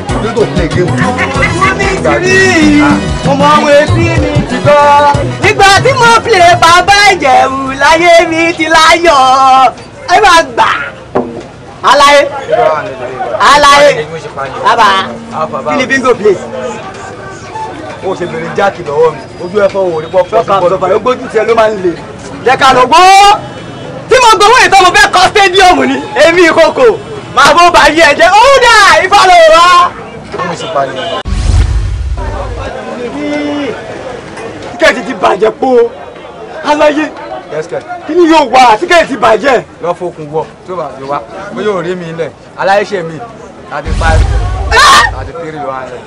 kí ni tó bí ẹgbẹ́ mu yẹn ọmọ àwọn etí mi ti gbọ́. nígbà tí mo play bàbá ìjẹ̀wù láyé mi ti láyọ̀ ẹ máa gbà. alaye alaye bàbá kí ni bingo play. o ṣe bèrè jáàkì lọ́wọ́ mi ojú ẹ̀fọ́ wò ní pọ́pọ́ sí pọ́pọ́ lọ́gbójú tiẹ̀ ló máa ń le. jẹ́ ká lọ gbó mo gbowó ìtọ́ mo fẹ́ kọ́ stadium ni èmi ìkòkò màá bó ba yí ẹ̀jẹ̀ ó dà ìfọ̀lọ̀ wá. tíkẹ́ẹ̀tì ti bàjẹ́ po aláyé kí ni yóò wá tíkẹ́ẹ̀tì ti bàjẹ́. lọ fokùn wọ tí ó bá ti wá bó yóò rí mi lẹ aláìṣẹ mi thirty five ah! thirty three ló wà lẹ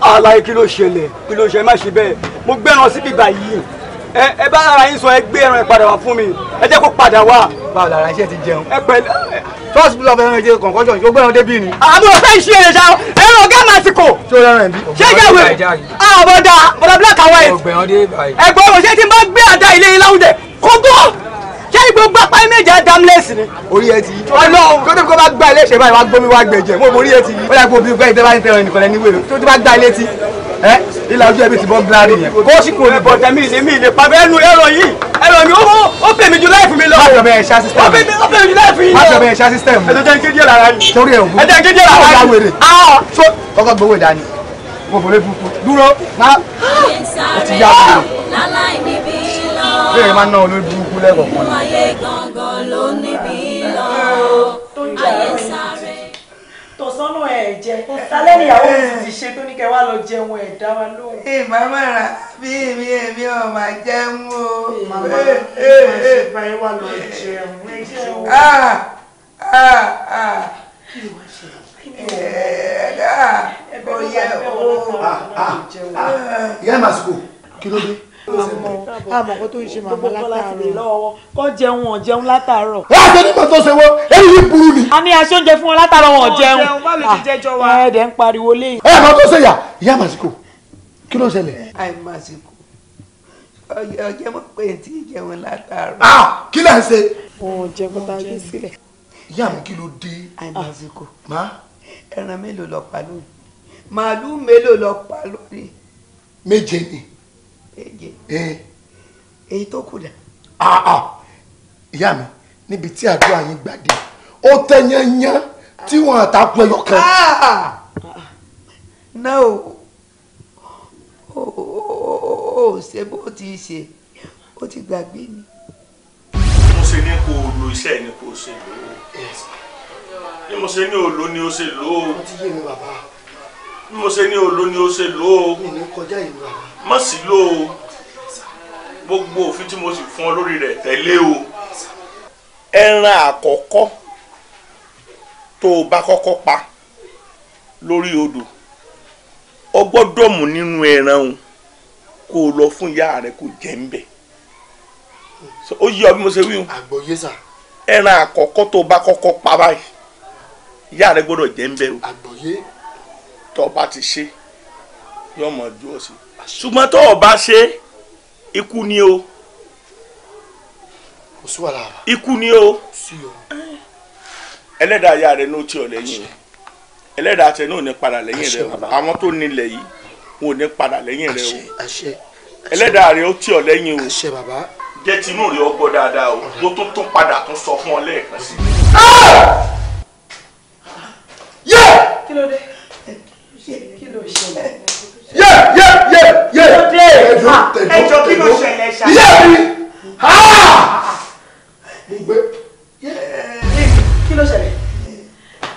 aláyé kí ló ṣẹlẹ̀ kí ló ṣẹlẹ̀ má ṣe bẹ́ẹ̀ mo gbẹ́ràn síbi báyìí ẹ bá ara yín sọ ẹ gbé ẹran ẹ padà wá fún mi ẹ jẹ́ kó padà wá. báwo lára iṣẹ́ ti jẹun. ẹ pẹ̀lú first blood ẹran ẹjẹ kọ̀ǹkọ́jọ̀ yóò gbẹ́ran débi ni. àbúrò fẹ́ ṣe é ṣá ẹran ọ̀gá máa ti kò. ṣé o rẹ́rìn bí. ṣé ìyàwó àbọ̀dà bọ̀dà black and white. ẹgbẹ́ òun ṣé tí n bá gbé àdá ilé yín láwùjẹ kó bọ̀ ṣé gbogbo apá méje dámlẹ́sì ni. orí ẹ ti yí. ọlọ́run tó tẹ́kọ̀ọ́ bá gbá ilé ìṣẹ̀bá ìwà gbomi wá gbẹ̀jẹ̀ mo borí ẹ ti yí. ó yà kó bí gbẹ́yìn tẹ́ bá ń tẹ̀rọ ẹnìkan lẹ́ni wèrè tó ẹ ilà ojú ẹbí ti bọ́ gíláàrí yẹn. kó sì kúrò ní bọ̀dẹ̀ mi ìlé mi ìlé pàbẹ́ ẹnu ẹ̀rọ yìí ẹ̀rọ mi ó pè mí ju láìfù mi lọ. máṣọ bẹ́ẹ̀ ṣá sísítẹ́mù. ó pè mí ju láìfù yìí lọ. máṣọ bẹ́ẹ̀ ṣá sísítẹ́mù. ẹ̀jẹ̀ ń kéde lára yìí. torí ẹ̀ wú. ẹ̀jẹ̀ ń kéde lára yìí. ọ̀gá wèrè. ọkọ̀ ah! gbowó ìdání. mo bò lé fúnfún. dúró má. ó ti yá sí i. bẹ́ẹ̀ máa ń ná olójú jẹ lálẹ́ níyàwó mi ti ṣe tó ní kẹ wá lọ jẹun ẹ̀ dá wa lóhùn. ẹ màmá rà bí èmi èmi ò má jẹun o. màmá rà ẹ ẹ bá ẹ wá lọ jẹun ẹ jẹun. Ah, ah, ah. kí ni wàá ṣe ẹ ẹ kò yẹ o. ìyá màsíkò kí ló dé àmọ́ àmọ́ kó tó ń ṣe màmá látàárọ̀. kọ́ jẹun ọ̀ jẹun látàárọ̀. láti onímọ̀ tó ṣe wọ èyí yìí burú ni. a ní aṣoúnjẹ fún wọn látàárọ̀ wọn jẹun. ẹ̀ẹ́dẹ̀ ń pariwo léyìn. ẹ àmọ́ tó ṣe yà ìyá màsíkò kí ló ṣẹlẹ̀. àìmàsíkò ọjọ́ mọ̀ pé tí ìjẹun látàárọ̀. kí lẹ́ ń ṣe. wọn jẹ kó tá a gbé sílẹ̀. ìyá mi kí ló dé. àìmàsíkò ẹran mélòó lọ pa lónìí màálù mélòó lọ pa lónìí. méje ni ẹ̀jẹ̀ èyí tó kù dà. ìyá mi níbi tí àdúrà yín gbàdé ó tẹ yányán tí wọn àtàkùn ẹyọ kan. Ah, ah, ah. náà o ò ṣe bó ti ṣe ó ti gbàgbé mi. mo ṣe ní kó o lo iṣẹ́ ní kó o ṣe lò ó bí mo ṣe ní òòlù ni o ṣe lò ó. ó ti yé mi bàbá bí mo ṣe ní olo ni o ṣe lò ó má sì lò ó gbogbo òfin tí mo sì fún ọ lórí rẹ̀ tẹ̀lé o. ẹran àkọ́kọ́ tó o bá kọ́kọ́ pa lórí odò o gbọ́dọ̀ mú nínú ẹran o kó o lọ fún ìyá rẹ kó jẹ ń bẹ̀ ó yí ọ bí mo ṣe wí o ẹran àkọ́kọ́ tó o bá kọ́kọ́ pa báyìí ìyá rẹ gbọ́dọ̀ jẹ ń bẹ̀ o tó o bá ti ṣe yóò mọ̀ ju ọ ṣùgbọ́n tó o bá ṣe ikú ni o. kò sí wàhálà rà. ikú ni o. o. ẹlẹ́dàá ayá rẹ̀ ní o tí ọ lẹ́yìn rẹ̀ ẹlẹ́dàá tẹ náà ò ní padà lẹ́yìn rẹ̀ o àwọn tó nílẹ̀ yìí wọn ò ní padà lẹ́yìn rẹ̀ o ẹlẹ́dàá rẹ̀ ó tí ọ lẹ́yìn o jẹ́ tinú rẹ̀ ó gbọ́ dáadáa o mo tún tún padà tún sọ fún ọ lẹ́ẹ̀kan sí i. Ah! Ah! kí ló dé kí ló ṣẹlẹ̀. yẹ yẹ yẹ yẹ ẹjọ ẹjọ kí ló ṣẹlẹ̀ ṣá. yẹ mi ha mo gbé yẹ. kí ló ṣẹlẹ̀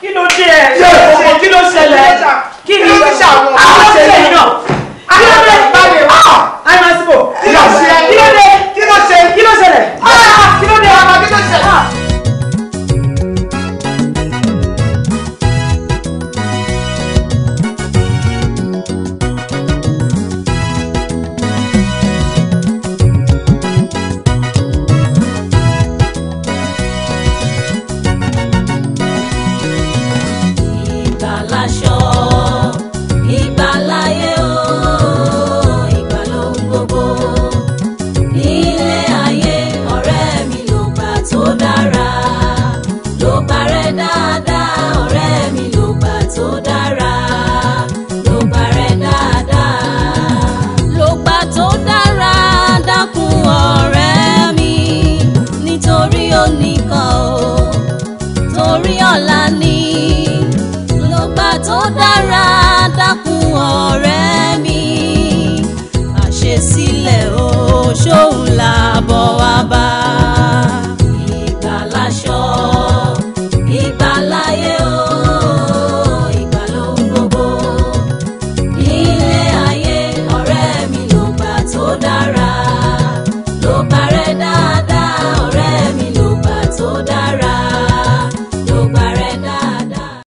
kí ló dé ẹ ọmọ kí ló ṣẹlẹ̀ kí ni àwọn ọ̀sẹ̀ náà ayọ̀ bẹ́ẹ̀ bá mi wá kí ló ṣe kí ló ṣe kí ló ṣẹlẹ̀. boa